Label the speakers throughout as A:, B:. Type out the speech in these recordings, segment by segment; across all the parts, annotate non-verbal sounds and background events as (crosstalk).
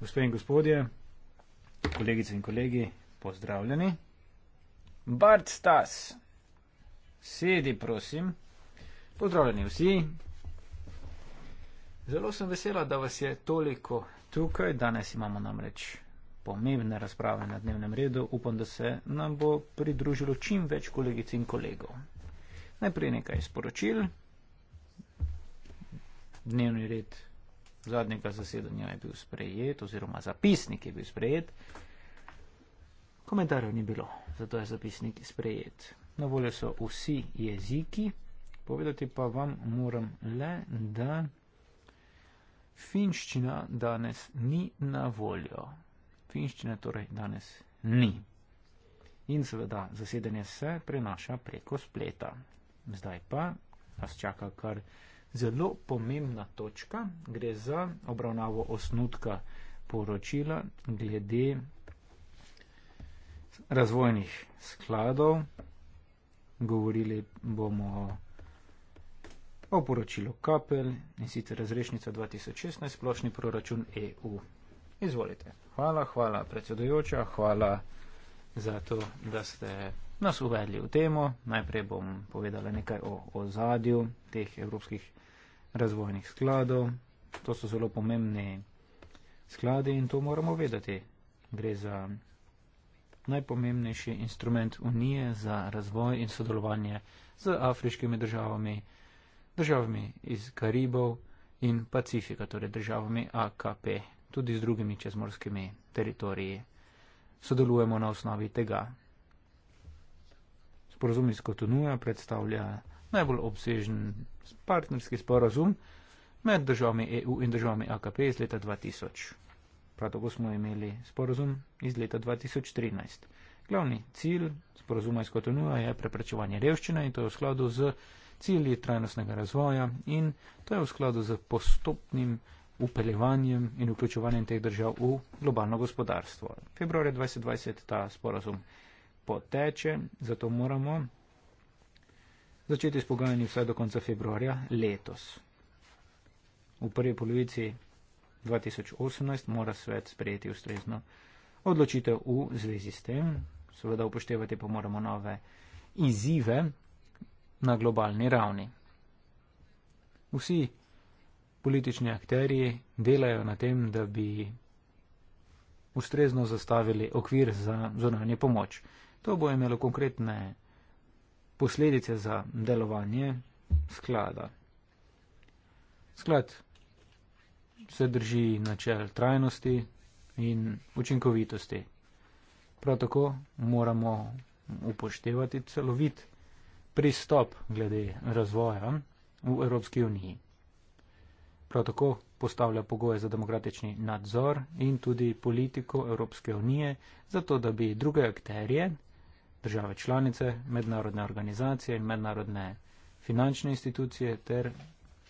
A: Gospe in gospodje, kolegice in kolegi, pozdravljeni. Bart Stas, sedi, prosim. Pozdravljeni vsi. Zelo sem vesela, da vas je toliko tukaj. Danes imamo namreč pomembne razprave na dnevnem redu. Upam, da se nam bo pridružilo čim več kolegic in kolegov. Najprej nekaj sporočil. Dnevni red zadnjega zasedanja je bil sprejet, oziroma zapisnik je bil sprejet. Komentarjev ni bilo, zato je zapisnik sprejet. Na voljo so vsi jeziki, povedati pa vam moram le, da finščina danes ni na voljo. Finščina torej danes ni. In seveda zasedanje se prenaša preko spleta. Zdaj pa nas čaka kar zelo pomembna točka. Gre za obravnavo osnutka poročila glede razvojnih skladov. Govorili bomo o poročilu Kapel in sicer razrešnica 2016, splošni proračun EU. Izvolite. Hvala, hvala predsedujoča, hvala za to, da ste nas uvedli v temo. Najprej bom povedala nekaj o ozadju teh evropskih razvojnih skladov. To so zelo pomembni skladi in to moramo vedeti. Gre za najpomembnejši instrument Unije za razvoj in sodelovanje z afriškimi državami, državami iz Karibov in Pacifika, torej državami AKP, tudi z drugimi čezmorskimi teritoriji. Sodelujemo na osnovi tega sporozum iz Kotonuja predstavlja najbolj obsežen partnerski sporozum med državami EU in državami AKP iz leta 2000. Prav tako smo imeli sporozum iz leta 2013. Glavni cilj sporozuma iz Kotonuja je preprečevanje revščine in to je v skladu z cilji trajnostnega razvoja in to je v skladu z postopnim upeljevanjem in vključevanjem teh držav v globalno gospodarstvo. Februarja 2020 ta sporozum poteče, zato moramo začeti s pogajanji vsaj do konca februarja letos. V prvi polovici 2018 mora svet sprejeti ustrezno odločitev v zvezi s tem. Seveda upoštevati pa moramo nove izzive na globalni ravni. Vsi politični akteri delajo na tem, da bi ustrezno zastavili okvir za zonanje pomoč. To bo imelo konkretne posledice za delovanje sklada. Sklad se drži načel trajnosti in učinkovitosti. Prav tako moramo upoštevati celovit pristop glede razvoja v Evropski uniji. Prav tako postavlja pogoje za demokratični nadzor in tudi politiko Evropske unije, zato da bi druge akterje države članice, mednarodne organizacije in mednarodne finančne institucije ter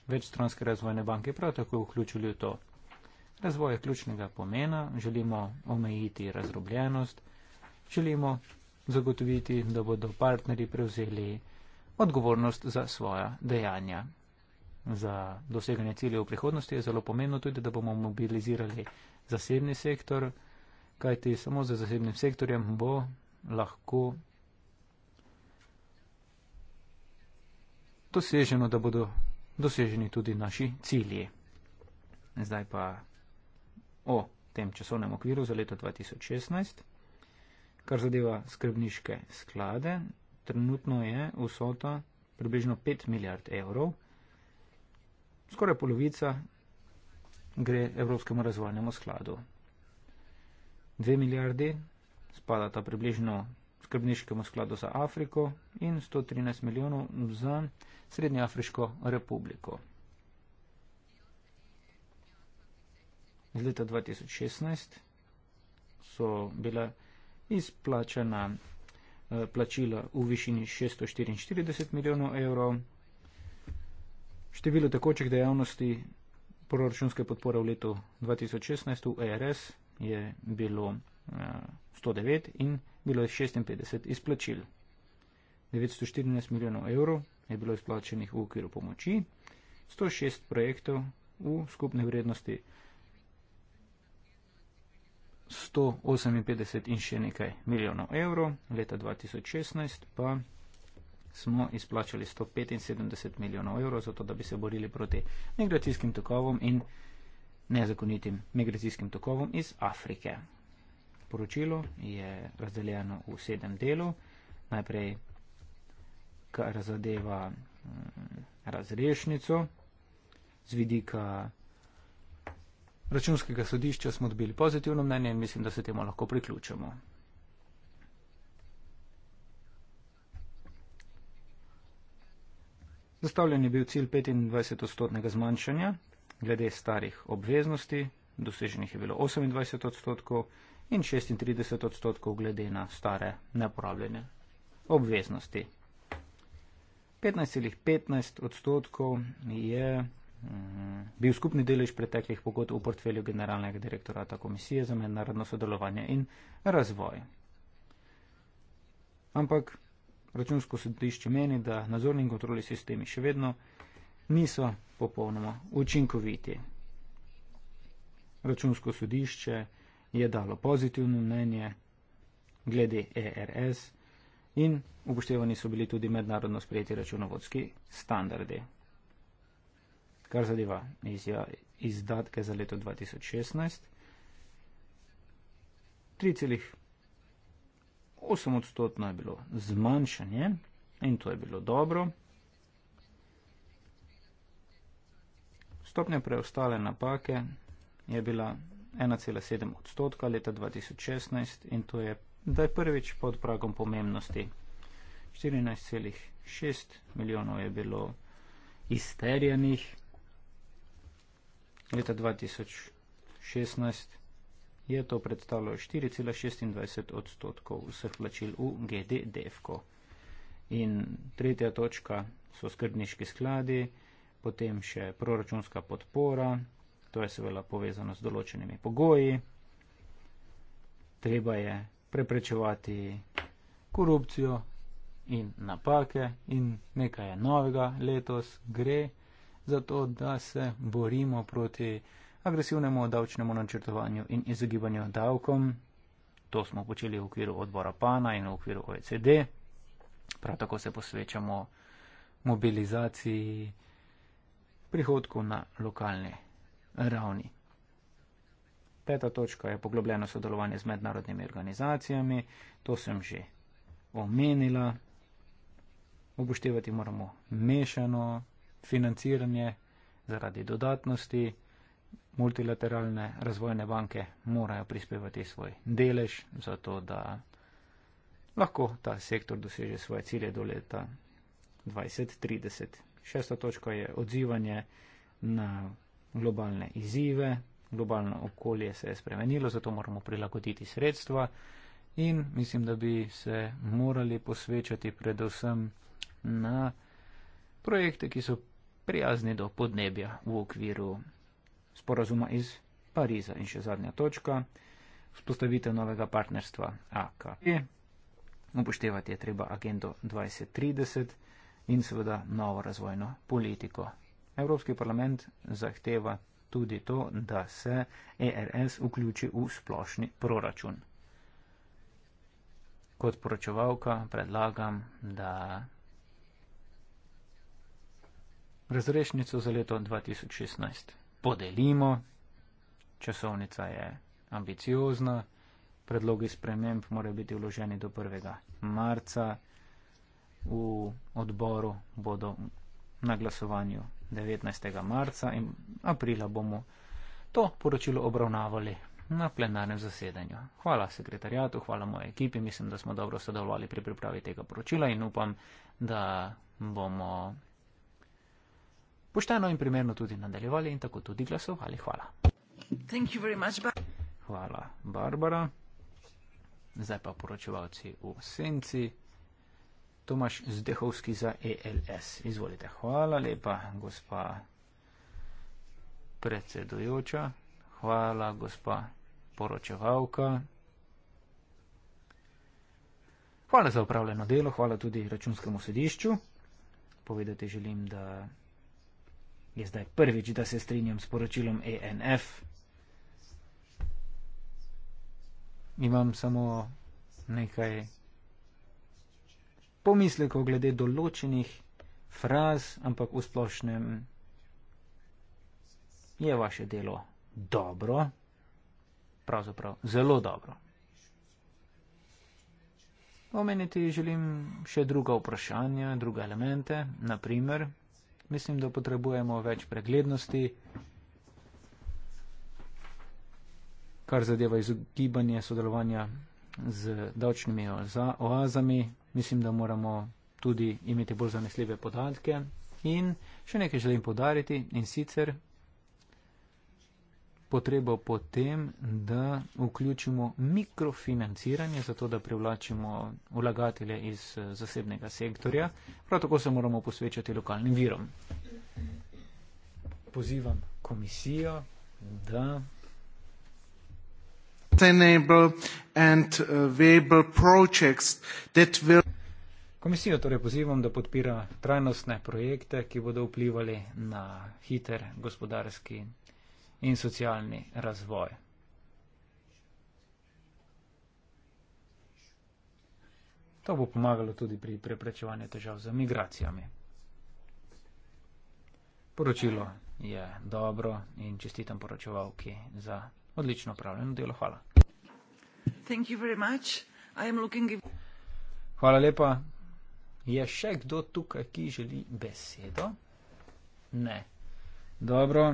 A: večstranske razvojne banke prav tako vključili v to. Razvoj je ključnega pomena, želimo omejiti razrobljenost, želimo zagotoviti, da bodo partneri prevzeli odgovornost za svoja dejanja. Za doseganje ciljev v prihodnosti je zelo pomembno tudi, da bomo mobilizirali zasebni sektor, kajti samo za zasebnim sektorjem bo lahko doseženo, da bodo doseženi tudi naši cilji. Zdaj pa o tem časovnem okviru za leto 2016, kar zadeva skrbniške sklade. Trenutno je vsota približno 5 milijard evrov, skoraj polovica gre Evropskemu razvojnemu skladu. 2 milijarde spadata približno skrbniškemu skladu za Afriko in 113 milijonov za Srednjeafriško republiko. Z leta 2016 so bila izplačana eh, plačila v višini 644 milijonov evrov. Število tekočih dejavnosti proračunske podpore v letu 2016 v ERS je bilo 109 in bilo je 56 izplačil. 914 milijonov evrov je bilo izplačenih v okviru pomoči, 106 projektov v skupne vrednosti 158 in še nekaj milijonov evrov, leta 2016 pa smo izplačali 175 milijonov evrov, zato da bi se borili proti migracijskim tokovom in nezakonitim migracijskim tokovom iz Afrike poročilo je razdeljeno v sedem delov. Najprej, kar zadeva mm, razrešnico, z vidika računskega sodišča smo dobili pozitivno mnenje in mislim, da se temu lahko priključimo. Zastavljen je bil cilj 25-odstotnega zmanjšanja glede starih obveznosti, doseženih je bilo 28 odstotkov in 36 odstotkov glede na stare neporabljene obveznosti. 15,15 odstotkov je mm, bil skupni delež preteklih pogodb v portfelju Generalnega direktorata Komisije za mednarodno sodelovanje in razvoj. Ampak računsko sodišče meni, da nadzorni in kontroli sistemi še vedno niso popolnoma učinkoviti. Računsko sodišče je dalo pozitivno mnenje glede ERS in upoštevani so bili tudi mednarodno sprejeti računovodski standardi. Kar zadeva izdatke za leto 2016, 3,8 odstotno je bilo zmanjšanje in to je bilo dobro. Stopnja preostale napake je bila 1,7 odstotka leta 2016 in to je, da je prvič pod pragom pomembnosti. 14,6 milijonov je bilo izterjenih leta 2016. Je to predstavljalo 4,26 odstotkov vseh plačil v GDDF-ko. In tretja točka so skrbniški skladi, potem še proračunska podpora, To je seveda povezano z določenimi pogoji. Treba je preprečevati korupcijo in napake in nekaj je novega letos gre za to, da se borimo proti agresivnemu davčnemu načrtovanju in izogibanju davkom. To smo počeli v okviru odbora PANA in v okviru OECD. Prav tako se posvečamo mobilizaciji prihodkov na lokalni ravni. Peta točka je poglobljeno sodelovanje z mednarodnimi organizacijami, to sem že omenila. Obuštevati moramo mešano financiranje zaradi dodatnosti. Multilateralne razvojne banke morajo prispevati svoj delež, zato da lahko ta sektor doseže svoje cilje do leta 2030. Šesta točka je odzivanje na globalne izzive, globalno okolje se je spremenilo, zato moramo prilagoditi sredstva in mislim, da bi se morali posvečati predvsem na projekte, ki so prijazni do podnebja v okviru sporazuma iz Pariza. In še zadnja točka, vzpostavitev novega partnerstva AK. Upoštevati je treba agendo 2030 in seveda novo razvojno politiko Evropski parlament zahteva tudi to, da se ERS vključi v splošni proračun. Kot poročevalka predlagam, da razrešnico za leto 2016 podelimo. Časovnica je ambiciozna, predlogi sprememb morajo biti vloženi do 1. marca. V odboru bodo na glasovanju 19. marca in aprila bomo to poročilo obravnavali na plenarnem zasedanju. Hvala sekretarjatu, hvala moji ekipi, mislim, da smo dobro sodelovali pri pripravi tega poročila in upam, da bomo pošteno in primerno tudi nadaljevali in tako tudi glasovali. Hvala.
B: Much, ba
A: hvala, Barbara. Zdaj pa poročevalci v senci. Tomaš Zdehovski za ELS. Izvolite. Hvala lepa, gospa predsedujoča. Hvala, gospa poročevalka. Hvala za upravljeno delo, hvala tudi računskemu sodišču. Povedati želim, da je zdaj prvič, da se strinjam s poročilom ENF. Imam samo nekaj pomislekov glede določenih fraz, ampak v splošnem je vaše delo dobro, pravzaprav zelo dobro. Omeniti želim še druga vprašanja, druga elemente, naprimer, mislim, da potrebujemo več preglednosti, kar zadeva izogibanje sodelovanja z davčnimi oazami, mislim, da moramo tudi imeti bolj zanesljive podatke. In še nekaj želim podariti in sicer potrebo potem, da vključimo mikrofinanciranje, zato da privlačimo vlagatelje iz eh, zasebnega sektorja. Prav tako se moramo posvečati lokalnim virom. Pozivam komisijo, da sustainable and uh, viable projects that will. Komisijo torej pozivam, da podpira trajnostne projekte, ki bodo vplivali na hiter gospodarski in socialni razvoj. To bo pomagalo tudi pri preprečevanju težav z migracijami. Poročilo je dobro in čestitam poročevalki za Odlično upravljeno delo, hvala. Hvala lepa. Je še kdo tukaj, ki želi besedo? Ne. Dobro,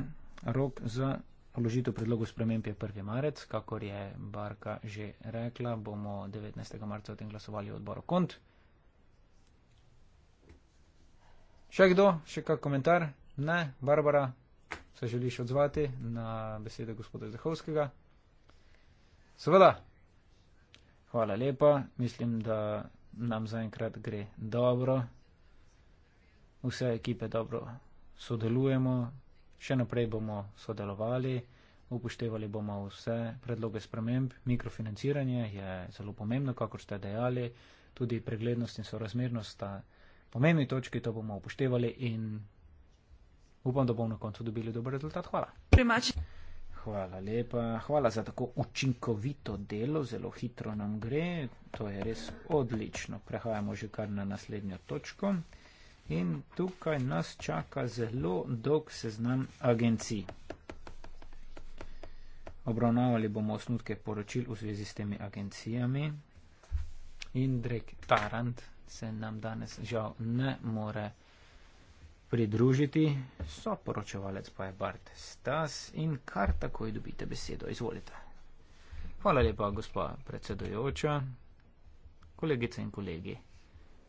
A: rok za vložitev predlogu sprememb je 1. marec, kakor je Barka že rekla, bomo 19. marca o tem glasovali v odboru kont. Še kdo, še kak komentar? Ne, Barbara se želiš odzvati na besede gospoda Zahovskega? Seveda. Hvala lepa. Mislim, da nam zaenkrat gre dobro. Vse ekipe dobro sodelujemo, še naprej bomo sodelovali, upoštevali bomo vse predloge sprememb. Mikrofinanciranje je zelo pomembno, kako ste dejali, tudi preglednost in sorazmernost sta pomembni točki, to bomo upoštevali in Upam, da bomo na koncu dobili dober rezultat. Hvala. Primači. Hvala lepa, hvala za tako učinkovito delo, zelo hitro nam gre, to je res odlično. Prehajamo že kar na naslednjo točko in tukaj nas čaka zelo dolg seznam agencij. Obravnavali bomo osnutke poročil v zvezi s temi agencijami. Indrek Tarant se nam danes žal ne more pripraviti pridružiti, so poročevalec pa je Bart Stas in kar takoj dobite besedo. Izvolite. Hvala lepa, gospa predsedojoča, kolegice in kolegi.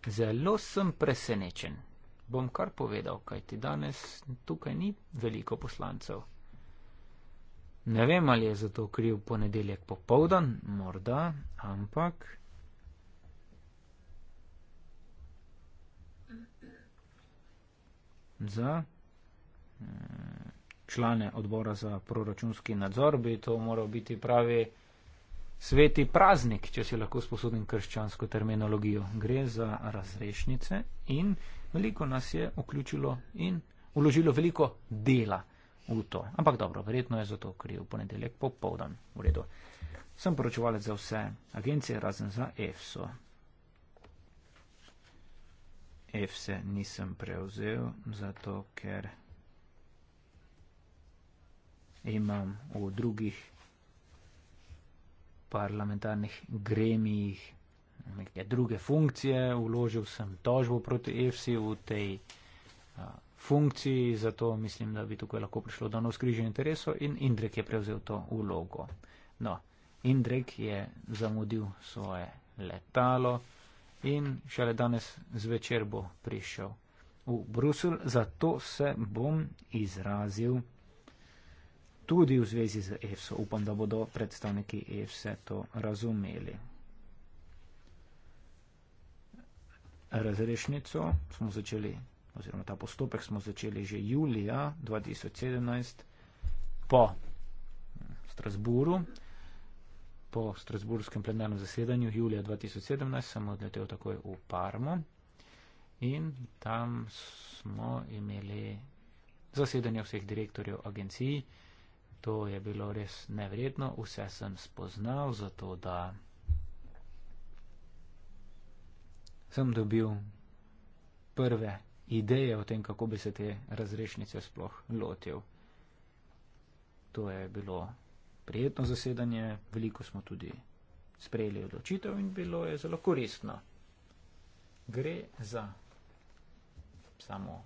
A: Zelo sem presenečen. Bom kar povedal, kaj ti danes tukaj ni veliko poslancev. Ne vem, ali je za to kriv ponedeljek popovdan, morda, ampak za eh, člane odbora za proračunski nadzor, bi to moral biti pravi sveti praznik, če si lahko sposodim krščansko terminologijo. Gre za razrešnice in veliko nas je vključilo in uložilo veliko dela v to. Ampak dobro, verjetno je zato kriv ponedeljek popovdan. V redu. Sem poročevalec za vse agencije, razen za EFSO. EFSE nisem prevzel, zato ker imam v drugih parlamentarnih gremijih neke druge funkcije, uložil sem tožbo proti EFSE v tej a, funkciji, zato mislim, da bi tukaj lahko prišlo do navskriženja interesov in Indrek je prevzel to vlogo. No, Indrek je zamudil svoje letalo in šele danes zvečer bo prišel v Bruselj, zato se bom izrazil tudi v zvezi z EFSO. Upam, da bodo predstavniki EFSE to razumeli. Razrešnico smo začeli, oziroma ta postopek smo začeli že julija 2017 po Strasburu po strasburskem plenarnem zasedanju julija 2017 sem odletel takoj v Parmo in tam smo imeli zasedanje vseh direktorjev agencij. To je bilo res nevredno, vse sem spoznal, zato da sem dobil prve ideje o tem, kako bi se te razrešnice sploh lotil. To je bilo prijetno zasedanje, veliko smo tudi sprejeli odločitev in bilo je zelo koristno. Gre za samo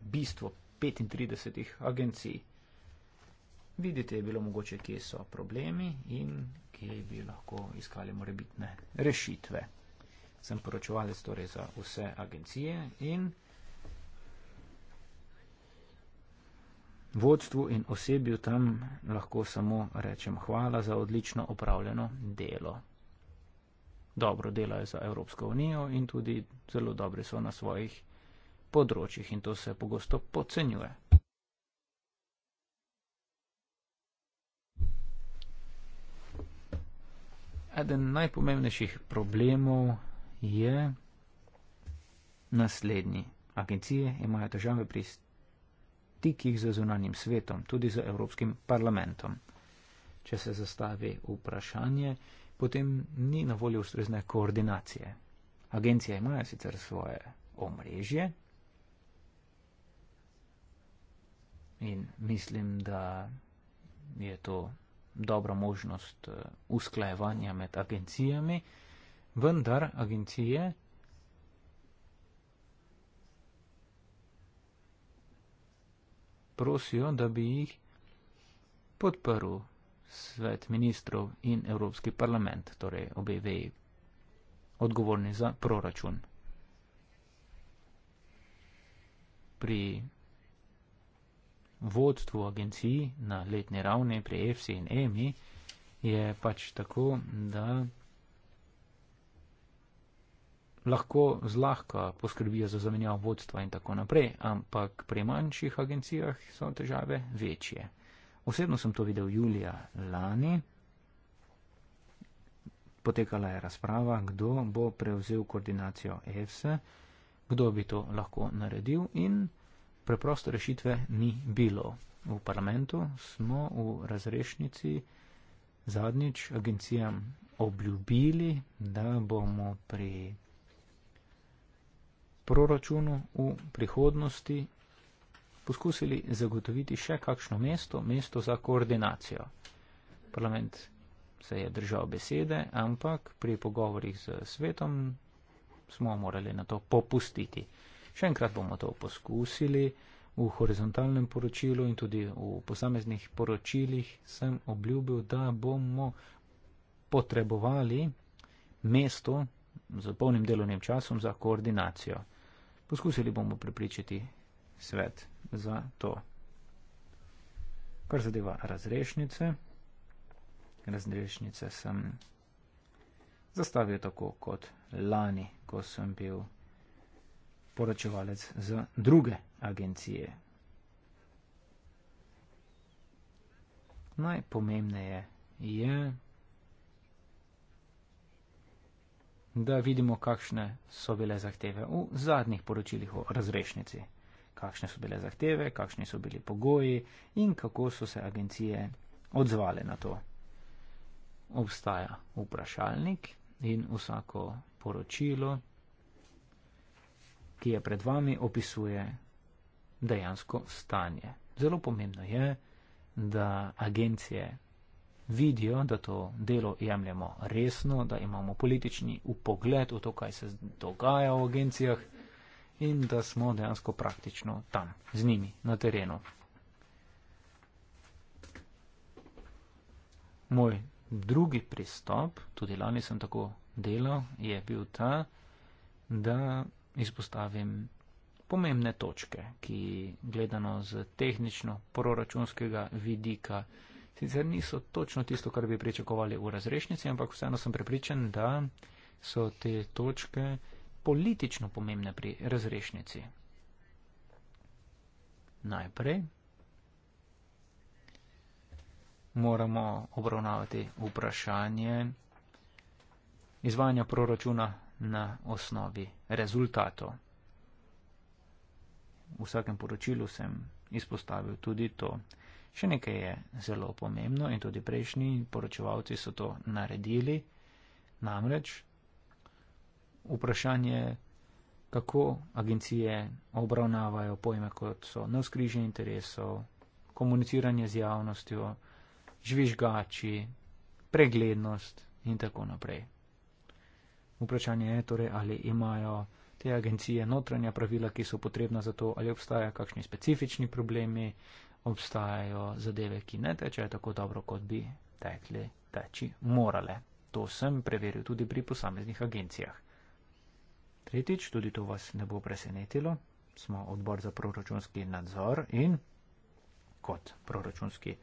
A: bistvo 35 agencij. Vidite, je bilo mogoče, kje so problemi in kje bi lahko iskali morebitne rešitve. Sem poročevalec torej za vse agencije in. vodstvu in osebju tam lahko samo rečem hvala za odlično opravljeno delo. Dobro delajo za Evropsko unijo in tudi zelo dobri so na svojih področjih in to se pogosto podcenjuje. Eden najpomembnejših problemov je naslednji. Agencije imajo težave pri stikih z zunanjim svetom, tudi z Evropskim parlamentom. Če se zastavi vprašanje, potem ni na voljo ustrezne koordinacije. Agencije imajo sicer svoje omrežje in mislim, da je to dobra možnost eh, usklajevanja med agencijami, vendar agencije prosijo, da bi jih podprl svet ministrov in Evropski parlament, torej obe veji odgovorni za proračun. Pri vodstvu agenciji na letni ravni, pri EFSI in EMI, je pač tako, da lahko zlahka poskrbijo za zamenjavo vodstva in tako naprej, ampak pri manjših agencijah so težave večje. Osebno sem to videl julija lani, potekala je razprava, kdo bo prevzel koordinacijo EFSE, kdo bi to lahko naredil in preproste rešitve ni bilo. V parlamentu smo v razrešnici zadnjič agencijam obljubili, da bomo pri proračunu v prihodnosti poskusili zagotoviti še kakšno mesto, mesto za koordinacijo. Parlament se je držal besede, ampak pri pogovorih z svetom smo morali na to popustiti. Še enkrat bomo to poskusili v horizontalnem poročilu in tudi v posameznih poročilih sem obljubil, da bomo potrebovali mesto z polnim delovnim časom za koordinacijo. Poskusili bomo prepričati svet za to. Kar zadeva razrešnice, razrešnice sem zastavil tako kot lani, ko sem bil poročevalec za druge agencije. Najpomembneje je, da vidimo, kakšne so bile zahteve v zadnjih poročilih o razrešnici. Kakšne so bile zahteve, kakšni so bili pogoji in kako so se agencije odzvale na to. Obstaja vprašalnik in vsako poročilo, ki je pred vami, opisuje dejansko stanje. Zelo pomembno je, da agencije vidijo, da to delo jemljemo resno, da imamo politični upogled v to, kaj se dogaja v agencijah in da smo dejansko praktično tam z njimi na terenu. Moj drugi pristop, tudi lani sem tako delal, je bil ta, da izpostavim pomembne točke, ki gledano z tehnično proračunskega vidika sicer niso točno tisto, kar bi pričakovali v razrešnici, ampak vseeno sem prepričan, da so te točke politično pomembne pri razrešnici. Najprej moramo obravnavati vprašanje izvajanja proračuna na osnovi rezultatov. V vsakem poročilu sem izpostavil tudi to. Še nekaj je zelo pomembno in tudi prejšnji poročevalci so to naredili, namreč vprašanje, kako agencije obravnavajo pojme, kot so navskrižje interesov, komuniciranje z javnostjo, žvižgači, preglednost in tako naprej. Vprašanje je torej, ali imajo te agencije notranja pravila, ki so potrebna za to, ali obstajajo kakšni specifični problemi, obstajajo zadeve, ki ne tečejo tako dobro, kot bi tekli, teči morale. To sem preveril tudi pri posameznih agencijah. Tretjič, tudi to vas ne bo presenetilo, smo odbor za proračunski nadzor in kot proračunski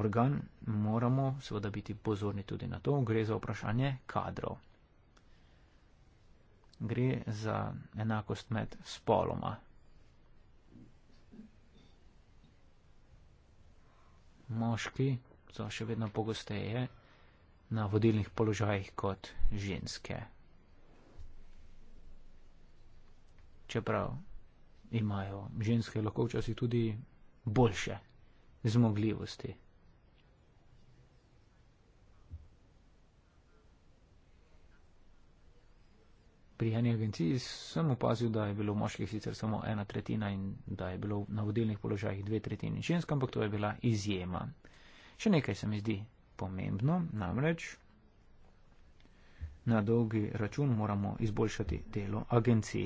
A: organ moramo seveda biti pozorni tudi na to, gre za vprašanje kadrov. Gre za enakost med spoloma. moški so še vedno pogosteje na vodilnih položajih kot ženske. Čeprav imajo ženske lahko včasih tudi boljše zmogljivosti. pri eni agenciji sem opazil, da je bilo moških sicer samo ena tretjina in da je bilo na vodilnih položajih dve tretjini žensk, ampak to je bila izjema. Še nekaj se mi zdi pomembno, namreč na dolgi račun moramo izboljšati delo agencij.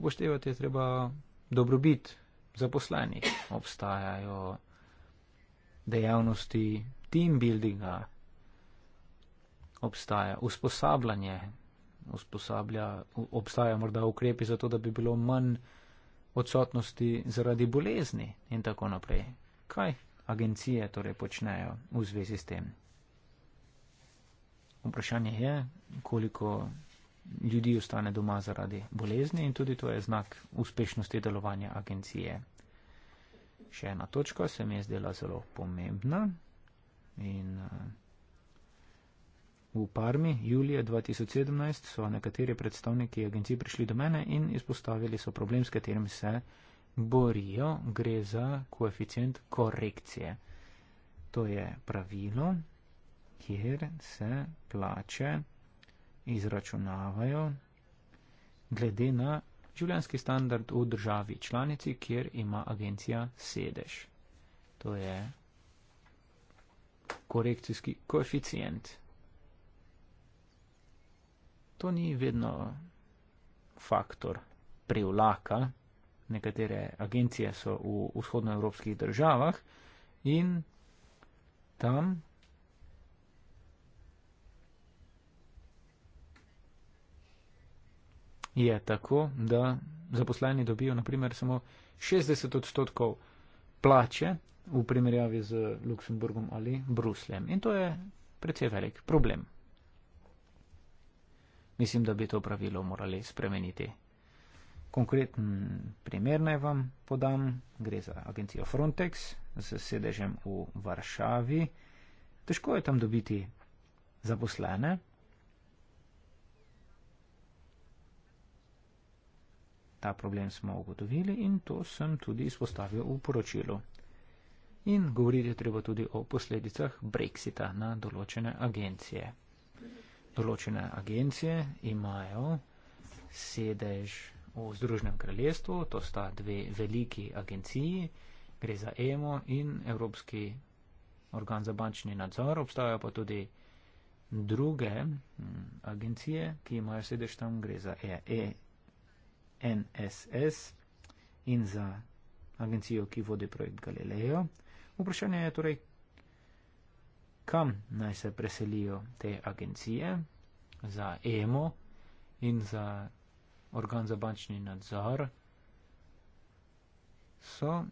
A: Upoštevati je treba dobrobit zaposlenih. Obstajajo dejavnosti team buildinga, obstaja usposabljanje usposablja, obstaja morda ukrepi za to, da bi bilo manj odsotnosti zaradi bolezni in tako naprej. Kaj agencije torej počnejo v zvezi s tem? Vprašanje je, koliko ljudi ostane doma zaradi bolezni in tudi to je znak uspešnosti delovanja agencije. Še ena točka se mi je zdela zelo pomembna in uh, V Parmi, julija 2017, so nekateri predstavniki agencij prišli do mene in izpostavili so problem, s katerim se borijo, gre za koeficient korekcije. To je pravilo, kjer se plače izračunavajo glede na življenski standard v državi članici, kjer ima agencija sedež. To je korekcijski koeficient to ni vedno faktor privlaka. Nekatere agencije so v vzhodnoevropskih državah in tam. Je tako, da zaposleni dobijo naprimer samo 60 odstotkov plače v primerjavi z Luksemburgom ali Brusljem. In to je precej velik problem mislim, da bi to pravilo morali spremeniti. Konkreten primer naj vam podam, gre za agencijo Frontex z sedežem v Varšavi. Težko je tam dobiti zaposlene. Ta problem smo ugotovili in to sem tudi izpostavil v poročilu. In govoriti je treba tudi o posledicah Brexita na določene agencije določene agencije imajo sedež v Združenem kraljestvu, to sta dve veliki agenciji, gre za EMO in Evropski organ za bančni nadzor, obstajajo pa tudi druge mm, agencije, ki imajo sedež tam, gre za ENSS e, in za agencijo, ki vodi projekt Galileo. Vprašanje je torej, kam naj se preselijo te agencije za EMO in za organ za bančni nadzor, so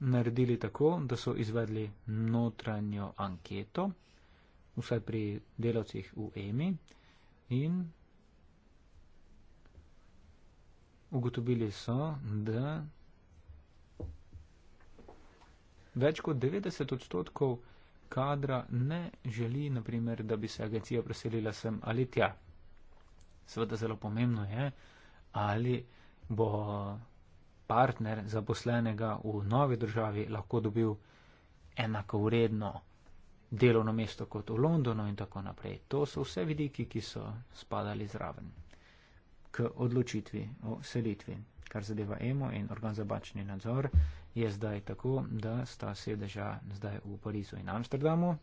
A: naredili tako, da so izvedli notranjo anketo, vsaj pri delavcih v EMI, in ugotovili so, da Več kot 90 odstotkov kadra ne želi, naprimer, da bi se agencija preselila sem ali tja. Sveda zelo pomembno je, ali bo partner zaposlenega v novi državi lahko dobil enako vredno delovno mesto kot v Londonu in tako naprej. To so vse vidiki, ki so spadali zraven k odločitvi o selitvi. Kar zadeva EMO in organ za bačni nadzor, je zdaj tako, da sta sedeža zdaj v Parizu in Amsterdamu.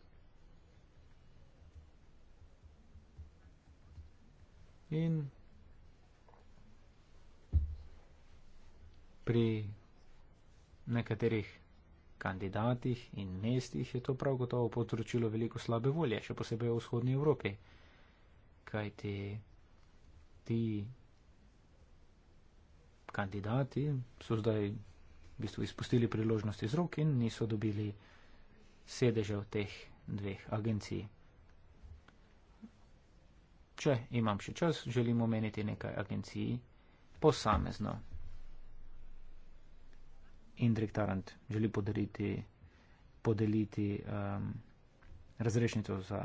A: In pri nekaterih kandidatih in mestih je to prav gotovo potročilo veliko slabe volje, še posebej v vzhodni Evropi. Kaj ti, ti kandidati so zdaj v bistvu izpustili priložnost iz rok in niso dobili sedeže v teh dveh agenciji. Če imam še čas, želim omeniti nekaj agenciji posamezno. Indrek Tarant želi podariti, podeliti um, razrešnico za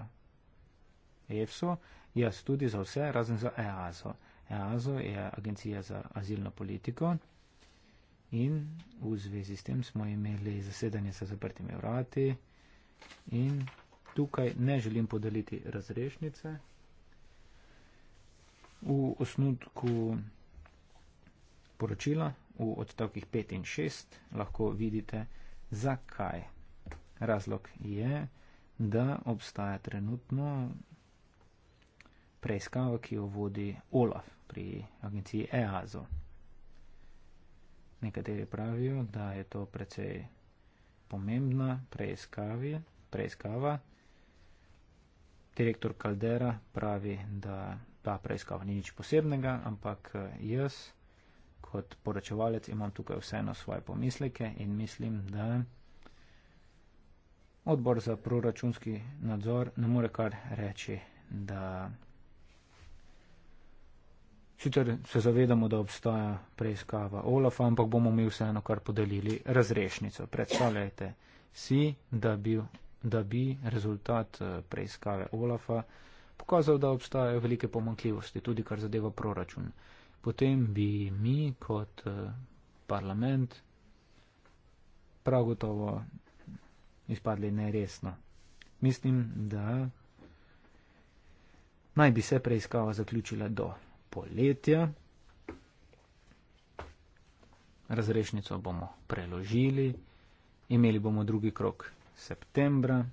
A: EFSO, jaz tudi za vse, razen za EASO. EASO je agencija za azilno politiko. In v zvezi s tem smo imeli zasedanje sa zaprtimi vrati. In tukaj ne želim podeliti razrešnice. V osnutku poročila v odstavkih 5 in 6 lahko vidite, zakaj. Razlog je, da obstaja trenutno preiskava, ki jo vodi Olaf pri agenciji EASO. Nekateri pravijo, da je to precej pomembna preiskava. Direktor Caldera pravi, da ta preiskava ni nič posebnega, ampak eh, jaz kot poročevalec imam tukaj vseeno svoje pomisleke in mislim, da odbor za proračunski nadzor ne more kar reči, da Sicer se zavedamo, da obstaja preiskava Olafa, ampak bomo mi vseeno kar podelili razrešnico. Predstavljajte si, da bi, da bi rezultat eh, preiskave Olafa pokazal, da obstajajo velike pomankljivosti, tudi kar zadeva proračun. Potem bi mi kot eh, parlament prav gotovo izpadli neresno. Mislim, da naj bi se preiskava zaključila do poletje. Razrešnico bomo preložili, imeli bomo drugi krok septembra.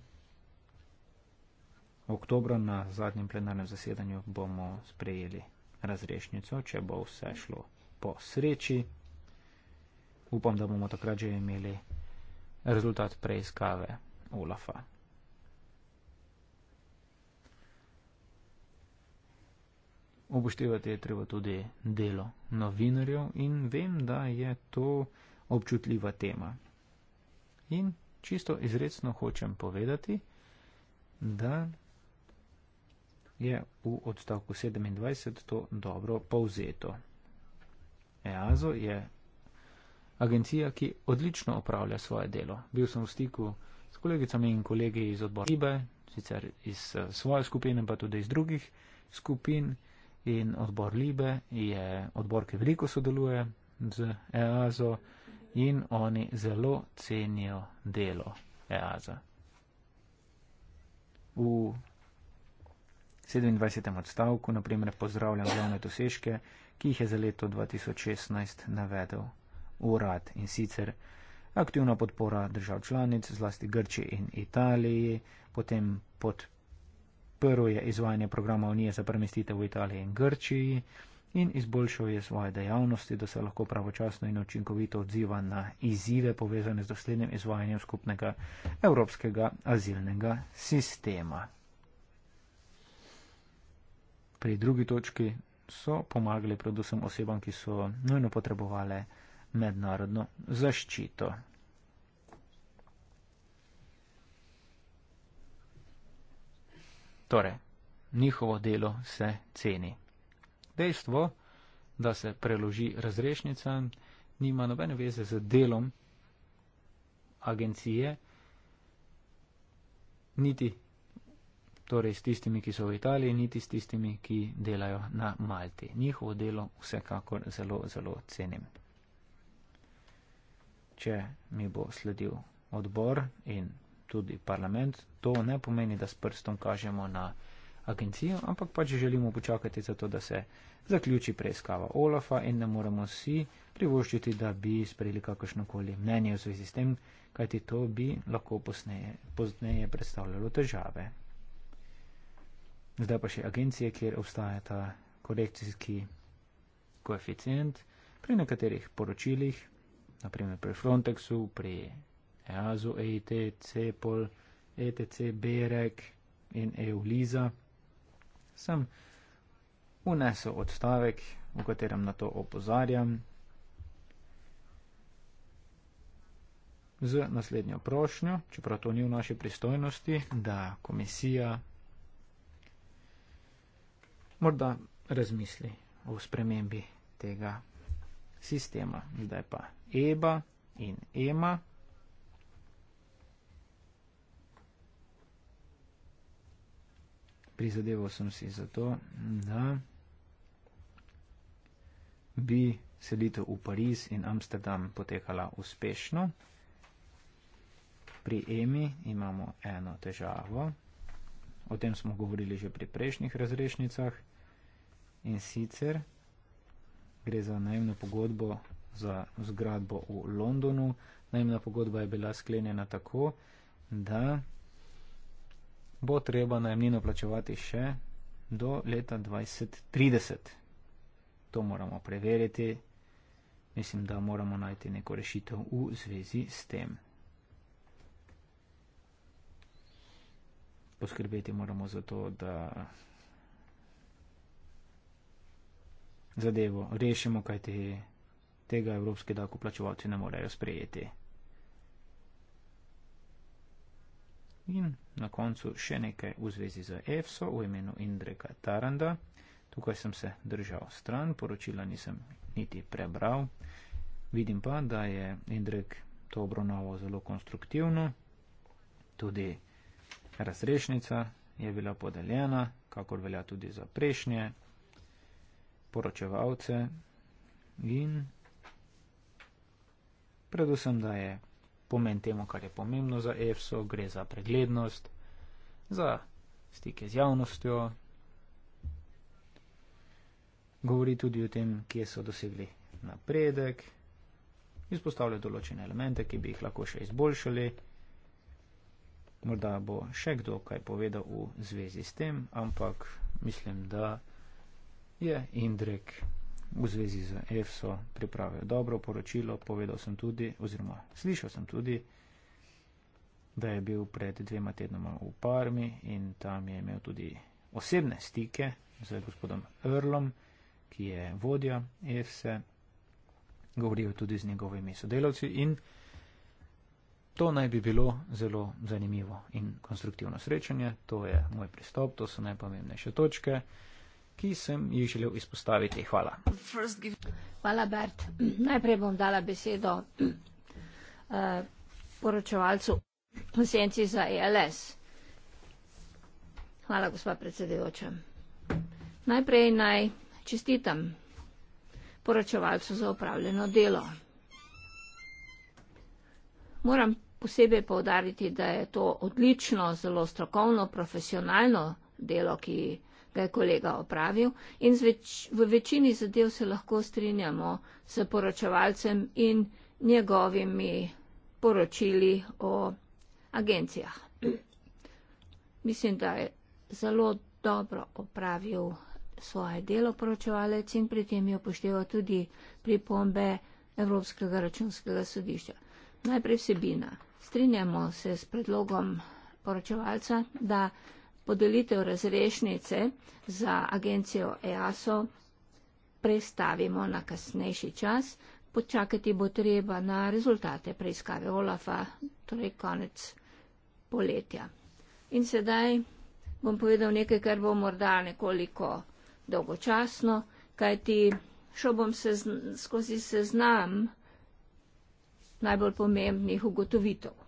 A: Oktobra na zadnjem plenarnem zasedanju bomo sprejeli razrešnico, če bo vse šlo po sreči. Upam, da bomo takrat že imeli rezultat preiskave Olafa. Obštevati je treba tudi delo novinarjev in vem, da je to občutljiva tema. In čisto izredno hočem povedati, da je v odstavku 27 to dobro povzeto. EASO je agencija, ki odlično opravlja svoje delo. Bil sem v stiku s kolegicami in kolegi iz odbora IBE, sicer iz eh, svoje skupine, pa tudi iz drugih skupin in odbor Libe je odbor, ki veliko sodeluje z EASO in oni zelo cenijo delo EASA. V 27. odstavku, naprimer, pozdravljam glavne dosežke, ki jih je za leto 2016 navedel urad in sicer aktivna podpora držav članic, zlasti Grči in Italiji, potem podpora podprl je izvajanje programa Unije za premestitev v Italiji in Grčiji in izboljšal je svoje dejavnosti, da se lahko pravočasno in učinkovito odziva na izzive povezane z doslednjim izvajanjem skupnega evropskega azilnega sistema. Pri drugi točki so pomagali predvsem osebam, ki so nujno potrebovali mednarodno zaščito. Torej, njihovo delo se ceni. Dejstvo, da se preloži razrešnica, nima nobene veze z delom agencije, niti torej s tistimi, ki so v Italiji, niti s tistimi, ki delajo na Malti. Njihovo delo vsekakor zelo, zelo cenim. Če mi bo sledil odbor in tudi parlament. To ne pomeni, da s prstom kažemo na agencijo, ampak pač želimo počakati za to, da se zaključi preiskava Olafa in ne moremo si privoščiti, da bi sprejeli kakršnokoli mnenje v zvezi s tem, kajti to bi lahko posneje, posneje predstavljalo težave. Zdaj pa še agencije, kjer obstaja ta korekcijski koeficient. Pri nekaterih poročilih, naprimer pri Frontexu, pri EASO, EIT, CEPOL, ETC, BEREK in EULIZA. Sem unesel odstavek, v katerem na to opozarjam. Z naslednjo prošnjo, čeprav to ni v naši pristojnosti, da komisija morda razmisli o spremembi tega sistema. Zdaj pa EBA in EMA. prizadeval sem si za to, da bi selitev v Pariz in Amsterdam potekala uspešno. Pri EMI imamo eno težavo, o tem smo govorili že pri prejšnjih razrešnicah in sicer gre za najemno pogodbo za zgradbo v Londonu. Najemna pogodba je bila sklenjena tako, da bo treba najemnino plačevati še do leta 2030. To moramo preveriti. Mislim, da moramo najti neko rešitev v zvezi s tem. Poskrbeti moramo za to, da zadevo rešimo, kajti tega evropski davkoplačevalci ne morejo sprejeti. In na koncu še nekaj v zvezi z EFSO v imenu Indreka Taranda. Tukaj sem se držal stran, poročila nisem niti prebral. Vidim pa, da je Indrek to obravnavo zelo konstruktivno. Tudi razrešnica je bila podeljena, kakor velja tudi za prejšnje poročevalce. In predvsem, da je pomen temu, kar je pomembno za EFSO, gre za preglednost, za stike z javnostjo. Govori tudi o tem, kje so dosegli napredek, izpostavlja določene elemente, ki bi jih lahko še izboljšali. Morda bo še kdo kaj povedal v zvezi s tem, ampak mislim, da je Indrek v zvezi z EFSO pripravijo dobro poročilo. Povedal sem tudi, oziroma slišal sem tudi, da je bil pred dvema tednoma v Parmi in tam je imel tudi osebne stike z gospodom Earlom, ki je vodja EFSE. Govorijo tudi z njegovimi sodelavci in to naj bi bilo zelo zanimivo in konstruktivno srečanje. To je moj pristop, to so najpomembnejše točke ki sem jih želel izpostaviti. Hvala.
C: Hvala, Bert. Najprej bom dala besedo uh, poročevalcu konsenci za ELS. Hvala, gospa predsedujoča. Najprej naj čestitam poročevalcu za upravljeno delo. Moram posebej povdariti, da je to odlično, zelo strokovno, profesionalno delo, ki ga je kolega opravil in zveč, v večini zadev se lahko strinjamo s poročevalcem in njegovimi poročili o agencijah. Mislim, da je zelo dobro opravil svoje delo poročevalec in pri tem je upošteval tudi pripombe Evropskega računskega sodišča. Najprej vsebina. Strinjamo se s predlogom poročevalca, da podelitev razrešnice za agencijo EASO prestavimo na kasnejši čas. Počakati bo treba na rezultate preiskave Olafa, torej konec poletja. In sedaj bom povedal nekaj, kar bo morda nekoliko dolgočasno, kajti šel bom se skozi seznam najbolj pomembnih ugotovitev.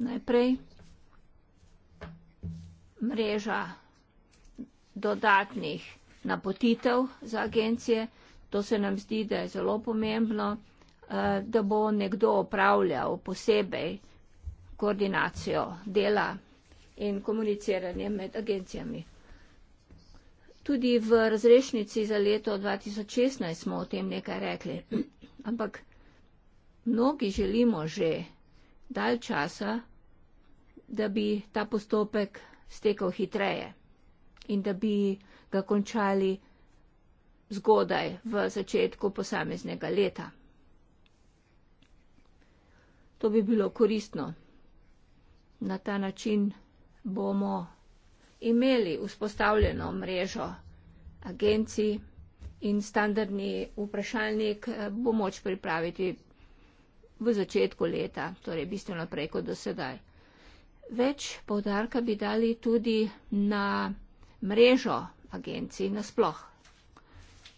C: najprej mreža dodatnih napotitev za agencije. To se nam zdi, da je zelo pomembno, eh, da bo nekdo opravljal posebej koordinacijo dela in komuniciranje med agencijami. Tudi v razrešnici za leto 2016 smo o tem nekaj rekli, (clears throat) ampak mnogi želimo že dalj časa, da bi ta postopek stekel hitreje in da bi ga končali zgodaj v začetku posameznega leta. To bi bilo koristno. Na ta način bomo imeli vzpostavljeno mrežo agencij in standardni vprašalnik eh, bo moč pripraviti v začetku leta, torej bistveno prej kot do sedaj. Več povdarka bi dali tudi na mrežo agencij nasploh.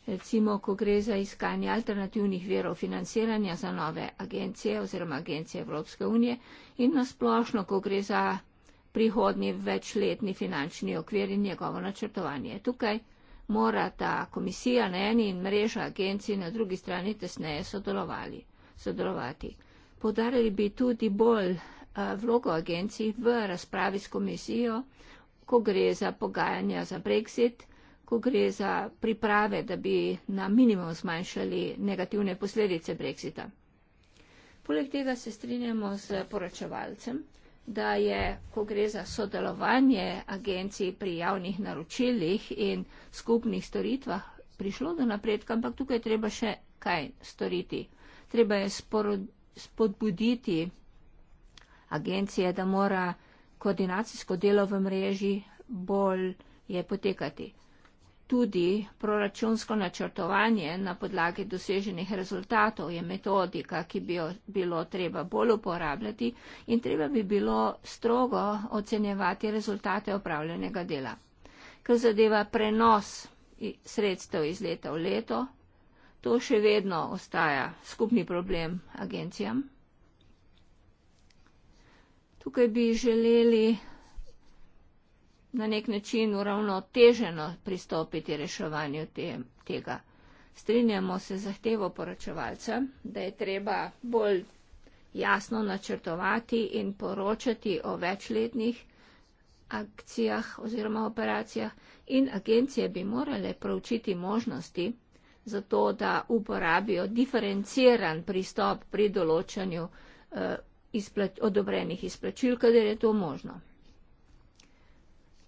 C: Recimo, ko gre za iskanje alternativnih verov financiranja za nove agencije oziroma agencije Evropske unije in nasplošno, ko gre za prihodni večletni finančni okvir in njegovo načrtovanje. Tukaj mora ta komisija na eni in mreža agencij na drugi strani tesneje sodelovali, sodelovati. Podarili bi tudi bolj Eh, vlogo agencij v razpravi s komisijo, ko gre za pogajanja za brexit, ko gre za priprave, da bi na minimum zmanjšali negativne posledice brexita. Poleg tega se strinjamo z poročevalcem, da je, ko gre za sodelovanje agencij pri javnih naročilih in skupnih storitvah, prišlo do napredka, ampak tukaj treba še kaj storiti. Treba je spodbuditi agencije, da mora koordinacijsko delo v mreži bolj je potekati. Tudi proračunsko načrtovanje na podlagi doseženih rezultatov je metodika, ki bi jo bilo treba bolj uporabljati in treba bi bilo strogo ocenjevati rezultate opravljenega dela. Kar zadeva prenos sredstev iz leta v leto, to še vedno ostaja skupni problem agencijam tukaj bi želeli na nek način uravnoteženo pristopiti reševanju te, tega. Strinjamo se zahtevo poročevalca, da je treba bolj jasno načrtovati in poročati o večletnih akcijah oziroma operacijah in agencije bi morale proučiti možnosti za to, da uporabijo diferenciran pristop pri določanju eh, izplat, odobrenih izplačil, kadar je to možno.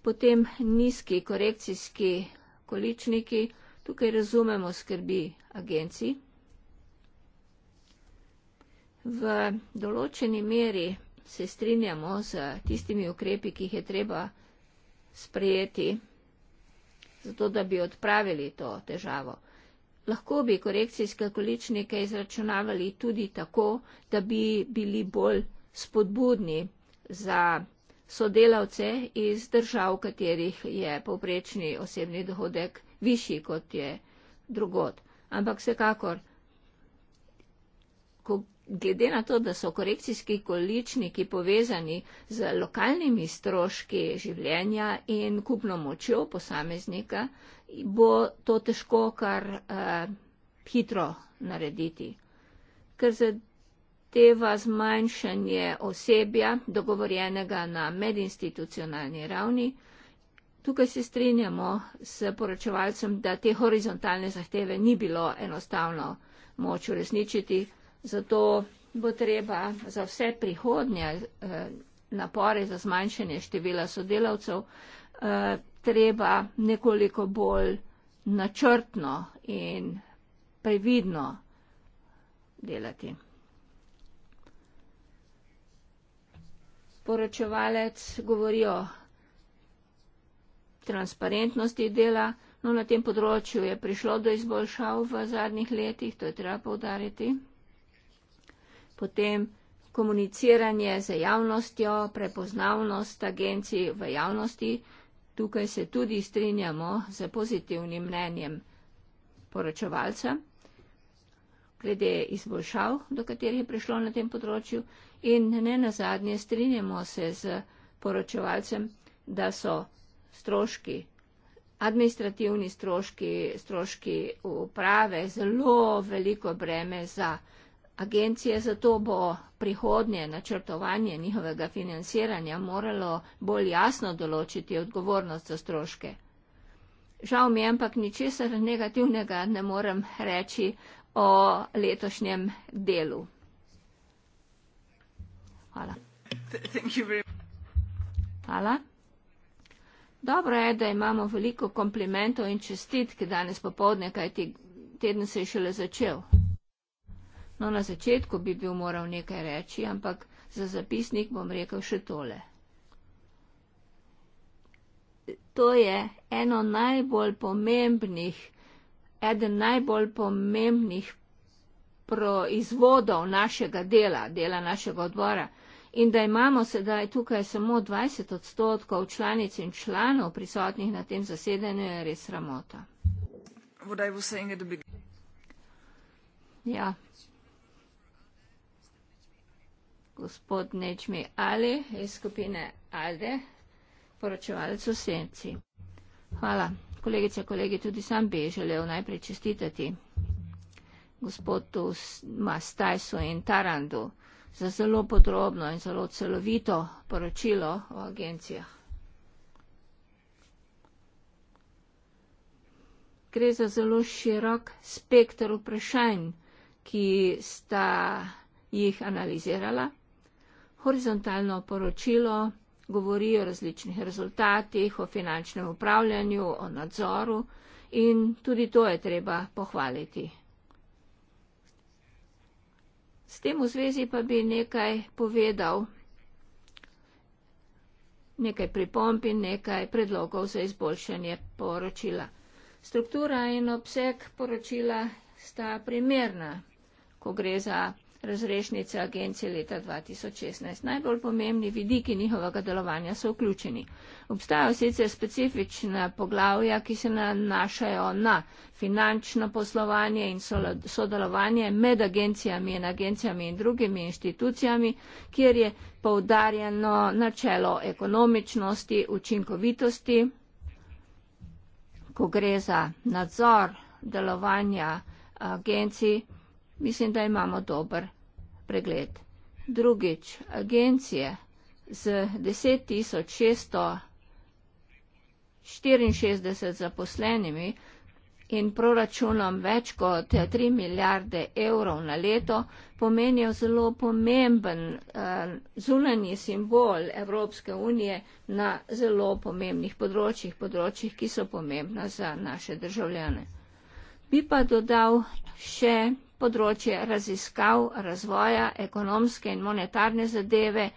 C: Potem nizki korekcijski količniki, tukaj razumemo skrbi agenciji. V določeni meri se strinjamo z tistimi ukrepi, ki jih je treba sprejeti, zato da bi odpravili to težavo lahko bi korekcijske količnike izračunavali tudi tako, da bi bili bolj spodbudni za sodelavce iz držav, v katerih je povprečni osebni dohodek višji, kot je drugod. Ampak vsekakor, ko glede na to, da so korekcijski količniki povezani z lokalnimi stroški življenja in kupno močjo posameznika, bo to težko kar uh, hitro narediti. Ker zadeva zmanjšanje osebja, dogovorjenega na medinstitucionalni ravni, tukaj se strinjamo s poročevalcem, da te horizontalne zahteve ni bilo enostavno moč uresničiti, zato bo treba za vse prihodnje uh, napore za zmanjšanje števila sodelavcev uh, treba nekoliko bolj načrtno in previdno delati. Poročevalec govori o transparentnosti dela, no na tem področju je prišlo do izboljšav v zadnjih letih, to je treba povdariti. Potem komuniciranje z javnostjo, prepoznavnost agencij v javnosti, Tukaj se tudi strinjamo z pozitivnim mnenjem poročevalca glede izboljšav, do katerih je prišlo na tem področju in ne nazadnje strinjamo se z poročevalcem, da so stroški, administrativni stroški, stroški uprave zelo veliko breme za poročevalce. Agencije zato bo prihodnje načrtovanje njihovega financiranja moralo bolj jasno določiti odgovornost za stroške. Žal mi je, ampak ničesar negativnega ne morem reči o letošnjem delu. Hvala. Hvala. Dobro je, da imamo veliko komplimentov in čestitk danes popovdne, kaj ti teden se je šele začel. No, na začetku bi bil moral nekaj reči, ampak za zapisnik bom rekel še tole. To je eno najbolj pomembnih, eden najbolj pomembnih proizvodov našega dela, dela našega odbora. In da imamo sedaj tukaj samo 20 odstotkov članic in članov prisotnih na tem zasedanju, je res sramota. Ja gospod Nečmi Ali iz skupine Alde, poročevalec v Senci. Hvala. Kolegice, kolegi, tudi sam bi želel najprej čestitati gospodu Mastajsu in Tarandu za zelo podrobno in zelo celovito poročilo o agencijah. Gre za zelo širok spektr vprašanj, ki sta jih analizirala horizontalno poročilo govori o različnih rezultatih, o finančnem upravljanju, o nadzoru in tudi to je treba pohvaliti. S tem v zvezi pa bi nekaj povedal, nekaj pripomb in nekaj predlogov za izboljšanje poročila. Struktura in obseg poročila sta primerna, ko gre za razrešnice agencije leta 2016. Najbolj pomembni vidiki njihovega delovanja so vključeni. Obstajajo sicer specifične poglavja, ki se nanašajo na finančno poslovanje in sodelovanje med agencijami in agencijami in drugimi inštitucijami, kjer je poudarjeno načelo ekonomičnosti, učinkovitosti, ko gre za nadzor delovanja agencij, mislim, da imamo dober pregled. Drugič, agencije z 10.664 zaposlenimi in proračunom več kot 3 milijarde evrov na leto pomenijo zelo pomemben eh, zunanji simbol Evropske unije na zelo pomembnih področjih, področjih, ki so pomembna za naše državljane. Bi pa dodal še področje raziskav, razvoja, ekonomske in monetarne zadeve,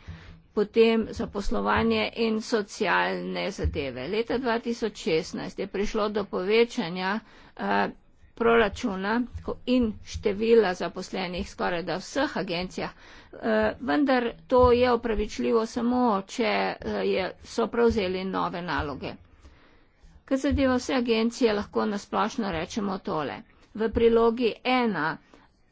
C: potem zaposlovanje in socialne zadeve. Leta 2016 je prišlo do povečanja eh, proračuna in števila zaposlenih skoraj da vseh agencijah. Eh, vendar to je opravičljivo samo, če eh, so prevzeli nove naloge. Kar zadeva vse agencije, lahko nasplošno rečemo tole. V prilogi ena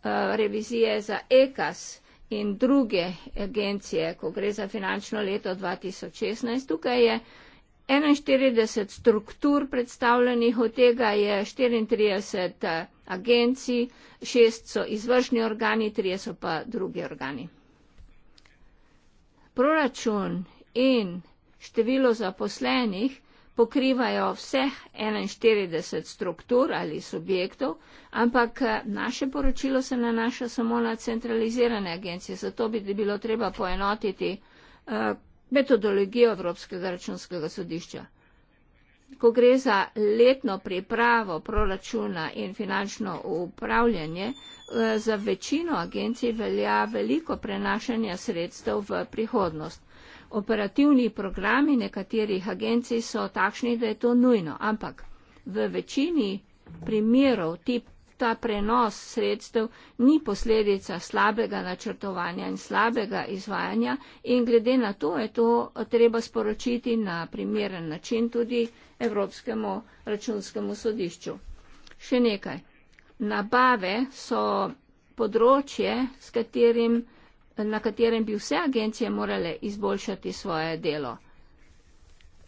C: Eh, revizije za EKAS in druge agencije, ko gre za finančno leto 2016. Tukaj je 41 struktur predstavljenih, od tega je 34 eh, agencij, 6 so izvršni organi, 3 so pa drugi organi. Proračun in število zaposlenih pokrivajo vseh 41 struktur ali subjektov, ampak eh, naše poročilo se nanaša samo na centralizirane agencije, zato bi bilo treba poenotiti eh, metodologijo Evropskega računskega sodišča. Ko gre za letno pripravo proračuna in finančno upravljanje, eh, za večino agencij velja veliko prenašanja sredstev v prihodnost operativni programi nekaterih agencij so takšni, da je to nujno, ampak v večini primerov tip, ta prenos sredstev ni posledica slabega načrtovanja in slabega izvajanja in glede na to je to treba sporočiti na primeren način tudi Evropskemu računskemu sodišču. Še nekaj. Nabave so področje, s katerim na katerem bi vse agencije morale izboljšati svoje delo.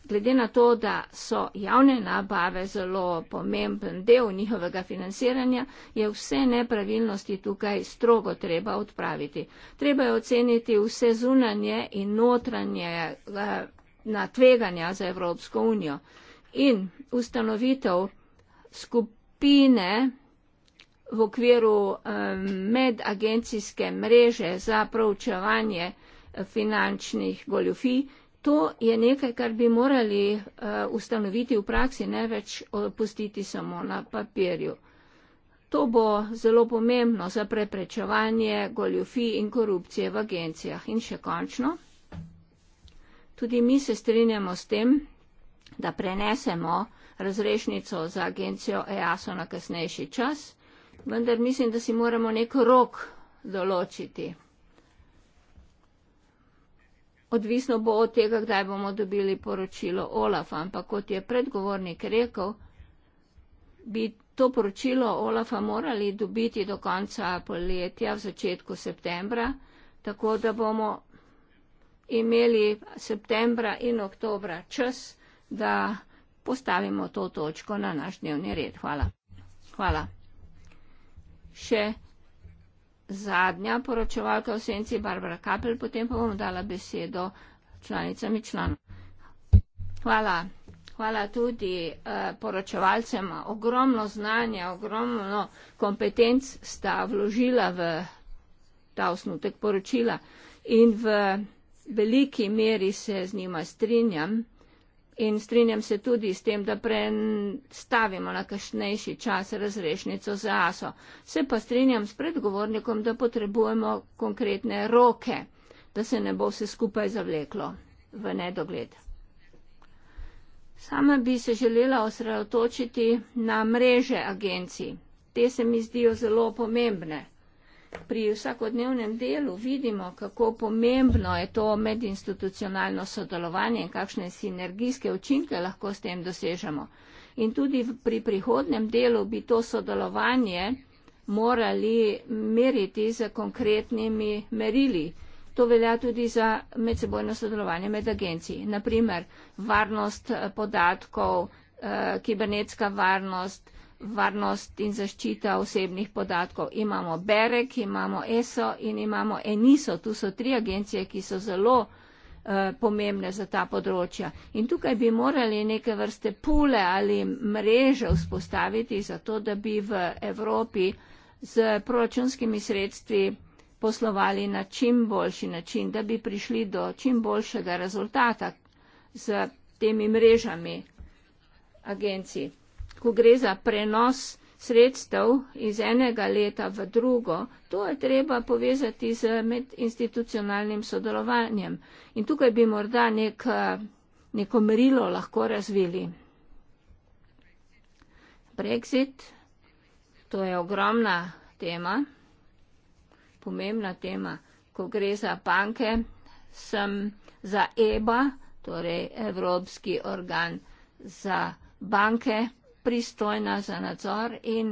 C: Glede na to, da so javne nabave zelo pomemben del njihovega financiranja, je vse nepravilnosti tukaj strogo treba odpraviti. Treba je oceniti vse zunanje in notranje eh, na tveganja za Evropsko unijo in ustanovitev skupine v okviru medagencijske mreže za proučevanje eh, finančnih goljofij. To je nekaj, kar bi morali eh, ustanoviti v praksi, ne več pustiti samo na papirju. To bo zelo pomembno za preprečevanje goljofij in korupcije v agencijah. In še končno, tudi mi se strinjamo s tem, da prenesemo razrešnico za agencijo EASO na kasnejši čas vendar mislim, da si moramo nek rok določiti. Odvisno bo od tega, kdaj bomo dobili poročilo Olafa, ampak kot je predgovornik rekel, bi to poročilo Olafa morali dobiti do konca poletja, v začetku septembra, tako da bomo imeli septembra in oktobra čas, da postavimo to točko na naš dnevni red. Hvala. Hvala še zadnja poročevalka v senci, Barbara Kapel, potem pa bom dala besedo članicam in članom. Hvala. Hvala tudi eh, poročevalcem. Ogromno znanja, ogromno kompetenc sta vložila v ta osnutek poročila in v veliki meri se z njima strinjam. In strinjam se tudi s tem, da prestavimo na kašnejši čas razrešnico za aso. Se pa strinjam s predgovornikom, da potrebujemo konkretne roke, da se ne bo vse skupaj zavleklo v nedogled. Sama bi se želela osredotočiti na mreže agencij. Te se mi zdijo zelo pomembne pri vsakodnevnem delu vidimo, kako pomembno je to medinstitucionalno sodelovanje in kakšne sinergijske učinke lahko s tem dosežemo. In tudi pri prihodnem delu bi to sodelovanje morali meriti z konkretnimi merili. To velja tudi za medsebojno sodelovanje med agenciji. Naprimer, varnost eh, podatkov, eh, kibernetska varnost, varnost in zaščita osebnih podatkov. Imamo BEREK, imamo ESO in imamo ENISO. Tu so tri agencije, ki so zelo eh, pomembne za ta področja. In tukaj bi morali neke vrste pule ali mreže vzpostaviti, zato da bi v Evropi z proračunskimi sredstvi poslovali na čim boljši način, da bi prišli do čim boljšega rezultata z temi mrežami agencij ko gre za prenos sredstev iz enega leta v drugo, to je treba povezati z medinstitucionalnim sodelovanjem. In tukaj bi morda nek, eh, neko merilo lahko razvili. Brexit, to je ogromna tema, pomembna tema, ko gre za banke, sem za EBA, torej Evropski organ za banke pristojna za nadzor in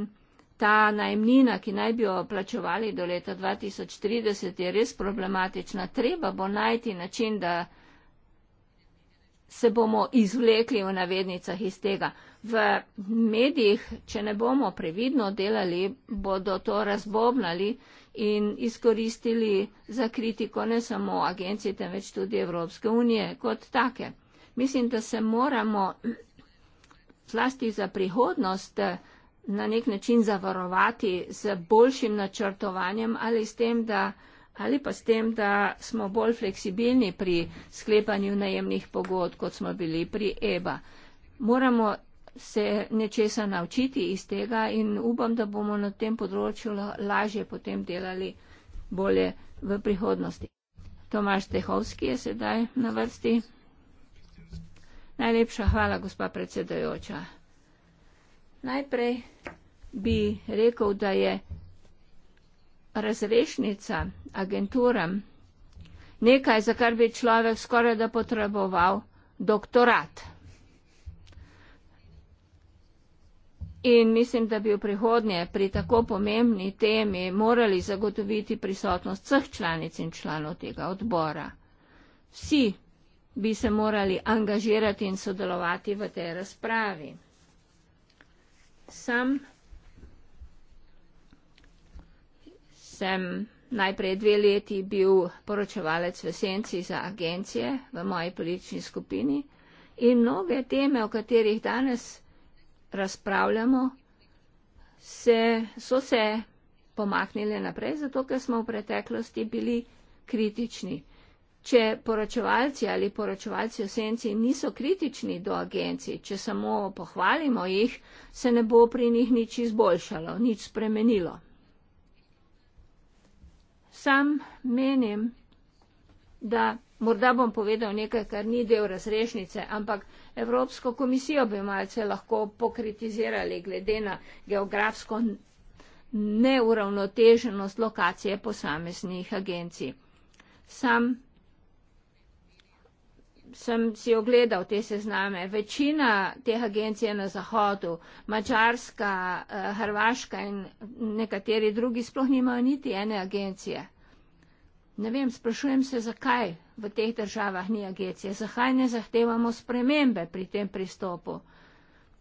C: ta najemnina, ki naj bi jo plačevali do leta 2030, je res problematična. Treba bo najti način, da se bomo izvlekli v navednicah iz tega. V medijih, če ne bomo previdno delali, bodo to razbobnali in izkoristili za kritiko ne samo agencije, temveč tudi Evropske unije kot take. Mislim, da se moramo zlasti za prihodnost eh, na nek način zavarovati z boljšim načrtovanjem ali s tem, da ali pa s tem, da smo bolj fleksibilni pri sklepanju najemnih pogod, kot smo bili pri EBA. Moramo se nečesa naučiti iz tega in upam, da bomo na tem področju lažje potem delali bolje v prihodnosti. Tomaš Tehovski je sedaj na vrsti. Najlepša hvala, gospa predsedajoča. Najprej bi rekel, da je razrešnica agenturam nekaj, za kar bi človek skoraj da potreboval doktorat. In mislim, da bi v prihodnje pri tako pomembni temi morali zagotoviti prisotnost vseh članic in članov tega odbora. Vsi bi se morali angažirati in sodelovati v tej razpravi. Sam sem najprej dve leti bil poročevalec v senci za agencije v moji politični skupini in mnoge teme, o katerih danes razpravljamo, se, so se pomaknile naprej, zato ker smo v preteklosti bili kritični. Če poročevalci ali poročevalci v senci niso kritični do agencij, če samo pohvalimo jih, se ne bo pri njih nič izboljšalo, nič spremenilo. Sam menim, da morda bom povedal nekaj, kar ni del razrešnice, ampak Evropsko komisijo bi malce lahko pokritizirali glede na geografsko neuravnoteženost lokacije posameznih agencij. Sam sem si ogledal te sezname. Večina teh agencij je na zahodu, Mačarska, eh, Hrvaška in nekateri drugi sploh nimajo niti ene agencije. Ne vem, sprašujem se, zakaj v teh državah ni agencije, zakaj ne zahtevamo spremembe pri tem pristopu.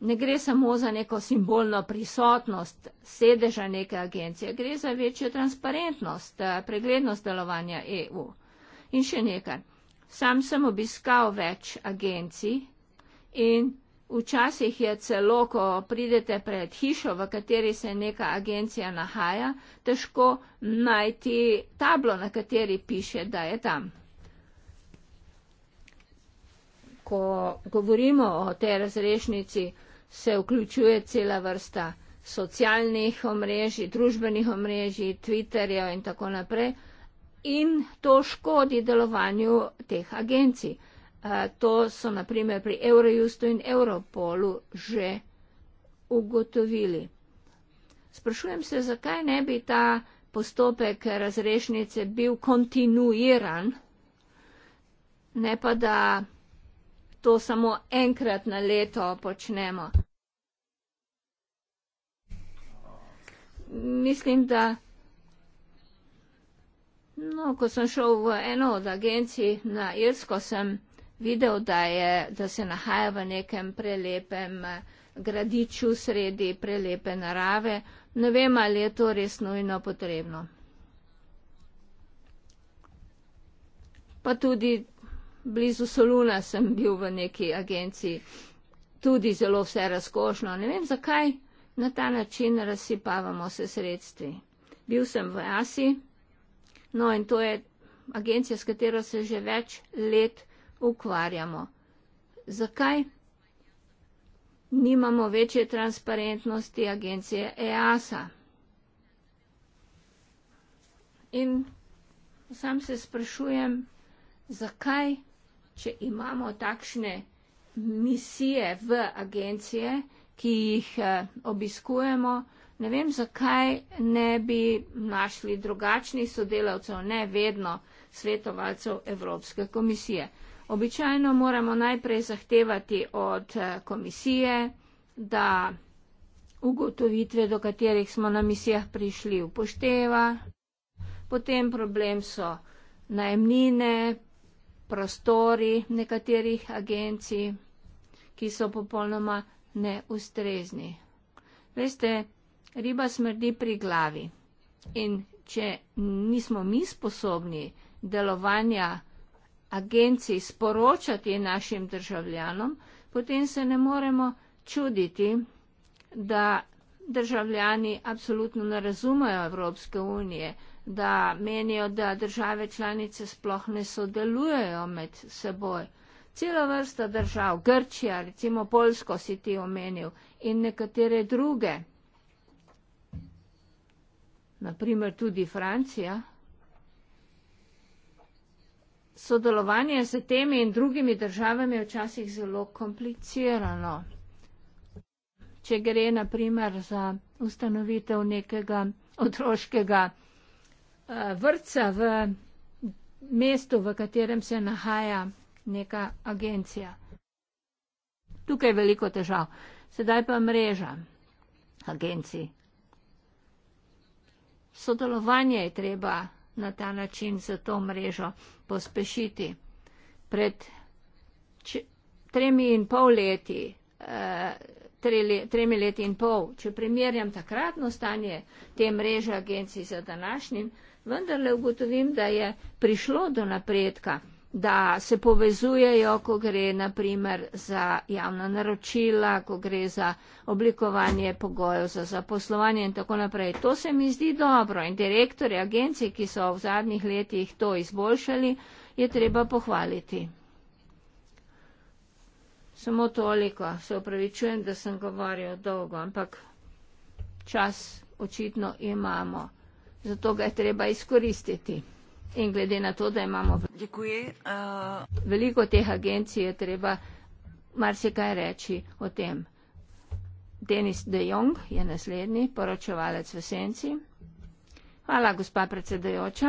C: Ne gre samo za neko simbolno prisotnost sedeža neke agencije, gre za večjo transparentnost, eh, preglednost delovanja EU. In še nekaj. Sam sem obiskal več agencij in včasih je celo, ko pridete pred hišo, v kateri se neka agencija nahaja, težko najti tablo, na kateri piše, da je tam. Ko govorimo o tej razrešnici, se vključuje cela vrsta socialnih omrežij, družbenih omrežij, Twitterjev in tako naprej in to škodi delovanju teh agencij. Eh, to so naprimer pri Eurojustu in Europolu že ugotovili. Sprašujem se, zakaj ne bi ta postopek razrešnice bil kontinuiran, ne pa da to samo enkrat na leto počnemo. Mislim, da No, ko sem šel v eno od agencij na Irsko, sem videl, da, je, da se nahaja v nekem prelepem eh, gradiču sredi prelepe narave. Ne vem, ali je to res nujno potrebno. Pa tudi blizu Soluna sem bil v neki agenciji, tudi zelo vse razkošno. Ne vem, zakaj na ta način razsipavamo se sredstvi. Bil sem v Asiji. No, in to je agencija, s katero se že več let ukvarjamo. Zakaj nimamo večje transparentnosti agencije EASA? In sam se sprašujem, zakaj, če imamo takšne misije v agencije, ki jih eh, obiskujemo, Ne vem, zakaj ne bi našli drugačnih sodelavcev, ne vedno svetovalcev Evropske komisije. Običajno moramo najprej zahtevati od eh, komisije, da ugotovitve, do katerih smo na misijah prišli, upošteva. Potem problem so najemnine, prostori nekaterih agencij, ki so popolnoma neustrezni. Veste, riba smrdi pri glavi. In če nismo mi sposobni delovanja agencij sporočati našim državljanom, potem se ne moremo čuditi, da državljani absolutno ne razumejo Evropske unije, da menijo, da države članice sploh ne sodelujejo med seboj. Cela vrsta držav, Grčija, recimo Polsko si ti omenil in nekatere druge naprimer tudi Francija. Sodelovanje z temi in drugimi državami je včasih zelo komplicirano. Če gre naprimer za ustanovitev nekega otroškega eh, vrca v mestu, v katerem se nahaja neka agencija. Tukaj je veliko težav. Sedaj pa mreža agencij sodelovanje je treba na ta način za to mrežo pospešiti. Pred če, tremi in pol leti, eh, tre, tremi leti in pol, če primerjam takratno stanje te mreže agencij za današnjim, vendarle ugotovim, da je prišlo do napredka da se povezujejo, ko gre naprimer za javna naročila, ko gre za oblikovanje pogojev za zaposlovanje in tako naprej. To se mi zdi dobro in direktori agencij, ki so v zadnjih letih to izboljšali, je treba pohvaliti. Samo toliko, se upravičujem, da sem govoril dolgo, ampak čas očitno imamo, zato ga je treba izkoristiti. In glede na to, da imamo Děkuji, uh... veliko teh agencij, je treba marsikaj reči o tem. Denis de Jong je naslednji poročevalec v Senci. Hvala, gospa predsedajoča.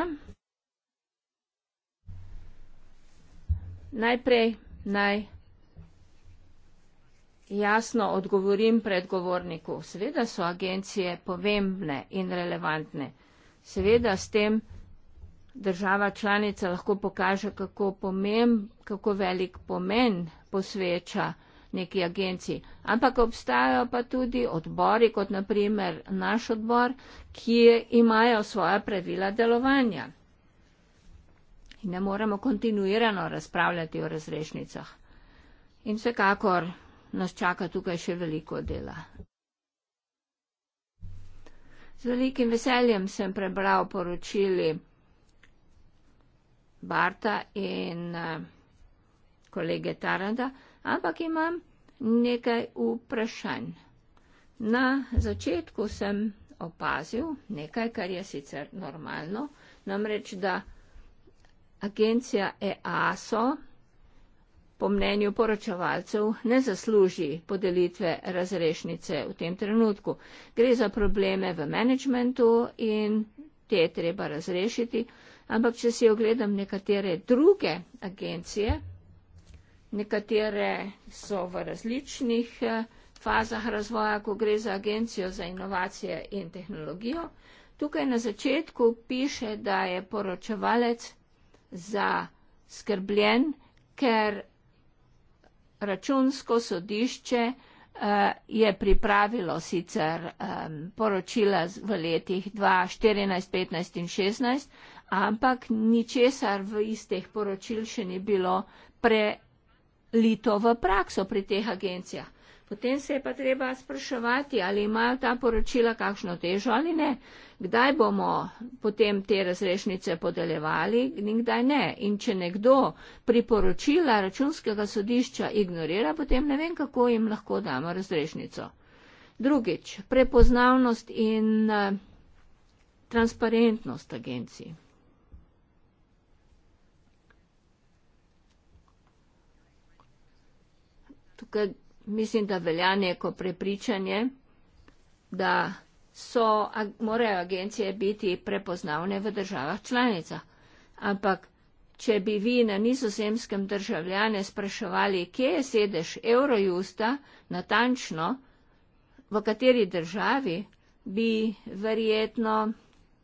C: Najprej naj jasno odgovorim predgovorniku. Seveda so agencije pomembne in relevantne. Seveda s tem, država članica lahko pokaže, kako pomem, kako velik pomen posveča neki agenciji. Ampak obstajajo pa tudi odbori, kot naprimer naš odbor, ki imajo svoja pravila delovanja. In ne moremo kontinuirano razpravljati o razrešnicah. In vsekakor nas čaka tukaj še veliko dela. Z velikim veseljem sem prebral poročili Barta in eh, kolege Taranda, ampak imam nekaj vprašanj. Na začetku sem opazil nekaj, kar je sicer normalno, namreč, da agencija EASO po mnenju poročevalcev ne zasluži podelitve razrešnice v tem trenutku. Gre za probleme v menedžmentu in te je treba razrešiti. Ampak, če si ogledam nekatere druge agencije, nekatere so v različnih eh, fazah razvoja, ko gre za agencijo za inovacije in tehnologijo, tukaj na začetku piše, da je poročevalec za skrbljen, ker računsko sodišče eh, je pripravilo sicer eh, poročila v letih 2014, 2015 in 2016, ampak ničesar v isteh poročil še ni bilo prelito v prakso pri teh agencijah. Potem se je pa treba spraševati, ali imajo ta poročila kakšno težo ali ne, kdaj bomo potem te razrešnice podeljevali in kdaj ne. In če nekdo priporočila računskega sodišča ignorira, potem ne vem, kako jim lahko damo razrešnico. Drugič, prepoznavnost in uh, transparentnost agencij. Tukaj mislim, da velja neko prepričanje, da so, ag, morajo agencije biti prepoznavne v državah članicah. Ampak, če bi vi na nizozemskem državljane spraševali, kje je sedež Eurojusta, natančno, v kateri državi, bi verjetno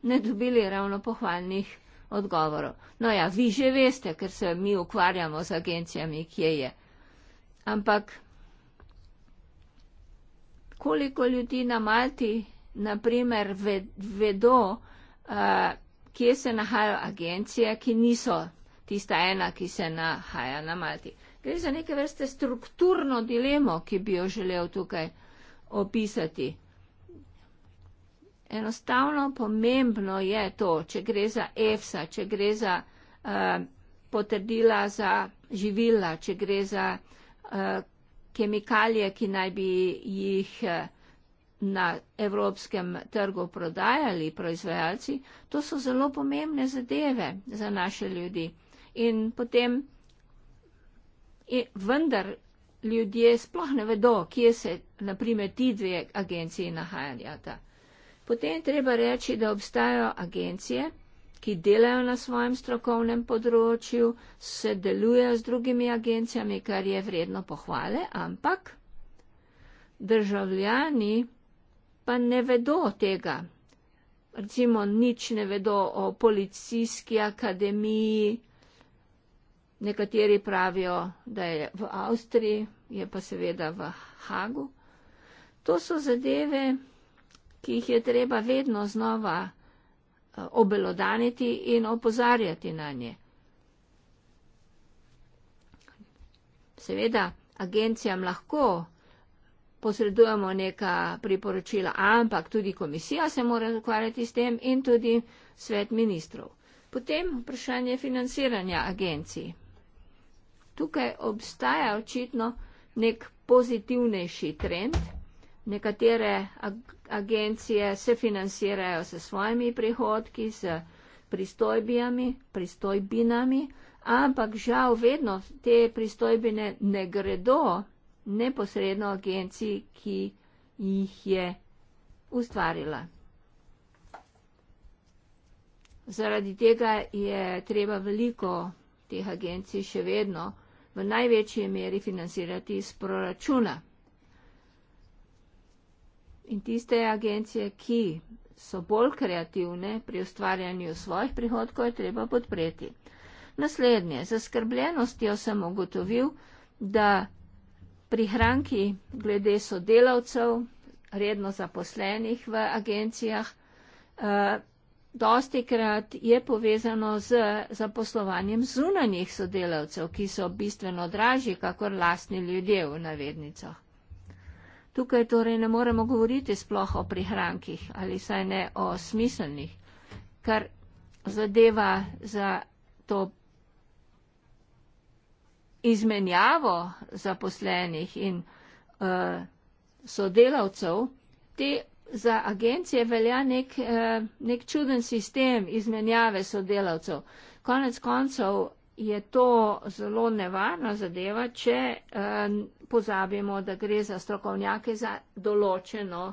C: ne dobili ravno pohvalnih odgovorov. No ja, vi že veste, ker se mi ukvarjamo z agencijami, kje je. Ampak koliko ljudi na Malti, naprimer, vedo, eh, kje se nahajajo agencije, ki niso tista ena, ki se nahaja na Malti. Gre za neke vrste strukturno dilemo, ki bi jo želel tukaj opisati. Enostavno pomembno je to, če gre za EFSA, če gre za uh, potrdila za živila, če gre za uh, Eh, kemikalije, ki naj bi jih eh, na evropskem trgu prodajali proizvajalci, to so zelo pomembne zadeve za naše ljudi. In potem e, vendar ljudje sploh ne vedo, kje se naprimer ti dve agenciji nahajata. Potem je treba reči, da obstajajo agencije, ki delajo na svojem strokovnem področju, se delujejo z drugimi agencijami, kar je vredno pohvale, ampak državljani pa ne vedo tega. Recimo, nič ne vedo o policijski akademiji. Nekateri pravijo, da je v Avstriji, je pa seveda v Hagu. To so zadeve, ki jih je treba vedno znova Eh, obelodaniti in opozarjati na nje. Seveda, agencijam lahko posredujemo neka priporočila, ampak tudi komisija se mora ukvarjati s tem in tudi svet ministrov. Potem vprašanje financiranja agencij. Tukaj obstaja očitno nek pozitivnejši trend. Nekatere agencije agencije se financirajo s svojimi prihodki, s pristojbijami, pristojbinami, ampak žal vedno te pristojbine ne gredo neposredno agenciji, ki jih je ustvarila. Zaradi tega je treba veliko teh agencij še vedno v največji meri financirati iz proračuna in tiste agencije, ki so bolj kreativne pri ustvarjanju svojih prihodkov, je treba podpreti. Naslednje, za skrbljenostjo sem ugotovil, da prihranki glede sodelavcev, redno zaposlenih v agencijah, eh, dosti krat je povezano z zaposlovanjem zunanjih sodelavcev, ki so bistveno dražji, kakor lastni ljudje v navednicah. Tukaj torej ne moremo govoriti sploh o prihrankih ali saj ne o smiselnih, kar zadeva za to izmenjavo zaposlenih in uh, sodelavcev, te za agencije velja nek, uh, nek čuden sistem izmenjave sodelavcev. Konec koncev je to zelo nevarna zadeva, če eh, pozabimo, da gre za strokovnjake za določeno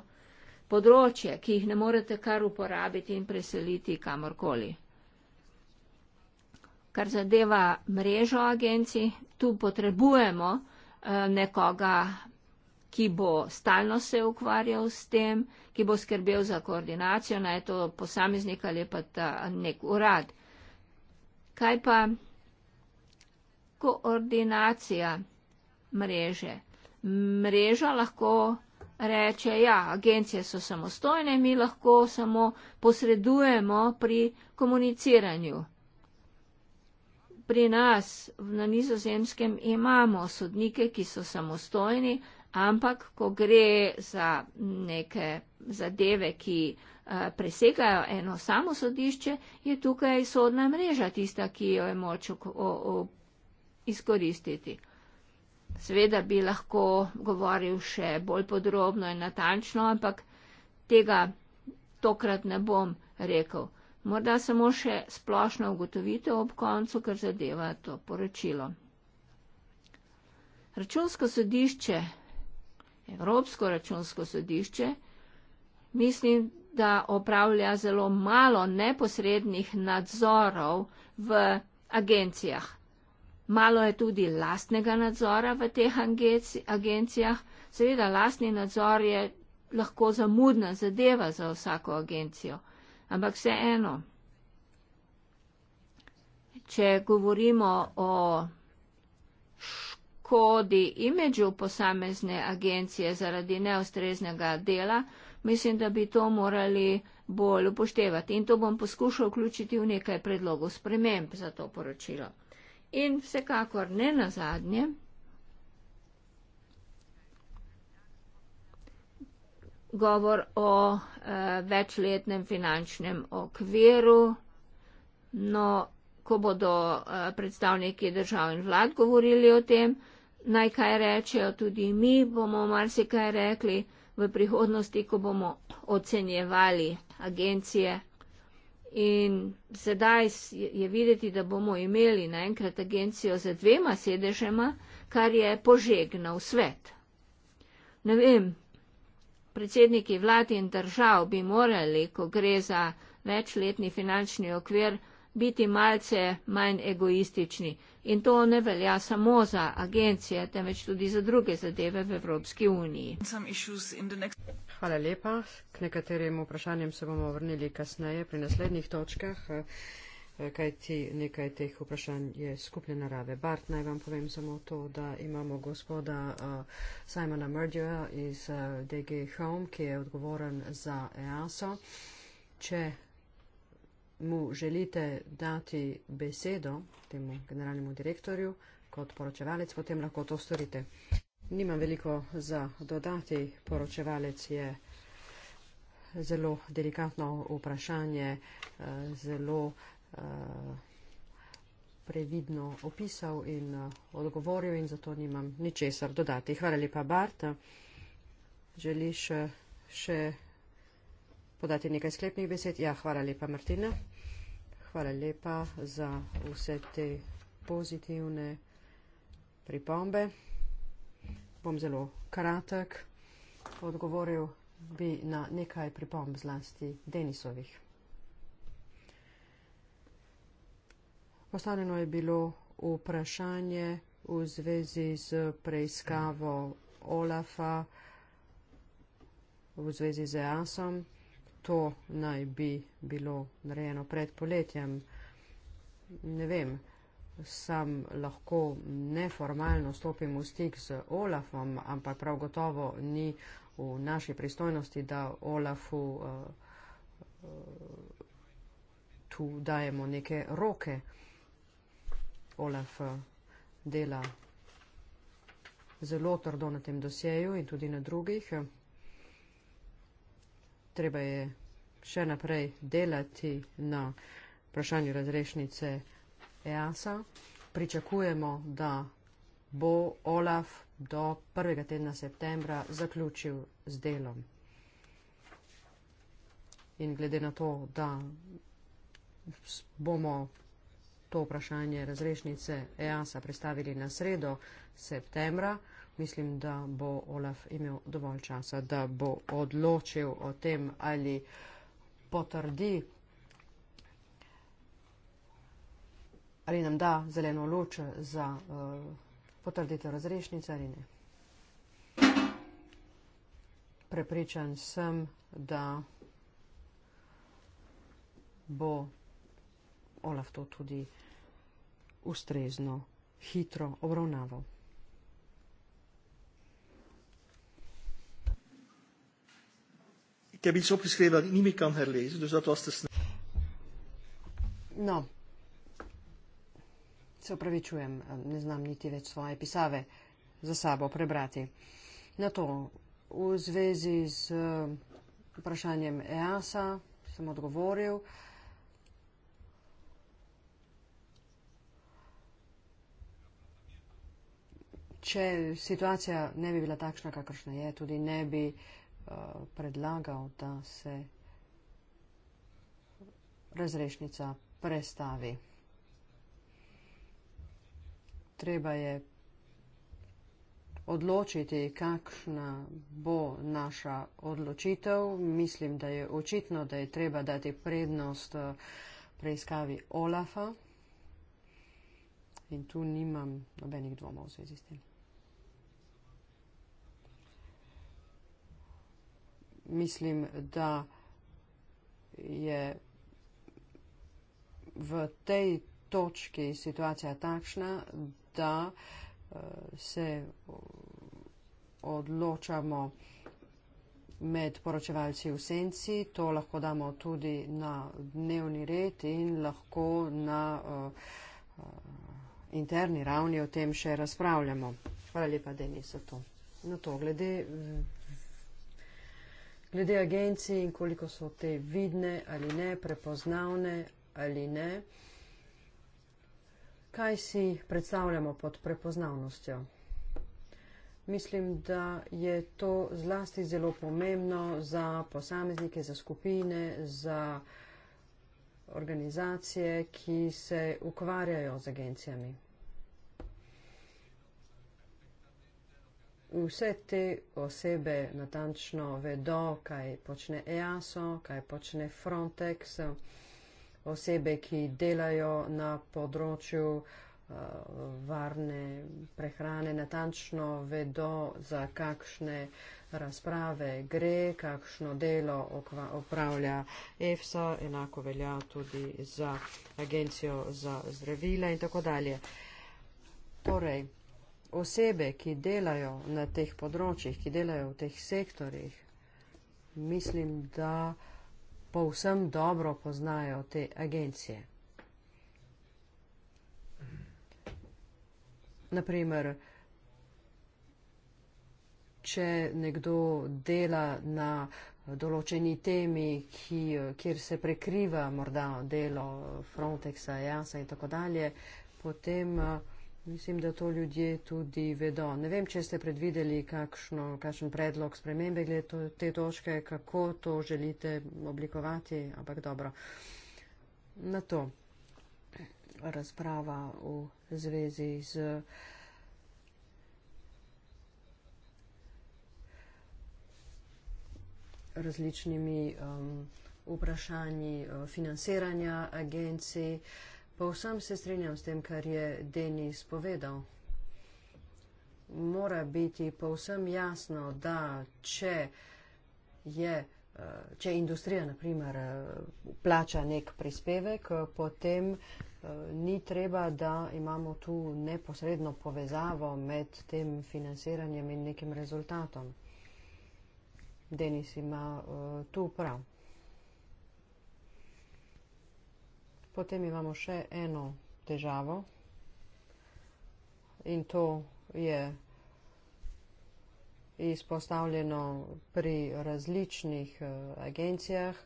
C: področje, ki jih ne morete kar uporabiti in preseliti kamorkoli. Kar zadeva mrežo agencij, tu potrebujemo eh, nekoga, ki bo stalno se ukvarjal s tem, ki bo skrbel za koordinacijo, naj to posameznik ali pa ta nek urad. Kaj pa koordinacija mreže. Mreža lahko reče, ja, agencije so samostojne, mi lahko samo posredujemo pri komuniciranju. Pri nas na nizozemskem imamo sodnike, ki so samostojni, ampak ko gre za neke zadeve, ki eh, presegajo eno samo sodišče, je tukaj sodna mreža tista, ki jo je moč izkoristiti. Sveda bi lahko govoril še bolj podrobno in natančno, ampak tega tokrat ne bom rekel. Morda samo še splošno ugotovitev ob koncu, kar zadeva to poročilo. Računsko sodišče, Evropsko računsko sodišče, mislim, da opravlja zelo malo neposrednih nadzorov v agencijah. Malo je tudi lastnega nadzora v teh agencijah. Seveda, lastni nadzor je lahko zamudna zadeva za vsako agencijo, ampak vseeno. Če govorimo o škodi imidžu posamezne agencije zaradi neustreznega dela, mislim, da bi to morali bolj upoštevati. In to bom poskušal vključiti v nekaj predlogov sprememb za to poročilo. In vsekakor ne na zadnje, govor o e, večletnem finančnem okviru. No, ko bodo e, predstavniki držav in vlad govorili o tem, naj kaj rečejo, tudi mi bomo marsikaj rekli v prihodnosti, ko bomo ocenjevali agencije In sedaj je videti, da bomo imeli naenkrat agencijo z dvema sedežema, kar je požegnal svet. Ne vem, predsedniki vlad in držav bi morali, ko gre za večletni finančni okvir, biti malce manj egoistični. In to ne velja samo za agencije, temveč tudi za druge zadeve v Evropski
D: uniji. Hvala lepa. K nekaterim vprašanjem se bomo vrnili kasneje pri naslednjih točkah, eh, kajti nekaj teh vprašanj je skupne narave. Bart, naj vam povem samo to, da imamo gospoda eh, Simona Merdjoja iz eh, DG Home, ki je odgovoren za EASO. Če mu želite dati besedo, temu generalnemu direktorju, kot poročevalec, potem lahko to storite. Nimam veliko za dodati, poročevalec je zelo delikatno vprašanje, eh, zelo eh, previdno opisal in eh, odgovoril in zato nimam ničesar dodati. Hvala lepa, Bart. Želiš še podati nekaj sklepnih besed? Ja, hvala lepa, Martina. Hvala lepa za vse te pozitivne pripombe. Bom zelo kratek. Odgovoril bi na nekaj pripomb zlasti Denisovih. Postavljeno je bilo vprašanje v zvezi z preiskavo Olafa v zvezi z EASom to naj bi bilo narejeno pred poletjem. Ne vem, sam lahko neformalno stopim v stik z Olafom, ampak prav gotovo ni v naši pristojnosti, da Olafu eh, eh, tu dajemo neke roke. Olaf eh, dela zelo trdo na tem dosjeju in tudi na drugih treba je še naprej delati na vprašanju razrešnice EASA. Pričakujemo, da bo Olaf do 1. tedna septembra zaključil z delom. In glede na to, da bomo to vprašanje razrešnice EASA predstavili na sredo septembra, mislim, da bo Olaf imel dovolj časa, da bo odločil o tem ali potrdi ali nam da zeleno luč za uh, potrditev razrešnice ali ne. Prepričan sem, da bo Olaf to tudi ustrezno, hitro obravnaval.
A: Ik heb iets opgeschreven dat ik niet meer kan herlezen, dus dat
B: was te snel.
D: Nou. se opravičujem, eh, ne znam niti več svoje pisave za sabo prebrati. Na to, v zvezi z eh, vprašanjem EASA, sem odgovoril. Če situacija ne bi bila takšna, kakršna je, tudi ne bi uh, Eh, predlagal, da se razrešnica prestavi. Treba je odločiti, kakšna bo naša odločitev. Mislim, da je očitno, da je treba dati prednost eh, preiskavi Olafa. In tu nimam nobenih dvomov v zvezi s tem. mislim, da je v tej točki situacija takšna, da eh, se odločamo med poročevalci v senci, to lahko damo tudi na dnevni red in lahko na uh, interni ravni o tem še razpravljamo. Hvala lepa, Denis, za to. No to, glede glede agencij in koliko so te vidne ali ne, prepoznavne ali ne. Kaj si predstavljamo pod prepoznavnostjo? Mislim, da je to zlasti zelo pomembno za posameznike, za skupine, za organizacije, ki se ukvarjajo z agencijami. vse te osebe natančno vedo, kaj počne EASO, kaj počne Frontex, osebe, ki delajo na področju eh, varne prehrane, natančno vedo, za kakšne razprave gre, kakšno delo opravlja EFSA, enako velja tudi za Agencijo za zdravila in tako dalje. Torej, osebe, ki delajo na teh področjih, ki delajo v teh sektorjih, mislim, da povsem dobro poznajo te agencije. Naprimer, če nekdo dela na določeni temi, ki, kjer se prekriva morda delo Frontexa, JASA in tako dalje, potem Mislim, da to ljudje tudi vedo. Ne vem, če ste predvideli kakšno, kakšen predlog spremembe glede to, te točke, kako to želite oblikovati, ampak dobro. Na to razprava v zvezi z različnimi um, vprašanji uh, financiranja agencij. Uh, Povsem se strinjam s tem, kar je Denis povedal. Mora biti povsem jasno, da če, je, eh, če industrija, na primer, eh, plača nek prispevek, eh, potem ni treba, da imamo tu neposredno povezavo med tem financiranjem in nekim rezultatom. Denis ima tu prav. Potem imamo še eno težavo in to je izpostavljeno pri različnih eh, agencijah.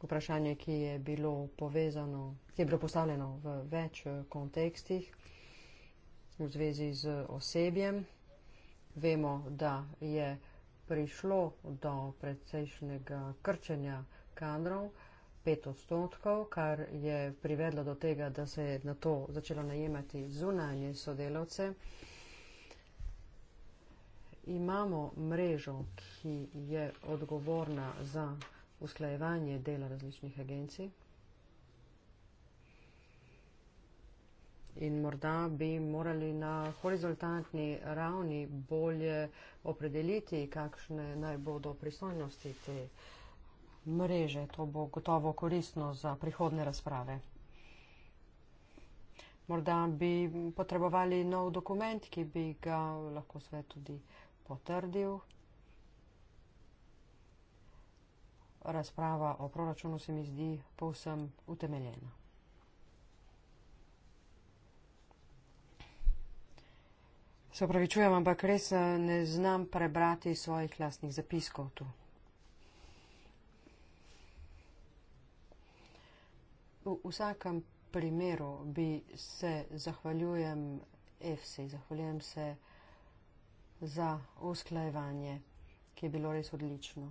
D: Vprašanje, ki je bilo povezano, ki je bilo postavljeno v več eh, kontekstih v zvezi z osebjem. Vemo, da je prišlo do precejšnjega krčenja kadrov pet odstotkov, kar je privedlo do tega, da se je na to začelo najemati zunanje sodelavce. Imamo mrežo, ki je odgovorna za usklajevanje dela različnih agencij. In morda bi morali na horizontalni ravni bolje opredeliti, kakšne naj bodo pristojnosti te agencije mreže. To bo gotovo koristno za prihodne razprave. Morda bi potrebovali nov dokument, ki bi ga lahko svet tudi potrdil. Razprava o proračunu se mi zdi povsem utemeljena. Se opravičujem, ampak res eh, ne znam prebrati svojih lastnih zapiskov tu. v vsakem primeru bi se zahvaljujem EFSI, zahvaljujem se za usklajevanje, ki je bilo res odlično.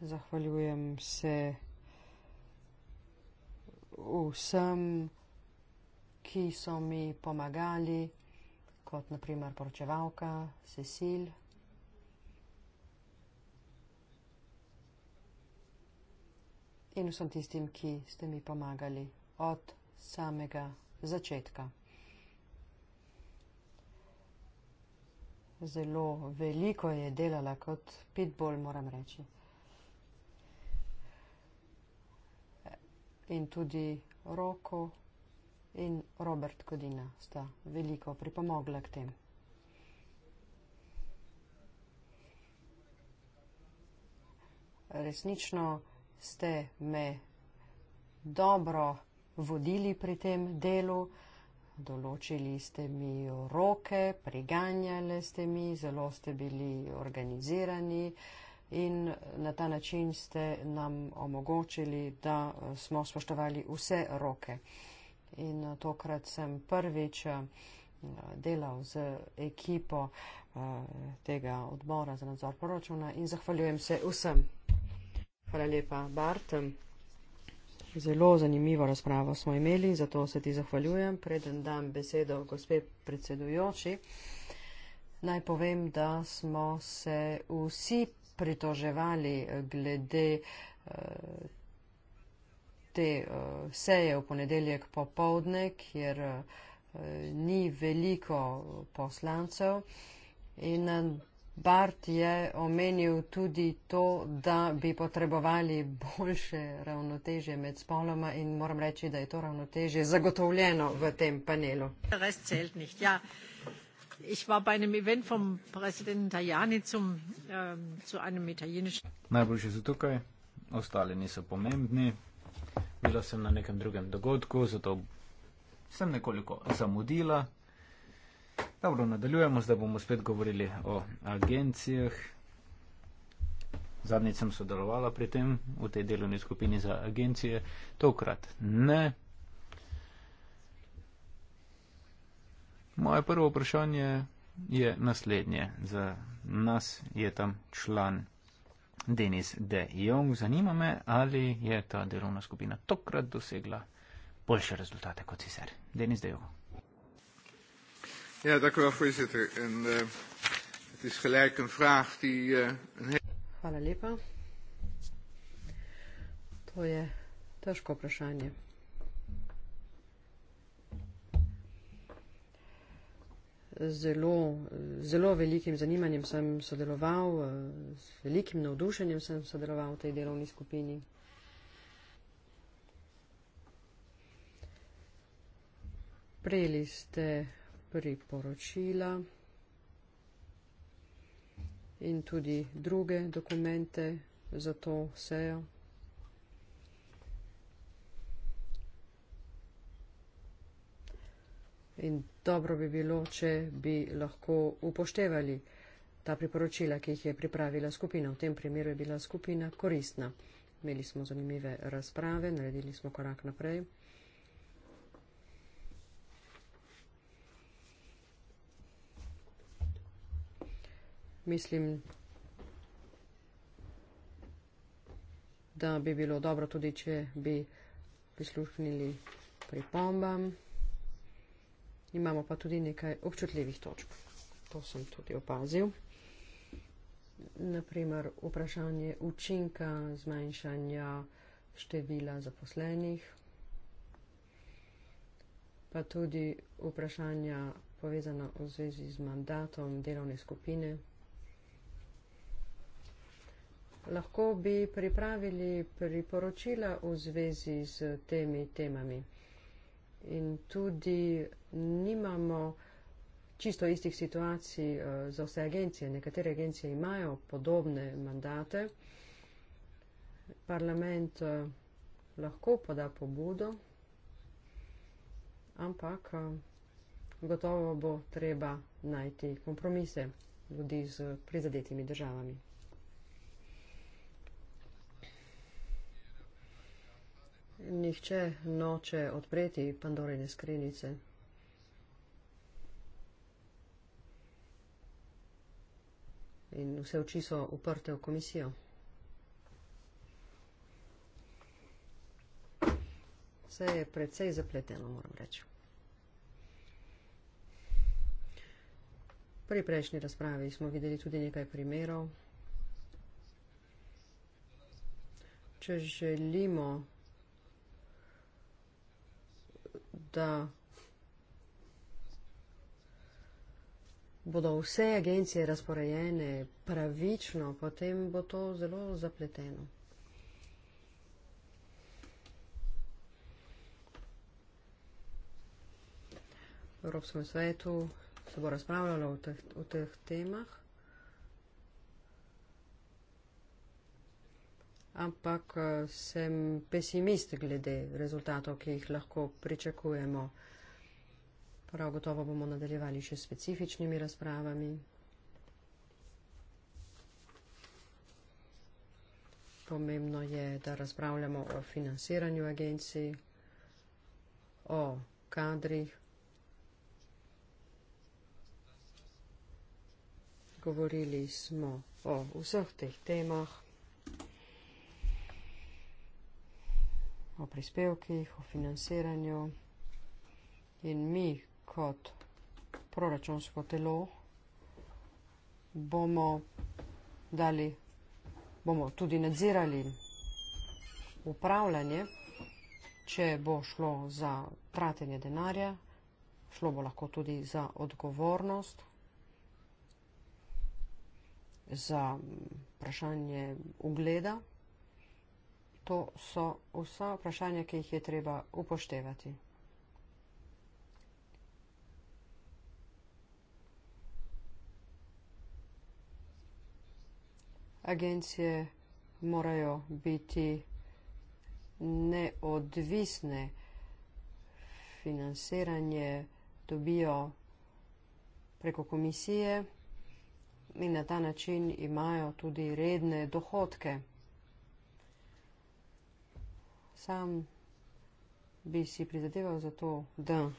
D: Zahvaljujem se vsem, ki so mi pomagali, kot naprimer poročevalka Cecil, in vsem tistim, ki ste mi pomagali od samega začetka. Zelo veliko je delala kot pitbull, moram reči. In tudi Roko in Robert Kodina sta veliko pripomogla k tem. Resnično ste me dobro vodili pri tem delu, določili ste mi roke, priganjali ste mi, zelo ste bili organizirani in na ta način ste nam omogočili, da eh, smo spoštovali vse roke. In eh, tokrat sem prvič eh, delal z ekipo tega odbora za nadzor proračuna in zahvaljujem se vsem. Hvala lepa, Bart. Zelo zanimivo razpravo smo imeli, zato se ti zahvaljujem. Preden dam besedo gospe predsedujoči, naj povem, da smo se vsi pritoževali glede eh, te eh, seje v ponedeljek popovdne, kjer eh, ni veliko poslancev. In Bart je omenil tudi to, da bi potrebovali boljše ravnotežje med spoloma in moram reči, da je to ravnotežje zagotovljeno v tem panelu.
B: Ja, ähm,
A: Najboljši so tukaj, ostali niso pomembni. Bila sem na nekem drugem dogodku, zato sem nekoliko zamudila. Dobro, nadaljujemo, zdaj bomo spet govorili o agencijah. Zadnjič sem sodelovala pri tem, v tej delovni skupini za agencije, tokrat ne. Moje prvo vprašanje je naslednje. Za nas je tam član Denis De Jong. Zanima me, ali je ta delovna skupina tokrat dosegla boljše rezultate kot sicer. Denis De Jong. Ja, dank u wel, voorzitter. En, uh, het is gelijk een
B: vraag die. Uh, een heel...
D: Hvala lepa. To je težko vprašanje. Zelo, zelo velikim zanimanjem sem sodeloval, eh, z velikim navdušenjem sem sodeloval v tej delovni skupini. Prejeli ste priporočila in tudi druge dokumente za to sejo. In dobro bi bilo, če bi lahko upoštevali ta priporočila, ki jih je pripravila skupina. V tem primeru je bila skupina koristna. Imeli smo zanimive razprave, naredili smo korak naprej. mislim, da bi bilo dobro tudi, če bi prisluhnili pripombam. Imamo pa tudi nekaj občutljivih točk. To sem tudi opazil. Naprimer, vprašanje učinka zmanjšanja števila zaposlenih, pa tudi vprašanja povezana v zvezi z mandatom delovne skupine lahko bi pripravili priporočila v zvezi z temi temami. In tudi nimamo čisto istih situacij eh, za vse agencije. Nekatere agencije imajo podobne mandate. Parlament eh, lahko poda pobudo, ampak eh, gotovo bo treba najti kompromise ljudi z prizadetimi državami. Nihče noče odpreti Pandorine skrinice. In vse oči so uprte v komisijo. Vse je precej zapleteno, moram reči. Pri prejšnji razpravi smo videli tudi nekaj primerov. Če želimo da bodo vse agencije razporejene pravično, potem bo to zelo zapleteno. V Evropskem svetu se bo razpravljalo o teh, o teh temah. ampak eh, sem pesimist glede rezultatov, ki jih lahko pričakujemo. Prav gotovo bomo nadaljevali še s specifičnimi razpravami. Pomembno je, da razpravljamo o financiranju agencij, o kadrih. Govorili smo o vseh teh temah. o prispevkih, o financiranju in mi kot proračunsko telo bomo dali, bomo tudi nadzirali upravljanje, če bo šlo za tratenje denarja, šlo bo lahko tudi za odgovornost, za vprašanje ugleda, To so vsa vprašanja, ki jih je treba upoštevati. Agencije morajo biti neodvisne, financiranje dobijo preko komisije in na ta način imajo tudi redne dohodke sam bi si prizadeval za to, da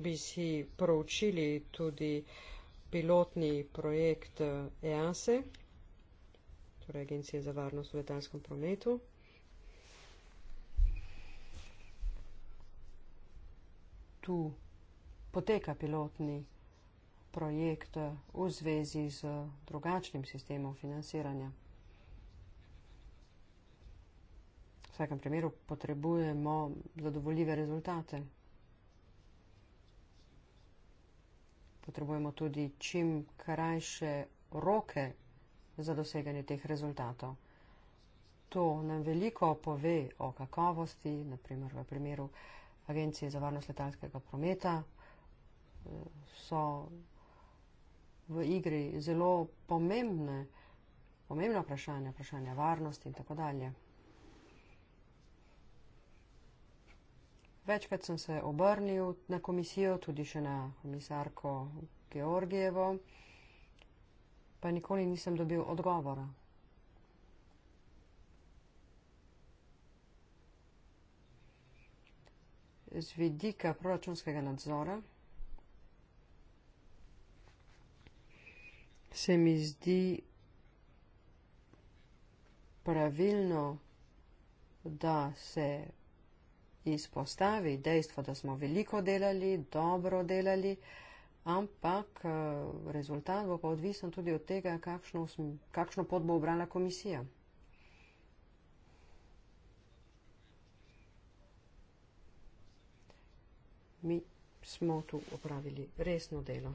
D: bi si proučili tudi pilotni projekt EASE, e, torej Agencije za varnost v letalskem prometu. Tu poteka pilotni projekt projekt v zvezi z drugačnim sistemom financiranja. V vsakem primeru potrebujemo zadovoljive rezultate. Potrebujemo tudi čim krajše roke za doseganje teh rezultatov. To nam veliko pove o kakovosti, naprimer v primeru Agencije za varnost letalskega prometa eh, so v igri zelo pomembne, pomembna vprašanja, vprašanja varnosti in tako dalje. Večkrat sem se obrnil na komisijo, tudi še na komisarko Georgijevo, pa nikoli nisem dobil odgovora. Z vidika proračunskega nadzora se mi zdi pravilno, da se izpostavi dejstvo, da smo veliko delali, dobro delali, ampak eh, rezultat bo pa odvisen tudi od tega, kakšno, kakšno pot bo obrala komisija. Mi smo tu opravili resno delo.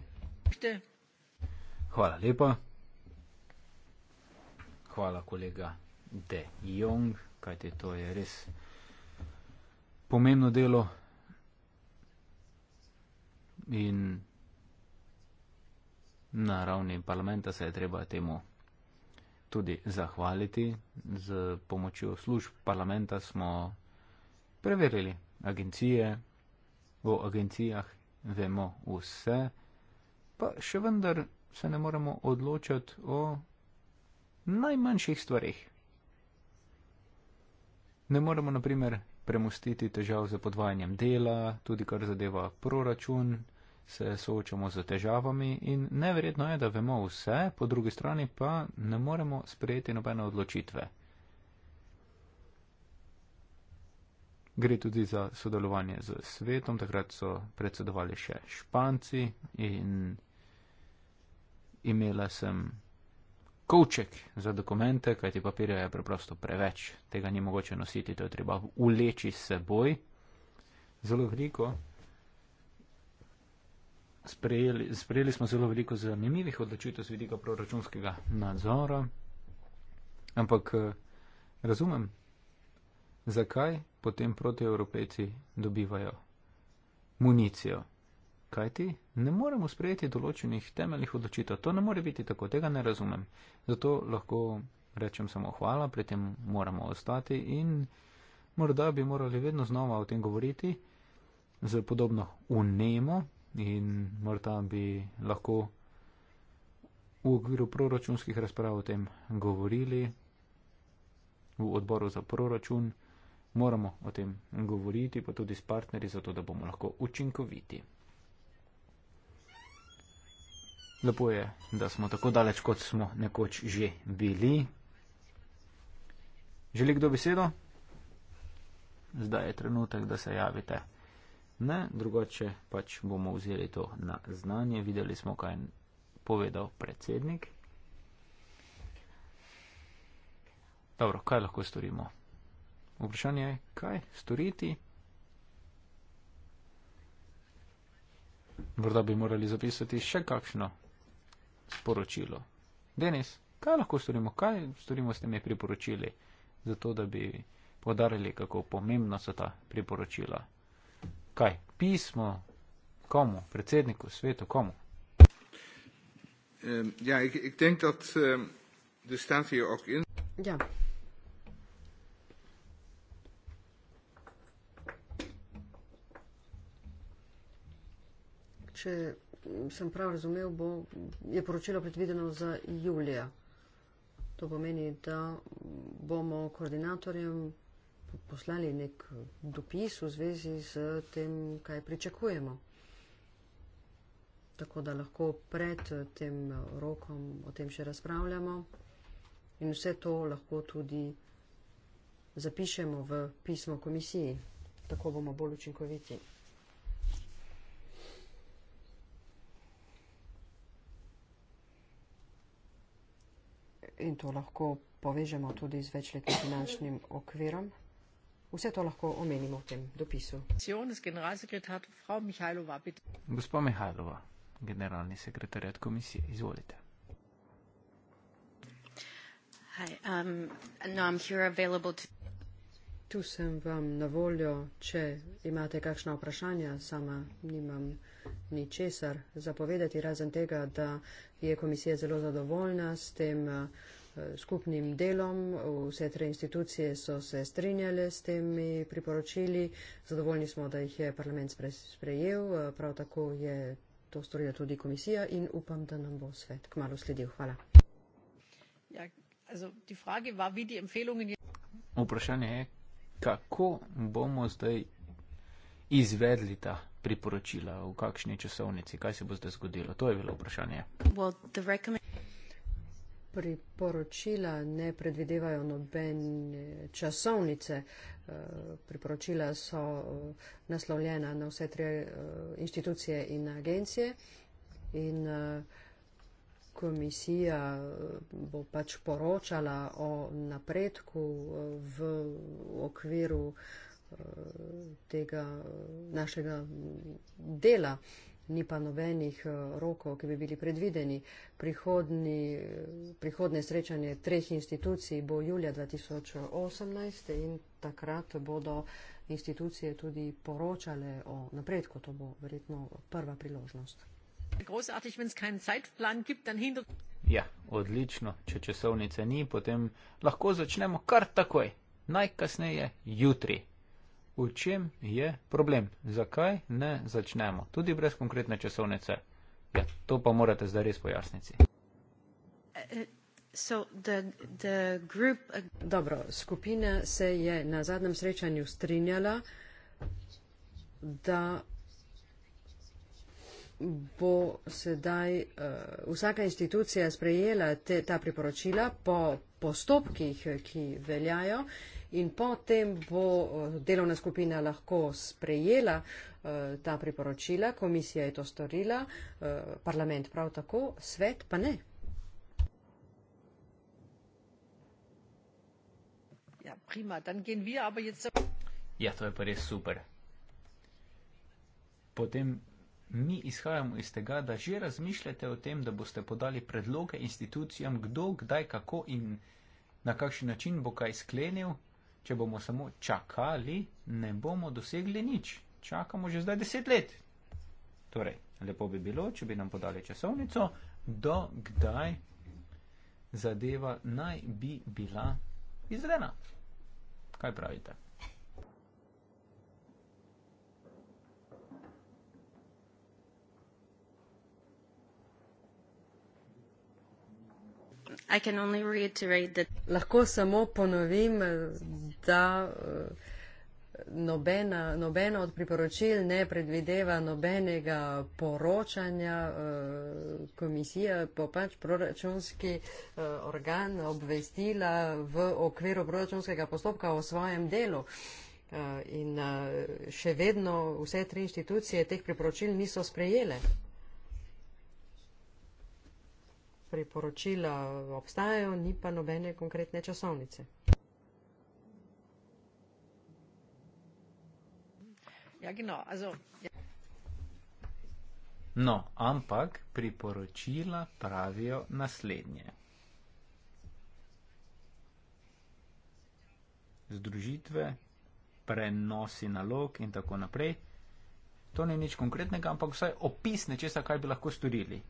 A: Hvala lepa. Hvala, kolega De Jong, kajte to je res pomembno delo. In na ravni parlamenta se je treba temu tudi zahvaliti. Z pomočjo služb parlamenta smo preverili agencije, v agencijah vemo vse, pa še vendar se ne moremo odločati o najmanjših stvarih. Ne moremo, na primer, premustiti težav z podvajanjem dela, tudi kar zadeva proračun, se soočamo z težavami in neverjetno je, da vemo vse, po drugi strani pa ne moremo sprejeti nobene odločitve. Gre tudi za sodelovanje z svetom, takrat so predsedovali še Španci in imela sem kovček za dokumente, kajti papirja je preprosto preveč, tega ni mogoče nositi, to je treba uleči s seboj. Zelo veliko. Sprejeli, sprejeli smo zelo veliko zanimivih odločitev z vidika proračunskega nadzora, ampak eh, razumem, zakaj potem protievropejci dobivajo municijo kajti ne moremo sprejeti določenih temeljnih odločitev. To ne more biti tako, tega ne razumem. Zato lahko rečem samo hvala, pri tem moramo ostati in morda bi morali vedno znova o tem govoriti z podobno unemo in morda bi lahko v okviru proračunskih razprav o tem govorili v odboru za proračun. Moramo o tem govoriti, pa tudi s partnerji, zato da bomo lahko učinkoviti. Lepo je, da smo tako daleč, kot smo nekoč že bili. Želi kdo besedo? Zdaj je trenutek, da se javite. Ne, drugače pač bomo vzeli to na znanje. Videli smo, kaj je povedal predsednik. Dobro, kaj lahko storimo? Vprašanje je, kaj storiti? Morda bi morali zapisati še kakšno sporočilo. Denis, kaj lahko storimo, kaj storimo s temi priporočili, zato da bi podarili, kako pomembna so ta priporočila? Kaj, pismo, komu, predsedniku, svetu, komu? Ehm, ja, ik, ik denk dat um, de
D: staat hier ook in. Ja. Če sem prav razumel, bo, je poročilo predvideno za julija. To pomeni, da bomo koordinatorjem poslali nek dopis v zvezi z tem, kaj pričakujemo. Tako da lahko pred tem rokom o tem še razpravljamo in vse to lahko tudi zapišemo v pismo komisiji. Tako bomo bolj učinkoviti. in to lahko povežemo tudi z večletnim finančnim okvirom. Vse to lahko omenimo v tem dopisu.
A: Gospod Mihajlova, generalni sekretarjat komisije, izvolite.
D: Um, no, tu sem vam na voljo, če imate kakšna vprašanja, sama nimam ni česar zapovedati, razen tega, da je komisija zelo zadovoljna s tem eh, skupnim delom. Vse tri institucije so se strinjale s temi priporočili. Zadovoljni smo, da jih je parlament sprejel. Eh, prav tako je to storila tudi komisija in upam, da nam bo svet kmalo sledil. Hvala.
B: Ja, also, die Frage war, wie die Empfehlungen...
A: Vprašanje je, kako bomo zdaj izvedli ta priporočila, v kakšni časovnici, kaj se bo zdaj zgodilo. To je bilo vprašanje.
D: Well, priporočila ne predvidevajo nobene eh, časovnice. Eh, priporočila so eh, naslovljena na vse tri inštitucije in agencije in komisija bo pač poročala o napredku v okviru uh, Eh, tega eh, našega dela, ni pa nobenih eh, rokov, ki bi bili predvideni. Prihodni, prihodne srečanje treh institucij bo julija 2018 in takrat bodo institucije tudi poročale o napredku. To bo verjetno prva priložnost.
A: Ja, odlično. Če časovnice ni, potem lahko začnemo kar takoj. Najkasneje jutri v čem je problem, zakaj ne začnemo, tudi brez konkretne časovnice. Ja, to pa morate zdaj res pojasniti. Eh,
D: eh, so the, the group... Dobro, skupina se je na zadnjem srečanju strinjala, da bo sedaj uh, vsaka institucija sprejela te, ta priporočila po postopkih, ki veljajo uh, in potem bo eh, delovna skupina lahko sprejela eh, ta priporočila, komisija je to storila, eh, parlament prav tako, svet pa ne. Ja, prima, dan gen vi, aber jetzt...
B: Ja, to
A: je pa res super. Potem mi izhajamo iz tega, da že razmišljate o tem, da boste podali predloge institucijam, kdo, kdaj, kako in na kakšen način bo kaj sklenil če bomo samo čakali, ne bomo dosegli nič. Čakamo že zdaj deset let. Torej, lepo bi bilo, če bi nam podali časovnico, do kdaj zadeva naj bi bila izvedena. Kaj pravite?
D: I can only reiterate that lahko samo ponovim, da eh, nobena, nobena od priporočil ne predvideva nobenega poročanja. Eh, komisija bo pač proračunski eh, organ obvestila v okviru proračunskega postopka o svojem delu. In še vedno vse tri inštitucije teh priporočil niso sprejele priporočila obstajajo, ni pa nobene konkretne časovnice. Ja, gino, also, ja.
A: No, ampak priporočila pravijo naslednje. Združitve, prenosi nalog in tako naprej. To ni nič konkretnega, ampak vsaj opis nečesa, kaj bi lahko storili.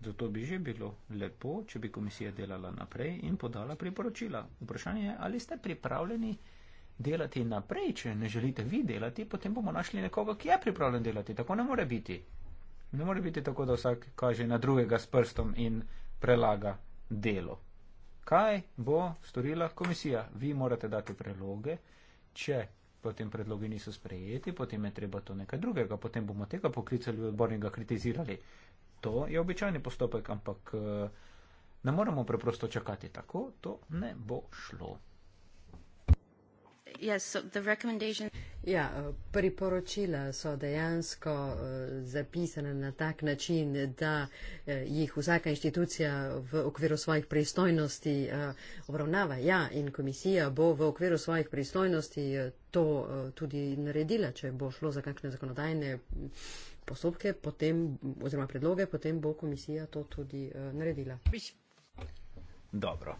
A: Zato bi že bilo lepo, če bi komisija delala naprej in podala priporočila. Vprašanje je, ali ste pripravljeni delati naprej, če ne želite vi delati, potem bomo našli nekoga, ki je pripravljen delati. Tako ne more biti. Ne more biti tako, da vsak kaže na drugega s prstom in prelaga delo. Kaj bo storila komisija? Vi morate dati preloge, če potem predlogi niso sprejeti, potem je treba to nekaj drugega, potem bomo tega poklicali odbornega kritizirali. To je običajni postopek, ampak eh, ne moremo preprosto čakati tako, to ne bo šlo.
D: Yes, so ja, eh, priporočila so dejansko eh, zapisane na tak način, da jih vsaka inštitucija v okviru svojih pristojnosti obravnava. Ja, in komisija bo v okviru svojih pristojnosti to tudi naredila, če bo šlo za kakšne zakonodajne postopke, potem, oziroma predloge, potem bo komisija to tudi uh, naredila.
A: Dobro.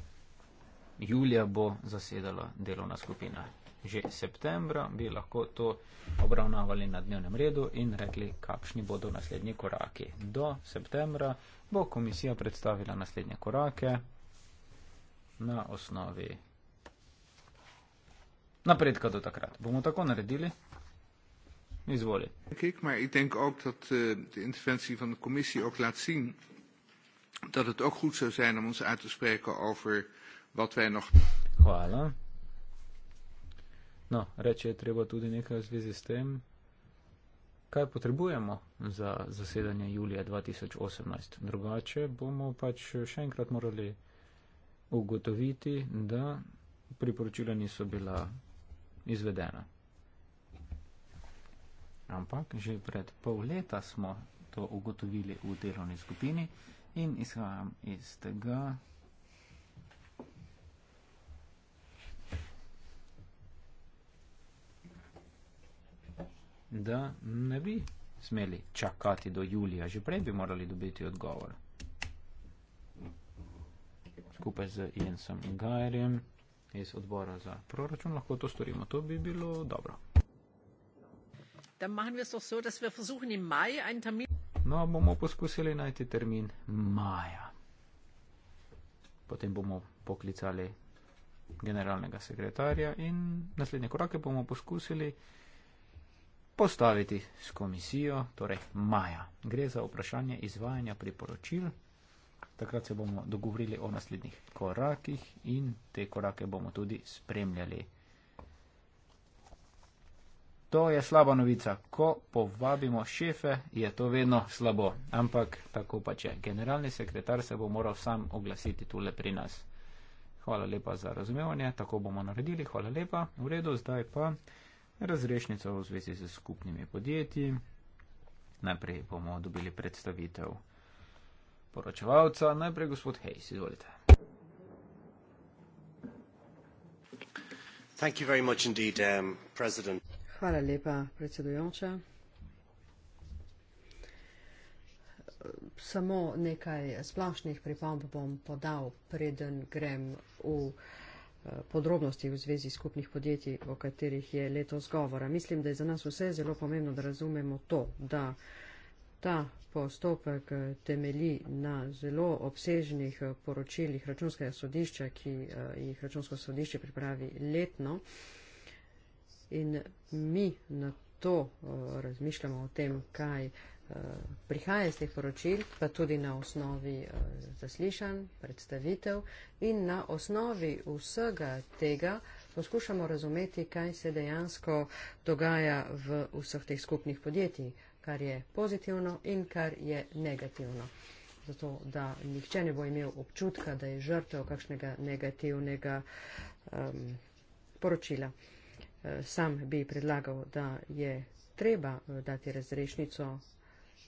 A: Julija bo zasedala delovna skupina. Že septembra bi lahko to obravnavali na dnevnem redu in rekli, kakšni bodo naslednji koraki. Do septembra bo komisija predstavila naslednje korake na osnovi napredka do takrat. Bomo tako naredili? mis worden. Denk ik, maar ik denk ook dat uh, de interventie van de commissie ook laat zien dat het ook goed zou zijn om ons uit te spreken over wat wij nog. Voilà. No, reče, je treba tudi nekaj v zvezi s tem, kaj potrebujemo za zasedanje julija 2018. Drugače bomo pač še enkrat morali ugotoviti, da priporočila niso bila izvedena ampak že pred pol leta smo to ugotovili v delovni skupini in izhajam iz tega. da ne bi smeli čakati do julija, že prej bi morali dobiti odgovor. Skupaj z Jensom in Gajerjem iz odbora za proračun lahko to storimo, to bi bilo dobro.
B: Dann machen wir es doch so, dass wir versuchen im Mai einen Termin.
A: No, bomo poskusili najti termin maja. Potem bomo poklicali generalnega sekretarja in naslednje korake bomo poskusili postaviti s komisijo, torej maja. Gre za vprašanje izvajanja priporočil. Takrat se bomo dogovorili o naslednjih korakih in te korake bomo tudi spremljali. To je slaba novica. Ko povabimo šefe, je to vedno slabo. Ampak tako pa če. Generalni sekretar se bo moral sam oglasiti tule pri nas. Hvala lepa za razumevanje, tako bomo naredili. Hvala lepa. V redu, zdaj pa razrešnico v zvezi z skupnimi podjetji. Najprej bomo dobili predstavitev poročevalca. Najprej gospod Hayes, izvolite.
D: Thank you very much indeed, um, President. Hvala lepa, predsedujoča. Samo nekaj splošnih pripomb bom podal, preden grem v eh, podrobnosti v zvezi skupnih podjetij, o katerih je letos govora. Mislim, da je za nas vse zelo pomembno, da razumemo to, da ta postopek eh, temeli na zelo obsežnih eh, poročilih računskega sodišča, ki jih računsko sodišče pripravi letno in mi na to eh, razmišljamo o tem, kaj eh, prihaja iz teh poročil, pa tudi na osnovi eh, zaslišanj, predstavitev in na osnovi vsega tega poskušamo razumeti, kaj se dejansko dogaja v vseh teh skupnih podjetij, kar je pozitivno in kar je negativno. Zato, da nihče ne bo imel občutka, da je žrtev kakšnega negativnega um, poročila sam bi predlagal, da je treba eh, dati razrešnico,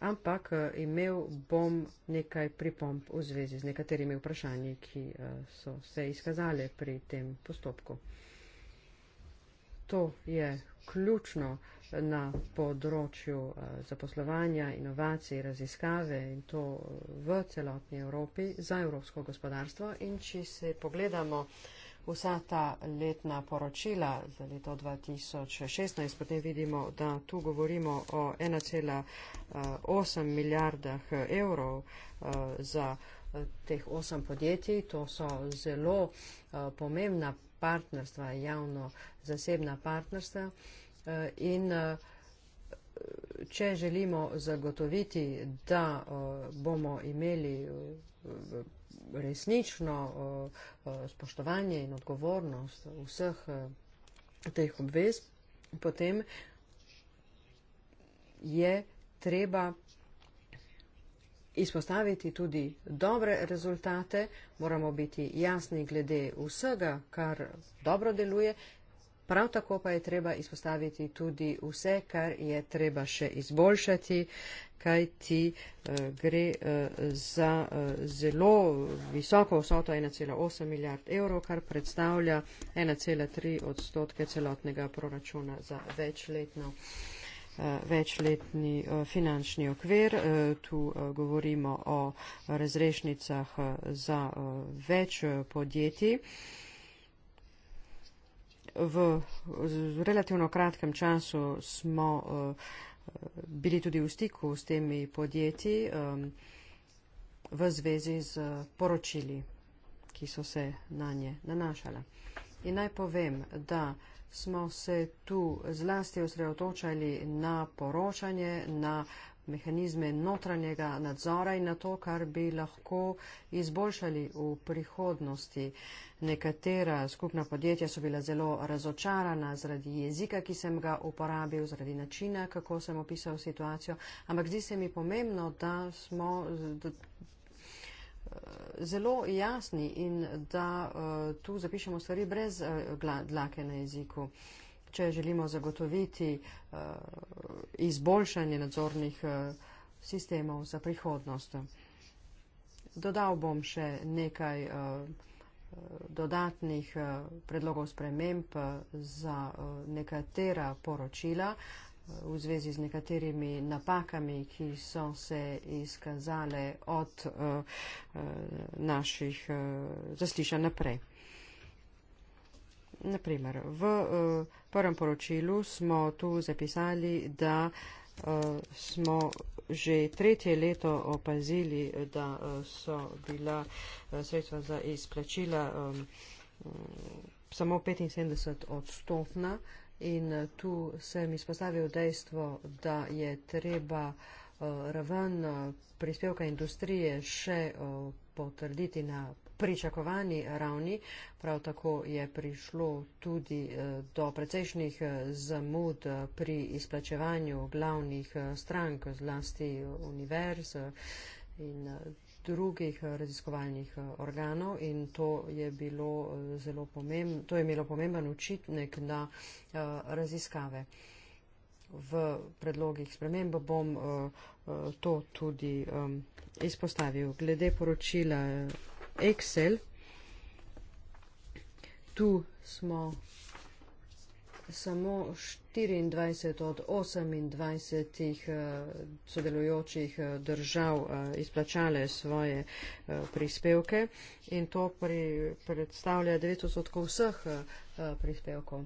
D: ampak eh, imel bom nekaj pripomp v zvezi z nekaterimi vprašanji, ki eh, so se izkazale pri tem postopku. To je ključno na področju zaposlovanja, inovacij, raziskave in to v celotni Evropi za evropsko gospodarstvo. In če se pogledamo, vsa ta letna poročila za leto 2016, potem vidimo, da tu govorimo o 1,8 eh, milijardah eh, evrov eh, za teh osem podjetij. To so zelo pomembna partnerstva, javno-zasebna partnerstva. In če želimo zagotoviti, da bomo imeli resnično spoštovanje in odgovornost vseh teh obvez, potem je treba izpostaviti tudi dobre rezultate, moramo biti jasni glede vsega, kar dobro deluje, prav tako pa je treba izpostaviti tudi vse, kar je treba še izboljšati kaj ti eh, gre eh, za eh, zelo visoko vsoto 1,8 milijard evrov, kar predstavlja 1,3 odstotke celotnega proračuna za večletno, eh, večletni eh, finančni okvir. Eh, tu eh, govorimo o razrešnicah eh, za eh, več eh, podjetij. V, v, v relativno kratkem času smo eh, bili tudi v stiku s temi podjetji um, v zvezi z poročili, ki so se na nje nanašala. In naj povem, da smo se tu zlasti osredotočali na poročanje, na uh, mehanizme notranjega nadzora in na to, kar bi lahko izboljšali v prihodnosti. Nekatera skupna podjetja so bila zelo razočarana zaradi jezika, ki sem ga uporabil, zaradi načina, kako sem opisal situacijo, ampak zdi se mi pomembno, da smo. Da, Zelo jasni in da uh, tu zapišemo stvari brez uh, dlake na jeziku. Uh, če želimo zagotoviti uh, izboljšanje nadzornih uh, sistemov za prihodnost. Dodal bom še nekaj uh, dodatnih uh, predlogov sprememb za uh, nekatera poročila v zvezi z nekaterimi napakami, ki so se izkazale od uh, naših uh, zaslišanj naprej. Uh, Naprimer, v uh, prvem poročilu smo tu zapisali, da uh, smo že tretje leto opazili, da uh, so bila uh, sredstva za izplačila um, um, samo 75 odstotna in uh, tu sem izpostavil dejstvo, da je treba uh, raven uh, prispevka industrije še uh, potrditi na pričakovani ravni. Prav tako je prišlo tudi eh, do precejšnjih eh, zamud eh, pri izplačevanju glavnih strank, zlasti univerz in drugih raziskovalnih organov in to je bilo zelo pomembno, to je imelo pomemben učitnek na raziskave. V predlogih sprememb bom to tudi izpostavil. Glede poročila Excel. Tu smo samo 24 od 28 eh, sodelujočih eh, držav eh, izplačale svoje prispevke in to pri, predstavlja 9 odstotkov vseh prispevkov.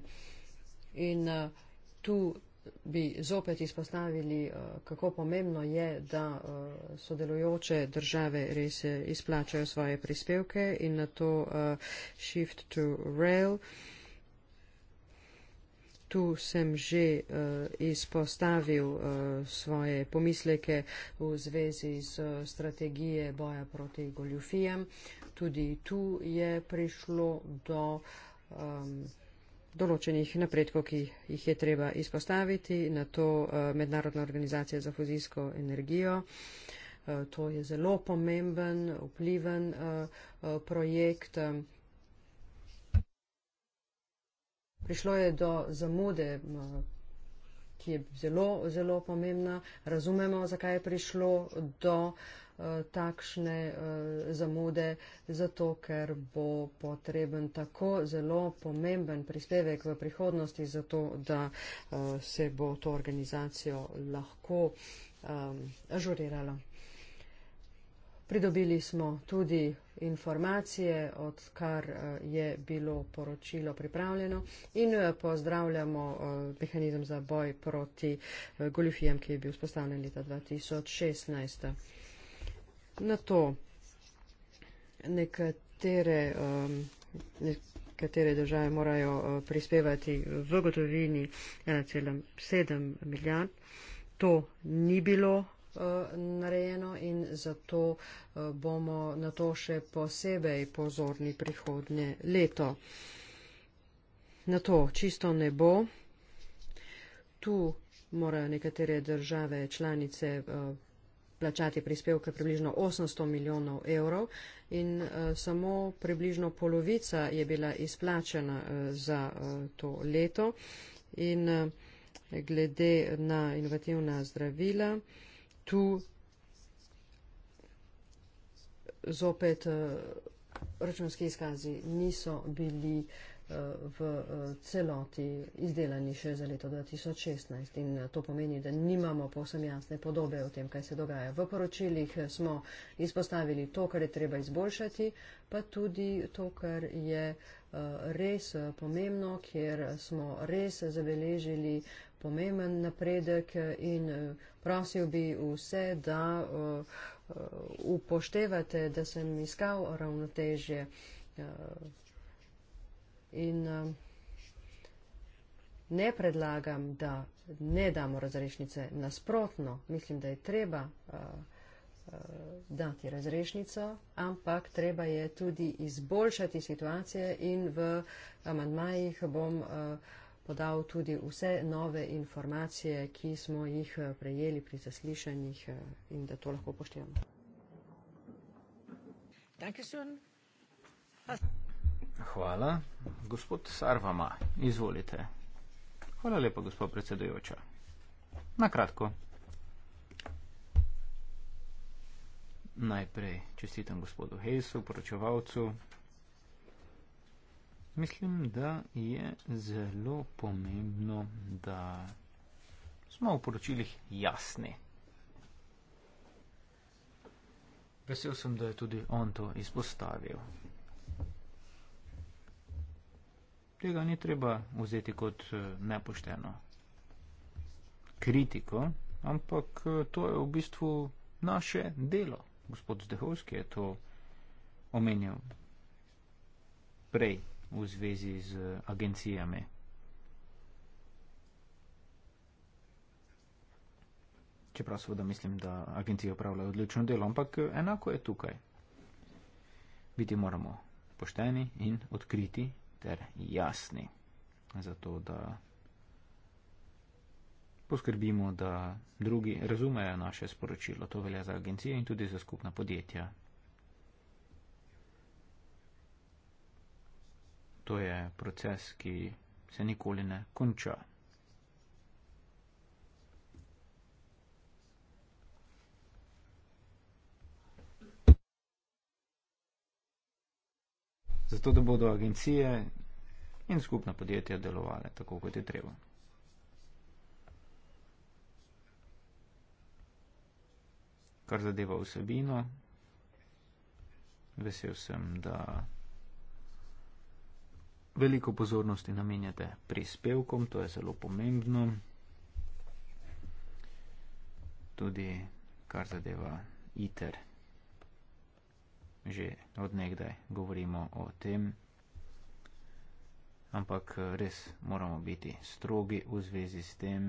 D: In tu bi zopet izpostavili, eh, kako pomembno je, da eh, sodelujoče države res eh, izplačajo svoje prispevke in na to shift to rail. Tu sem že izpostavil svoje pomisleke v zvezi z strategije boja proti goljufijam. Tudi tu je prišlo do. Um, določenih napredkov, ki jih je treba izpostaviti. Na to eh, Mednarodna organizacija za fuzijsko energijo. Eh, to je zelo pomemben, vpliven eh, projekt. Prišlo je do zamude, ki je zelo, zelo pomembna. Razumemo, zakaj je prišlo do uh, Eh, takšne eh, zamude, zato ker bo potreben tako zelo pomemben prispevek v prihodnosti, zato da eh, se bo to organizacijo lahko ažuriralo. Pridobili smo tudi informacije, odkar je bilo poročilo pripravljeno in pozdravljamo mehanizem za boj proti goljufijam, ki je bil spostavljen leta 2016 na to nekatere, um, nekatere države morajo uh, prispevati v gotovini 1,7 milijard. To ni bilo uh, narejeno in zato uh, bomo na to še posebej pozorni prihodnje leto. Na to čisto ne bo. Tu morajo nekatere države članice uh, plačati prispevke približno 800 milijonov evrov in uh, samo približno polovica je bila izplačena uh, eh, za uh, to leto. In uh, glede na inovativna zdravila, tu zopet uh, računski izkazi niso bili uh, Eh, v eh, celoti izdelani še za leto 2016 in eh, to pomeni, da nimamo povsem jasne podobe o tem, kaj se dogaja. V poročilih smo izpostavili to, kar je treba izboljšati, pa tudi to, kar je res pomembno, kjer smo res zabeležili pomemben napredek in prosil bi vse, da upoštevate, da sem iskal ravnotežje In um, ne predlagam, da ne damo razrešnice nasprotno, mislim, da je treba uh, uh, dati razrešnico, ampak treba je tudi izboljšati situacije in v amandmajih bom uh, podal tudi vse nove informacije, ki smo jih prejeli pri zaslišanjih in da to lahko poštevamo.
B: Thank you soon.
A: Hvala. Gospod Sarvama, izvolite. Hvala lepa, gospod predsedujoča. Na kratko. Najprej čestitam gospodu Hejsu, poročevalcu. Mislim, da je zelo pomembno, da smo v poročilih jasni. Vesel sem, da je tudi on to izpostavil. tega ni treba vzeti kot eh, nepošteno kritiko, ampak eh, to je v bistvu naše delo. Gospod Zdehovski je to omenil prej v zvezi z eh, agencijami. Čeprav seveda mislim, da agencije upravljajo odlično delo, ampak enako je tukaj. Biti moramo pošteni in odkriti ter jasni. Zato, da poskrbimo, da drugi razumejo naše sporočilo. To velja za agencije in tudi za skupna podjetja. To je proces, ki se nikoli ne konča. Zato, da bodo agencije in skupna podjetja delovale tako, kot je treba. Kar zadeva vsebino, vesel sem, da veliko pozornosti namenjate prispevkom, to je zelo pomembno. Tudi kar zadeva ITER, že odnegdaj govorimo o tem ampak eh, res moramo biti strogi v zvezi s tem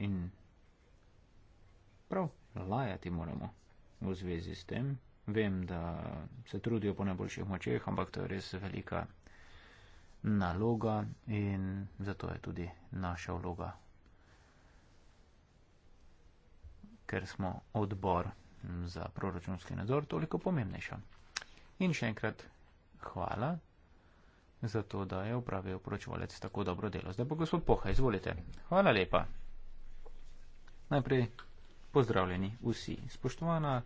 A: in prav lajati moramo v zvezi s tem. Vem, da se trudijo po najboljših močeh, ampak to je res velika naloga in zato je tudi naša vloga, ker smo odbor za proračunski nadzor toliko pomembnejša. In še enkrat hvala zato da je upravil poročevalec tako dobro delo. Zdaj pa gospod Poha, izvolite. Hvala lepa. Najprej pozdravljeni vsi. Spoštovana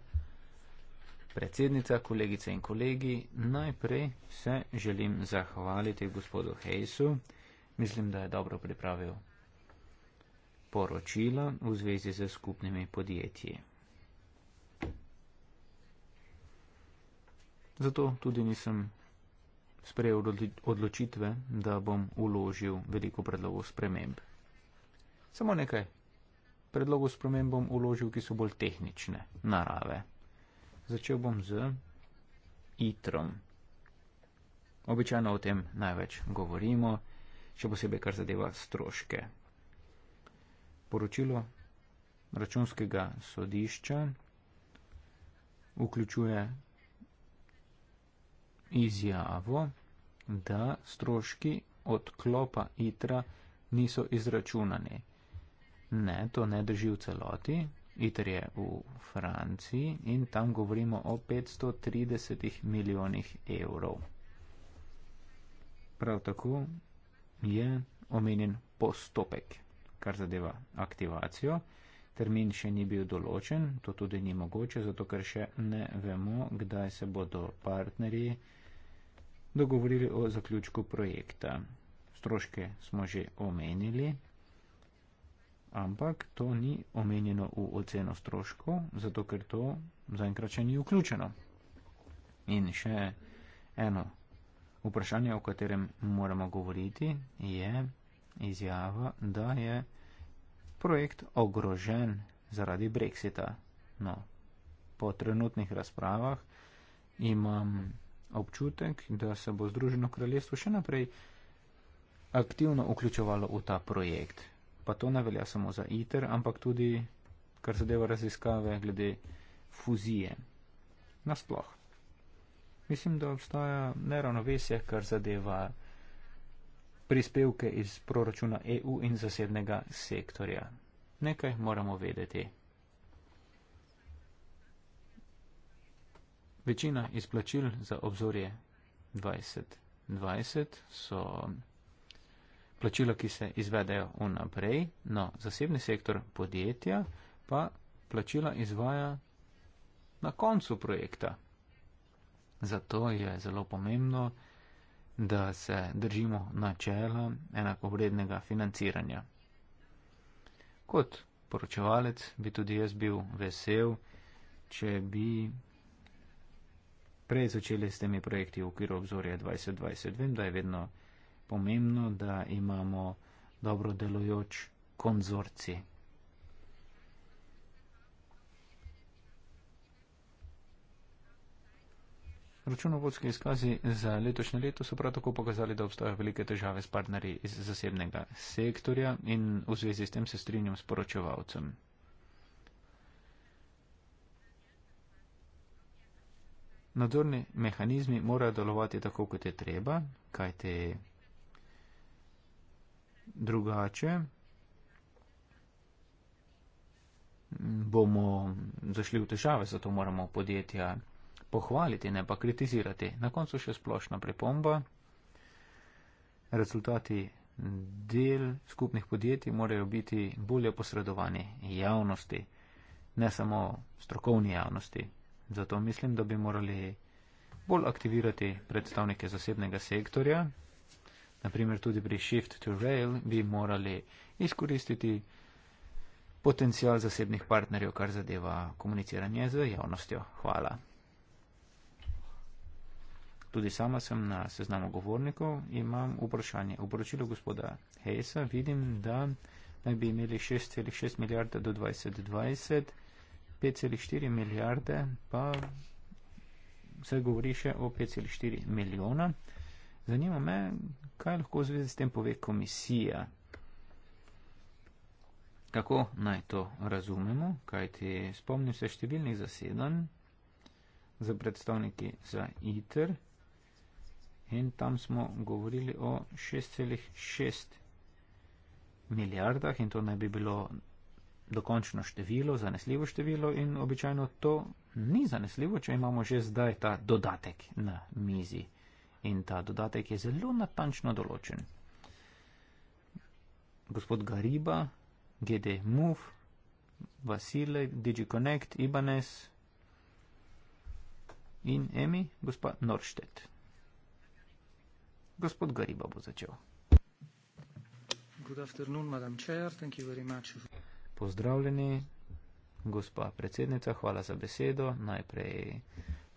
A: predsednica, kolegice in kolegi, najprej se želim zahvaliti gospodu Hejsu. Mislim, da je dobro pripravil poročila v zvezi z skupnimi podjetji. Zato tudi nisem sprejel odločitve, da bom uložil veliko predlogov sprememb. Samo nekaj predlogov sprememb bom uložil, ki so bolj tehnične narave. Začel bom z ITROM. Običajno o tem največ govorimo, še posebej kar zadeva stroške. Poročilo računskega sodišča vključuje izjavo, da stroški odklopa ITRA niso izračunani. Ne, to ne drži v celoti. ITR je v Franciji in tam govorimo o 530 milijonih evrov. Prav tako je omenjen postopek, kar zadeva aktivacijo. Termin še ni bil določen, to tudi ni mogoče, zato ker še ne vemo, kdaj se bodo partnerji dogovorili o zaključku projekta. Stroške smo že omenili, ampak to ni omenjeno v oceno stroškov, zato ker to zaenkrat še ni vključeno. In še eno vprašanje, o katerem moramo govoriti, je izjava, da je projekt ogrožen zaradi Brexita. No, po trenutnih razpravah imam občutek, da se bo Združeno kraljestvo še naprej aktivno vključevalo v ta projekt. Pa to ne velja samo za ITER, ampak tudi, kar zadeva raziskave glede fuzije. Nasploh. Mislim, da obstaja neravnovesje, kar zadeva prispevke iz proračuna EU in zasebnega sektorja. Nekaj moramo vedeti. Večina izplačil za obzorje 2020 so plačila, ki se izvedejo vnaprej, no, zasebni sektor podjetja pa plačila izvaja na koncu projekta. Zato je zelo pomembno, da se držimo načela enakovrednega financiranja. Kot poročevalec bi tudi jaz bil vesel, če bi prej začeli s temi projekti v okviru obzorja 2020. Vem, da je vedno pomembno, da imamo dobro delojoč konzorci. Računovodski izkazi za letošnje leto so prav tako pokazali, da obstajajo velike težave s partnerji iz zasebnega sektorja in v zvezi s tem se strinjam s poročevalcem. nadzorni mehanizmi morajo delovati tako, kot je treba, kaj te drugače. Bomo zašli v težave, zato moramo podjetja pohvaliti, ne pa kritizirati. Na koncu še splošna pripomba. Rezultati del skupnih podjetij morajo biti bolje posredovani javnosti, ne samo strokovni javnosti. Zato mislim, da bi morali bolj aktivirati predstavnike zasebnega sektorja. Naprimer, tudi pri Shift to Rail bi morali izkoristiti potencial zasebnih partnerjev, kar zadeva komuniciranje z javnostjo. Hvala. Tudi sama sem na seznamu govornikov in imam vprašanje. V poročilu gospoda Hejsa vidim, da naj bi imeli 6,6 milijarde do 2020. 5,4 milijarde, pa se govori še o 5,4 milijona. Zanima me, kaj lahko v zvezi s tem pove komisija. Kako naj to razumemo, kajti spomnim se številnih zasedanj za predstavniki za ITER in tam smo govorili o 6,6 milijardah in to naj bi bilo dokončno število, zanesljivo število in običajno to ni zanesljivo, če imamo že zdaj ta dodatek na mizi. In ta dodatek je zelo natančno določen. Gospod Gariba, GD Move, Vasile, DigiConnect, Ibanez in Emi, gospod Norštet. Gospod Gariba bo začel. Good afternoon, Madam Chair. Thank you very much. Pozdravljeni, gospa predsednica, hvala za besedo. Najprej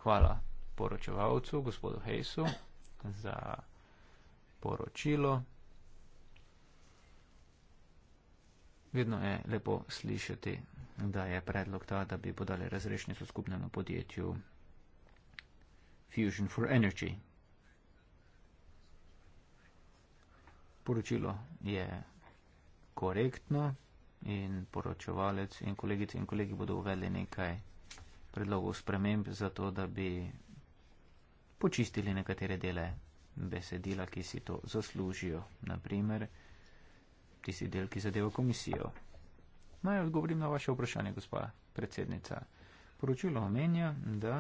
A: hvala poročevalcu, gospodu Hejsu, za poročilo. Vedno je lepo slišati, da je predlog ta, da bi podali razrešnico skupnemu podjetju Fusion for Energy. Poročilo je korektno in poročevalec in kolegice in kolegi bodo uvedli nekaj predlogov sprememb za to, da bi počistili nekatere dele besedila, ki si to zaslužijo. Naprimer, tisti del, ki zadeva komisijo. Naj odgovorim na vaše vprašanje, gospa predsednica. Poročilo omenja, da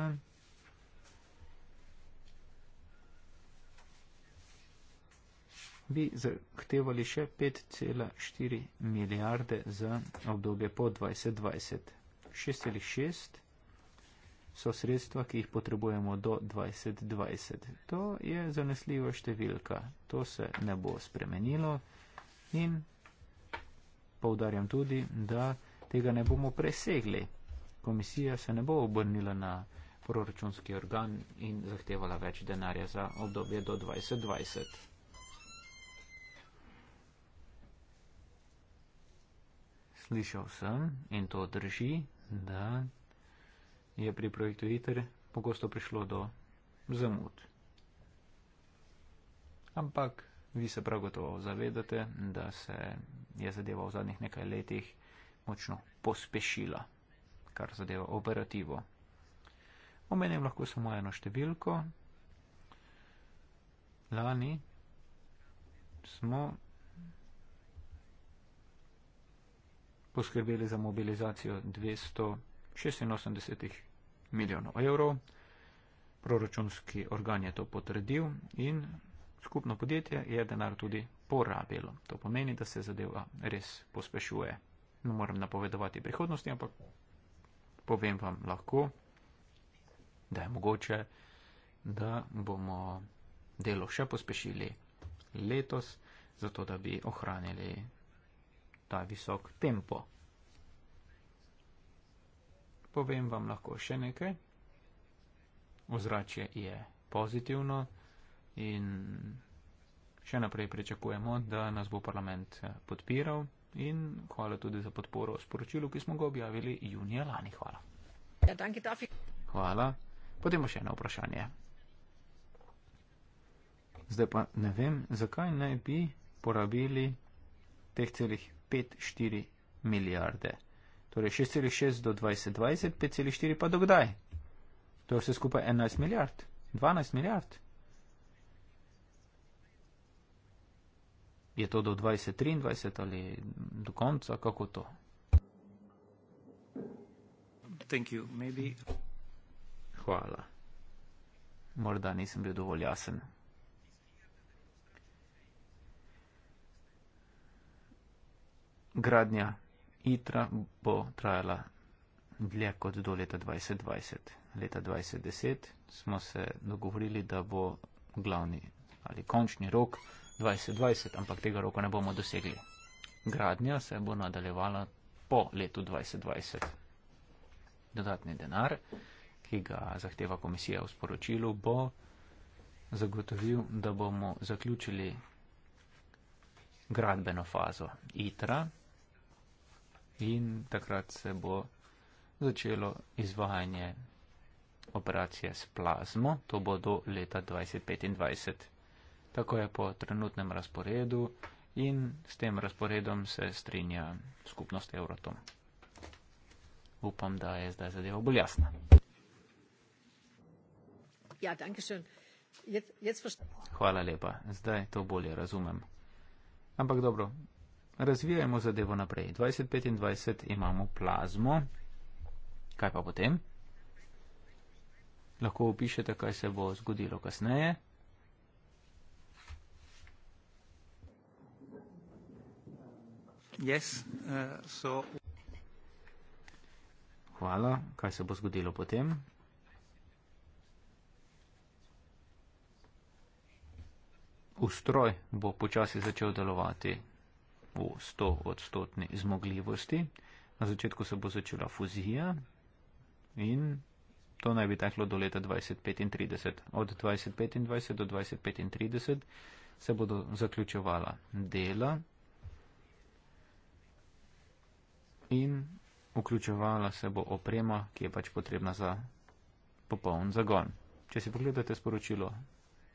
A: bi zahtevali še 5,4 milijarde za obdobje po 2020. 6,6 so sredstva, ki jih potrebujemo do 2020. To je zanesljiva številka. To se ne bo spremenilo in poudarjam tudi, da tega ne bomo presegli. Komisija se ne bo obrnila na proračunski organ in zahtevala več denarja za obdobje do 2020. slišal sem in to drži, da je pri projektu ITER pogosto prišlo do zamud. Ampak vi se prav gotovo zavedate, da se je zadeva v zadnjih nekaj letih močno pospešila, kar zadeva operativo. Omenim lahko samo eno številko. Lani smo poskrbeli za mobilizacijo 286 milijonov evrov. Proračunski organ je to potrdil in skupno podjetje je denar tudi porabilo. To pomeni, da se zadeva res pospešuje. Ne moram napovedovati prihodnosti, ampak povem vam lahko, da je mogoče, da bomo delo še pospešili letos, zato da bi ohranili ta visok tempo. Povem vam lahko še nekaj. Ozračje je pozitivno in še naprej pričakujemo, da nas bo parlament eh, podpiral in hvala tudi za podporo sporočilu, ki smo ga objavili junija lani. Hvala. Ja, hvala. Potem bo še eno vprašanje. Zdaj pa ne vem, zakaj naj bi porabili teh celih 5,4 milijarde. Torej 6,6 do 2020, 5,4 pa dogdaj. To je vse skupaj 11 milijard, 12 milijard. Je to do 2023 ali do konca, kako to? Hvala. Morda nisem bil dovolj jasen. gradnja ITRA bo trajala dlje kot do leta 2020. Leta 2010 smo se dogovorili, da bo glavni ali končni rok 2020, ampak tega roka ne bomo dosegli. Gradnja se bo nadaljevala po letu 2020. Dodatni denar, ki ga zahteva komisija v sporočilu, bo zagotovil, da bomo zaključili gradbeno fazo ITRA in takrat se bo začelo izvajanje operacije s plazmo, to bo do leta 2025. Tako je po trenutnem razporedu in s tem razporedom se strinja skupnost Euratom. Upam, da je zdaj zadeva bolj jasna. Ja, Hvala lepa, zdaj to bolje razumem. Ampak dobro, razvijajmo zadevo naprej. 2025 imamo plazmo. Kaj pa potem? Lahko opišete, kaj se bo zgodilo kasneje. Yes, uh, so... Hvala. Kaj se bo zgodilo potem? Ustroj bo počasi začel delovati v 100 odstotni zmogljivosti. Na začetku se bo začela fuzija in to naj bi teklo do leta 2035. Od 2025 do 2035 se bodo zaključevala dela in vključevala se bo oprema, ki je pač potrebna za popoln zagon. Če si pogledate sporočilo,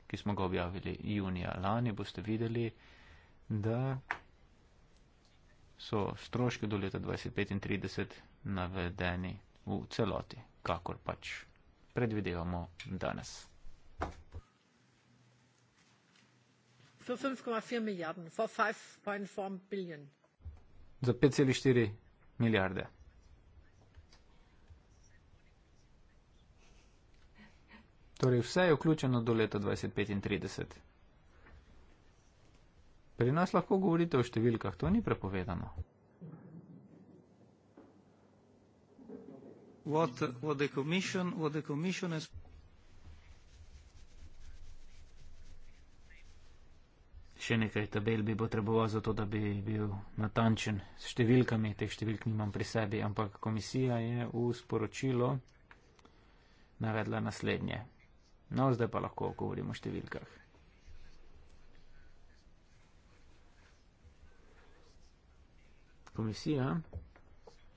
A: ki smo ga objavili junija lani, boste videli, da so stroški do leta 2035 navedeni v celoti, kakor pač predvidevamo danes. Za 5,4 milijarde. Torej vse je vključeno do leta 2035. Pri nas lahko govorite o številkah, to ni prepovedano. What, what the commission, what the commission has... Še nekaj tabel bi potreboval za to, da bi bil natančen s številkami. Teh številk nimam pri sebi, ampak komisija je v sporočilo navedla naslednje. No, zdaj pa lahko govorimo o številkah. komisija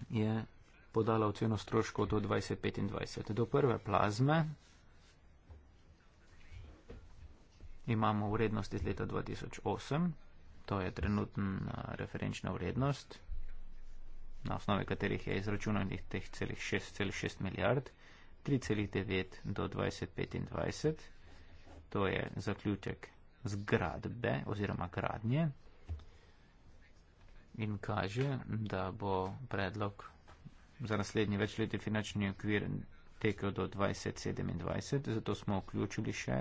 A: je podala oceno stroškov do 2025. Do prve plazme imamo vrednost iz leta 2008, to je trenutna referenčna vrednost, na osnovi katerih je izračunanih teh celih 6,6 milijard, 3,9 do 2025, to je zaključek zgradbe oziroma gradnje, in kaže, da bo predlog za naslednji večletni finančni okvir tekel do 2027, zato smo vključili še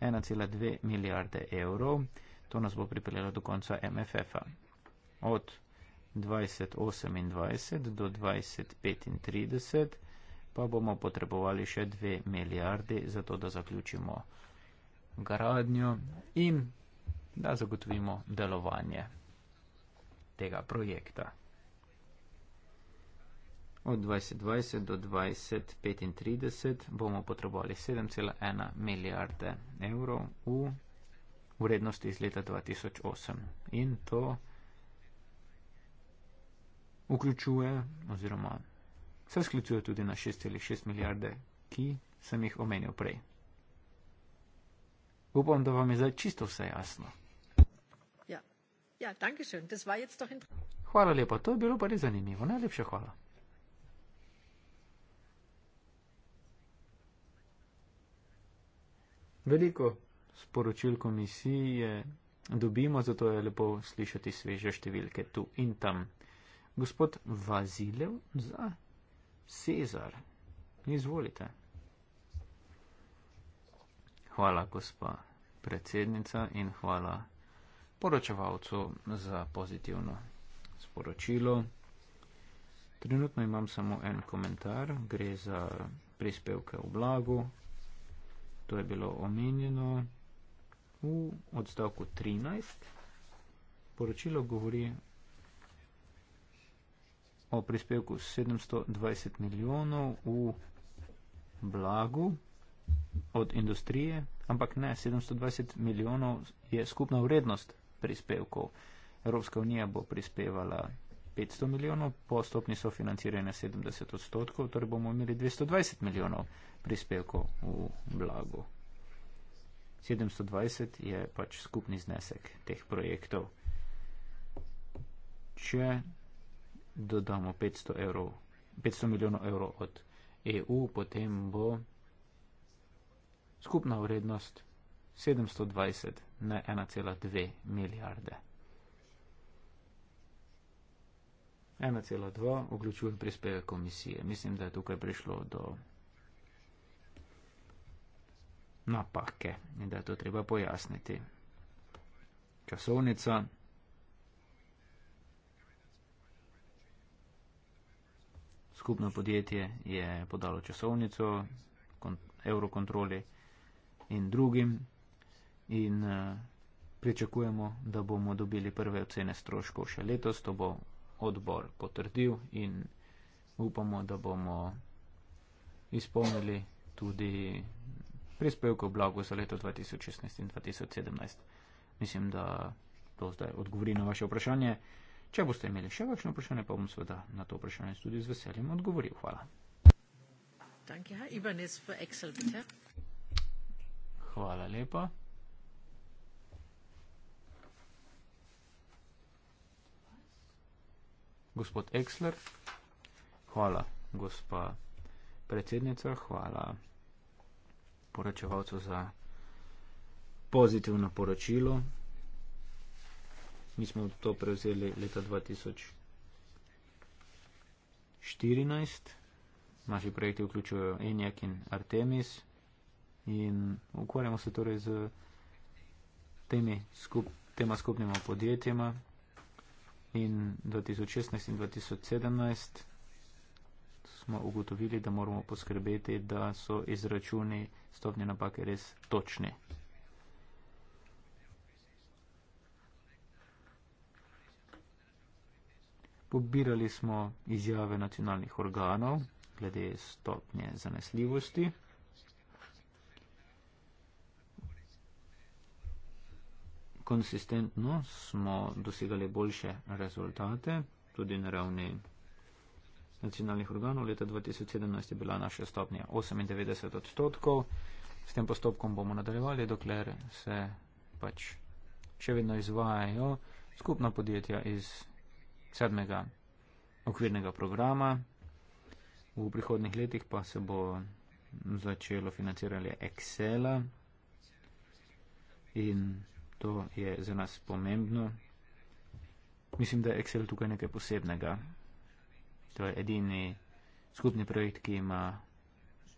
A: 1,2 milijarde evrov. To nas bo pripeljalo do konca MFF-a. Od 2028 do 2035 pa bomo potrebovali še 2 milijardi, zato da zaključimo gradnjo in da zagotovimo delovanje tega projekta. Od 2020 do 2035 bomo potrebovali 7,1 milijarde evrov v vrednosti iz leta 2008. In to vključuje oziroma se sklicuje tudi na 6,6 milijarde, ki sem jih omenil prej. Upam, da vam je zdaj čisto vse jasno. Ja, hvala lepa, to je bilo pa res zanimivo. Najlepša hvala. Veliko sporočil komisije dobimo, zato je lepo slišati sveže številke tu in tam. Gospod Vazilev za Cezar, izvolite. Hvala, gospa predsednica in hvala poročevalcu za pozitivno sporočilo. Trenutno imam samo en komentar, gre za prispevke v blagu. To je bilo omenjeno v odstavku 13. Poročilo govori o prispevku 720 milijonov v blagu od industrije, ampak ne, 720 milijonov je skupna vrednost prispevkov. Evropska unija bo prispevala 500 milijonov, po stopni sofinanciranja 70 odstotkov, torej bomo imeli 220 milijonov prispevkov v blago. 720 je pač skupni znesek teh projektov. Če dodamo 500, evrov, 500 milijonov evrov od EU, potem bo skupna vrednost 720 na 1,2 milijarde. 1,2 vključuje prispevek komisije. Mislim, da je tukaj prišlo do napake in da je to treba pojasniti. Časovnica. Skupno podjetje je podalo časovnico Eurocontroli in drugim in eh, pričakujemo, da bomo dobili prve ocene stroškov še letos. To bo odbor potrdil in upamo, da bomo izpolnili tudi prispevke v blogu za leto 2016 in 2017. Mislim, da to zdaj odgovori na vaše vprašanje. Če boste imeli še vašo vprašanje, pa bom seveda na to vprašanje tudi z veseljem odgovoril. Hvala.
B: Danke, Herr Ibanez für Excel, bitte.
A: Hvala lepa. gospod Eksler, hvala gospa predsednica, hvala poročevalcu za pozitivno poročilo. Mi smo to prevzeli leta 2014. Naši projekti vključujejo Enjak in Artemis in ukvarjamo se torej z temi skup, tema skupnima podjetjima in 2016 in 2017 smo ugotovili, da moramo poskrbeti, da so izračuni stopnje napake res točni. Pobirali smo izjave nacionalnih organov glede stopnje zanesljivosti. konsistentno smo dosegali boljše rezultate, tudi na ravni nacionalnih organov. Leta 2017 je bila naša stopnja 98 odstotkov. S tem postopkom bomo nadaljevali, dokler se pač še vedno izvajajo skupna podjetja iz sedmega okvirnega programa. V prihodnih letih pa se bo začelo financiranje Excela in To je za nas pomembno. Mislim, da je Excel tukaj nekaj posebnega. To je edini skupni projekt, ki ima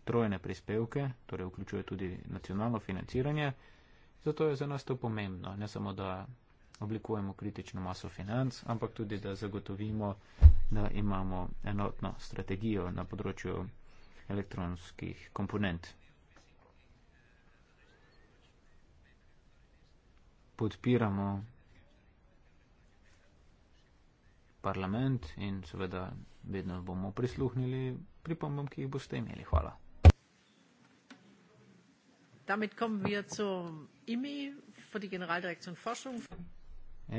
A: trojne prispevke, torej vključuje tudi nacionalno financiranje. Zato je za nas to pomembno, ne samo da oblikujemo kritično maso financ, ampak tudi da zagotovimo, da imamo enotno strategijo na področju elektronskih komponent. podpiramo parlament in seveda vedno bomo prisluhnili pripombom, ki jih boste imeli. Hvala.
B: Damit kommen wir zu IMI für die Generaldirektion Forschung.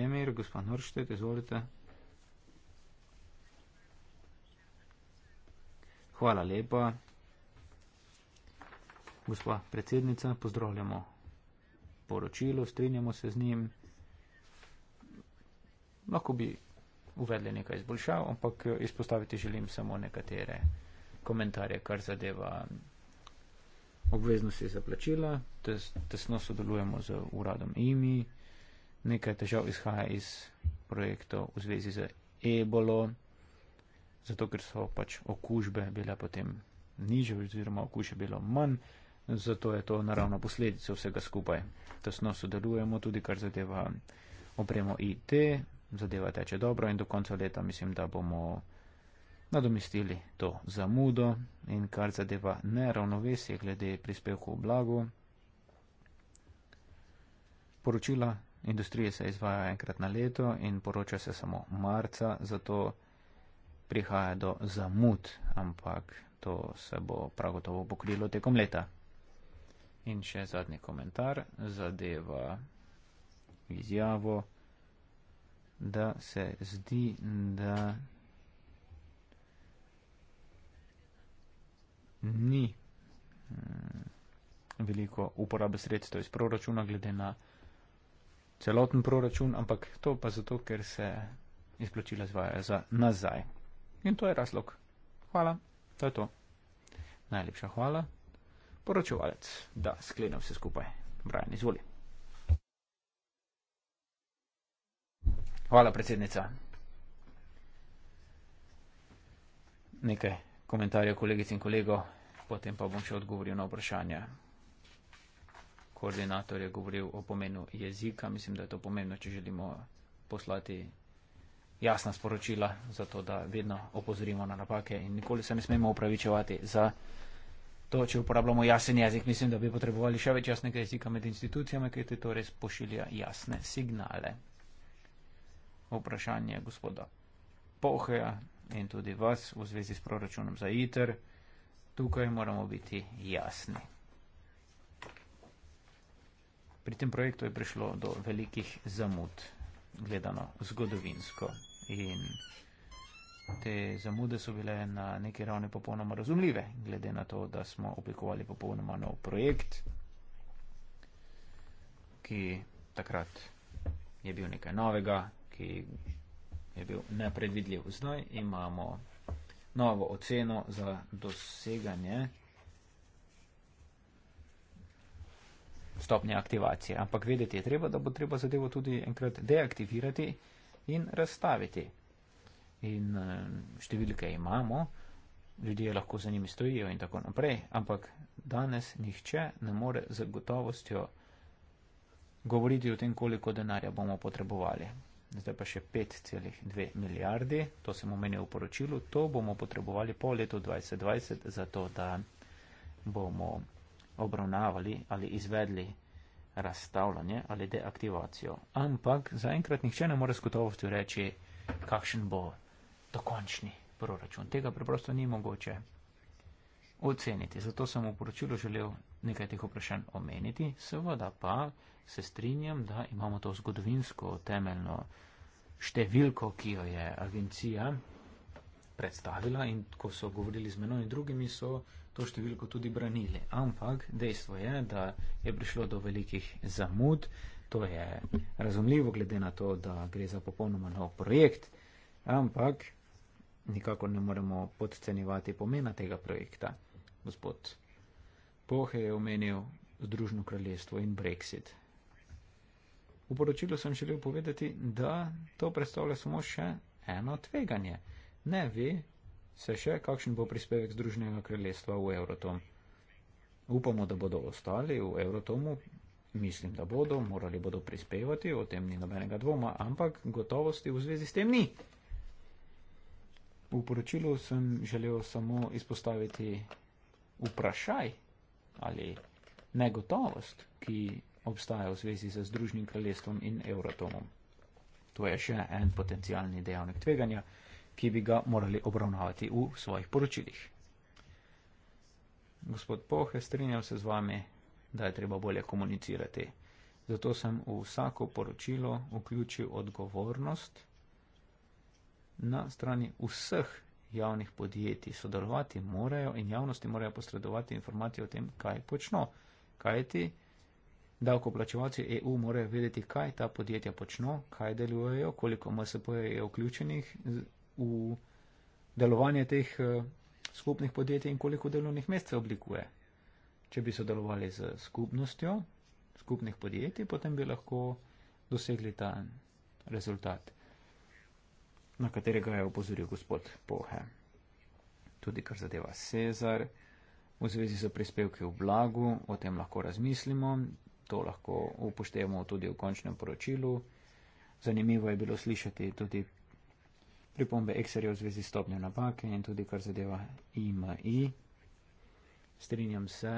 A: Emir, gospod Norštet, izvolite. Hvala lepa. Gospa predsednica, pozdravljamo poročilu, strinjamo se z njim. Lahko bi uvedli nekaj izboljšav, ampak eh, izpostaviti želim samo nekatere komentarje, kar zadeva obveznosti za plačila. Tesno sodelujemo z uradom IMI. Nekaj težav izhaja iz projektov v zvezi z ebolo, zato ker so pač okužbe bile potem niže oziroma okužbe bilo manj zato je to naravno posledica vsega skupaj. Tesno sodelujemo tudi, kar zadeva opremo IT, zadeva teče dobro in do konca leta mislim, da bomo nadomestili to zamudo in kar zadeva neravnovesje glede prispevkov v blagu. Poročila industrije se izvajajo enkrat na leto in poroča se samo marca, zato prihaja do zamud, ampak to se bo prav gotovo pokrilo tekom leta. In še zadnji komentar zadeva izjavo, da se zdi, da ni mm, veliko uporabe sredstev iz proračuna glede na celoten proračun, ampak to pa zato, ker se izplačila zvaja za nazaj. In to je razlog. Hvala. To je to. Najlepša hvala poročevalec, da sklene vse skupaj. Brian, izvoli. Hvala, predsednica. Nekaj komentarjev kolegic in kolegov, potem pa bom še odgovoril na vprašanja. Koordinator je govoril o pomenu jezika. Mislim, da je to pomembno, če želimo poslati jasna sporočila, zato da vedno opozorimo na napake in nikoli se ne smemo upravičevati za to, če uporabljamo jasen jezik, mislim, da bi potrebovali še več jasnega jezika med institucijami, ker ti to res pošilja jasne signale. Vprašanje gospoda Poheja in tudi vas v zvezi s proračunom za ITER. Tukaj moramo biti jasni. Pri tem projektu je prišlo do velikih zamud, gledano zgodovinsko. In te zamude so bile na neki ravni popolnoma razumljive, glede na to, da smo oblikovali popolnoma nov projekt, ki takrat je bil nekaj novega, ki je bil nepredvidljiv. Zdaj imamo novo oceno za doseganje stopnje aktivacije. Ampak vedeti je treba, da bo treba zadevo tudi enkrat deaktivirati in razstaviti in številke imamo, ljudje lahko za njimi stojijo in tako naprej, ampak danes nihče ne more z gotovostjo govoriti o tem, koliko denarja bomo potrebovali. Zdaj pa še 5,2 milijardi, to sem omenil v poročilu, to bomo potrebovali po letu 2020, zato da bomo obravnavali ali izvedli razstavljanje ali deaktivacijo. Ampak zaenkrat nihče ne more z gotovostjo reči, kakšen bo dokončni proračun. Tega preprosto ni mogoče oceniti. Zato sem v poročilu želel nekaj teh vprašanj omeniti. Seveda pa se strinjam, da imamo to zgodovinsko temeljno številko, ki jo je agencija predstavila in ko so govorili z menoj in drugimi, so to številko tudi branili. Ampak dejstvo je, da je prišlo do velikih zamud. To je razumljivo, glede na to, da gre za popolnoma nov projekt. Ampak nikako ne moremo podcenjevati pomena tega projekta. Gospod Pohe je omenil Združno kraljestvo in Brexit. V poročilu sem želel povedati, da to predstavlja samo še eno tveganje. Ne ve se še, kakšen bo prispevek Združnega kraljestva v Eurotom. Upamo, da bodo ostali v Eurotomu. Mislim, da bodo, morali bodo prispevati, o tem ni nobenega dvoma, ampak gotovosti v zvezi s tem ni. V poročilu sem želel samo izpostaviti vprašaj ali negotovost, ki obstaja v zvezi z Združenim kraljestvom in Euratomom. To je še en potencijalni dejavnik tveganja, ki bi ga morali obravnavati v svojih poročilih. Gospod Pohe, strinjam se z vami, da je treba bolje komunicirati. Zato sem v vsako poročilo vključil odgovornost na strani vseh javnih podjetij. Sodelovati morajo in javnosti morajo posredovati informacije o tem, kaj počno. Kaj ti davkoplačevalci EU morajo vedeti, kaj ta podjetja počno, kaj delujejo, koliko MSP je vključenih v delovanje teh eh, skupnih podjetij in koliko delovnih mest se oblikuje. Če bi sodelovali z skupnostjo skupnih podjetij, potem bi lahko dosegli ta rezultat na katerega je opozoril gospod Pohe. Tudi kar zadeva Cezar, v zvezi z prispevki v blagu, o tem lahko razmislimo, to lahko upoštevamo tudi v končnem poročilu. Zanimivo je bilo slišati tudi pripombe Ekserja v zvezi s stopnjo napake in tudi kar zadeva IMI. Strinjam se,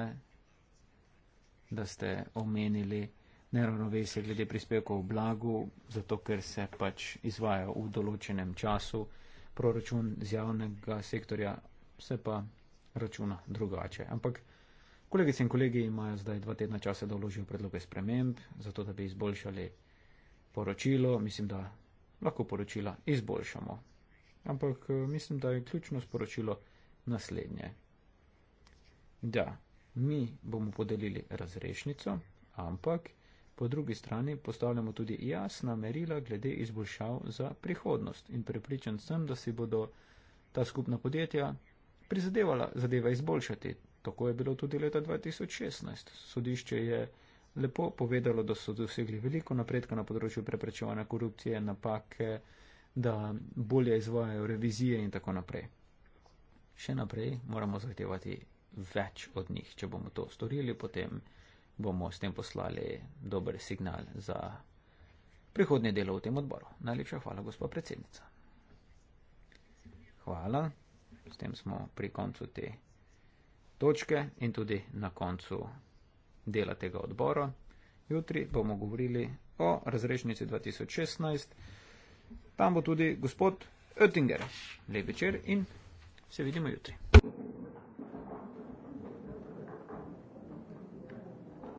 A: da ste omenili, neravnovesje glede prispevkov v blagu, zato ker se pač izvajo v določenem času, proračun z javnega sektorja se pa računa drugače. Ampak kolegice in kolegi imajo zdaj dva tedna časa, da vložijo predloge sprememb, zato da bi izboljšali poročilo. Mislim, da lahko poročila izboljšamo. Ampak eh, mislim, da je ključno sporočilo naslednje. Da, mi bomo podelili razrešnico, ampak Po drugi strani postavljamo tudi jasna merila glede izboljšav za prihodnost in prepričan sem, da si bodo ta skupna podjetja prizadevala zadeve izboljšati. Tako je bilo tudi leta 2016. Sodišče je lepo povedalo, da so dosegli veliko napredka na področju preprečevanja korupcije, napake, da bolje izvajajo revizije in tako naprej. Še naprej moramo zahtevati več od njih. Če bomo to storili, potem bomo s tem poslali dober signal za prihodnje delo v tem odboru. Najlepša hvala, gospod predsednica. Hvala. S tem smo pri koncu te točke in tudi na koncu dela tega odbora. Jutri bomo govorili o razrešnici 2016. Tam bo tudi gospod Oettinger. Lep večer in se vidimo jutri.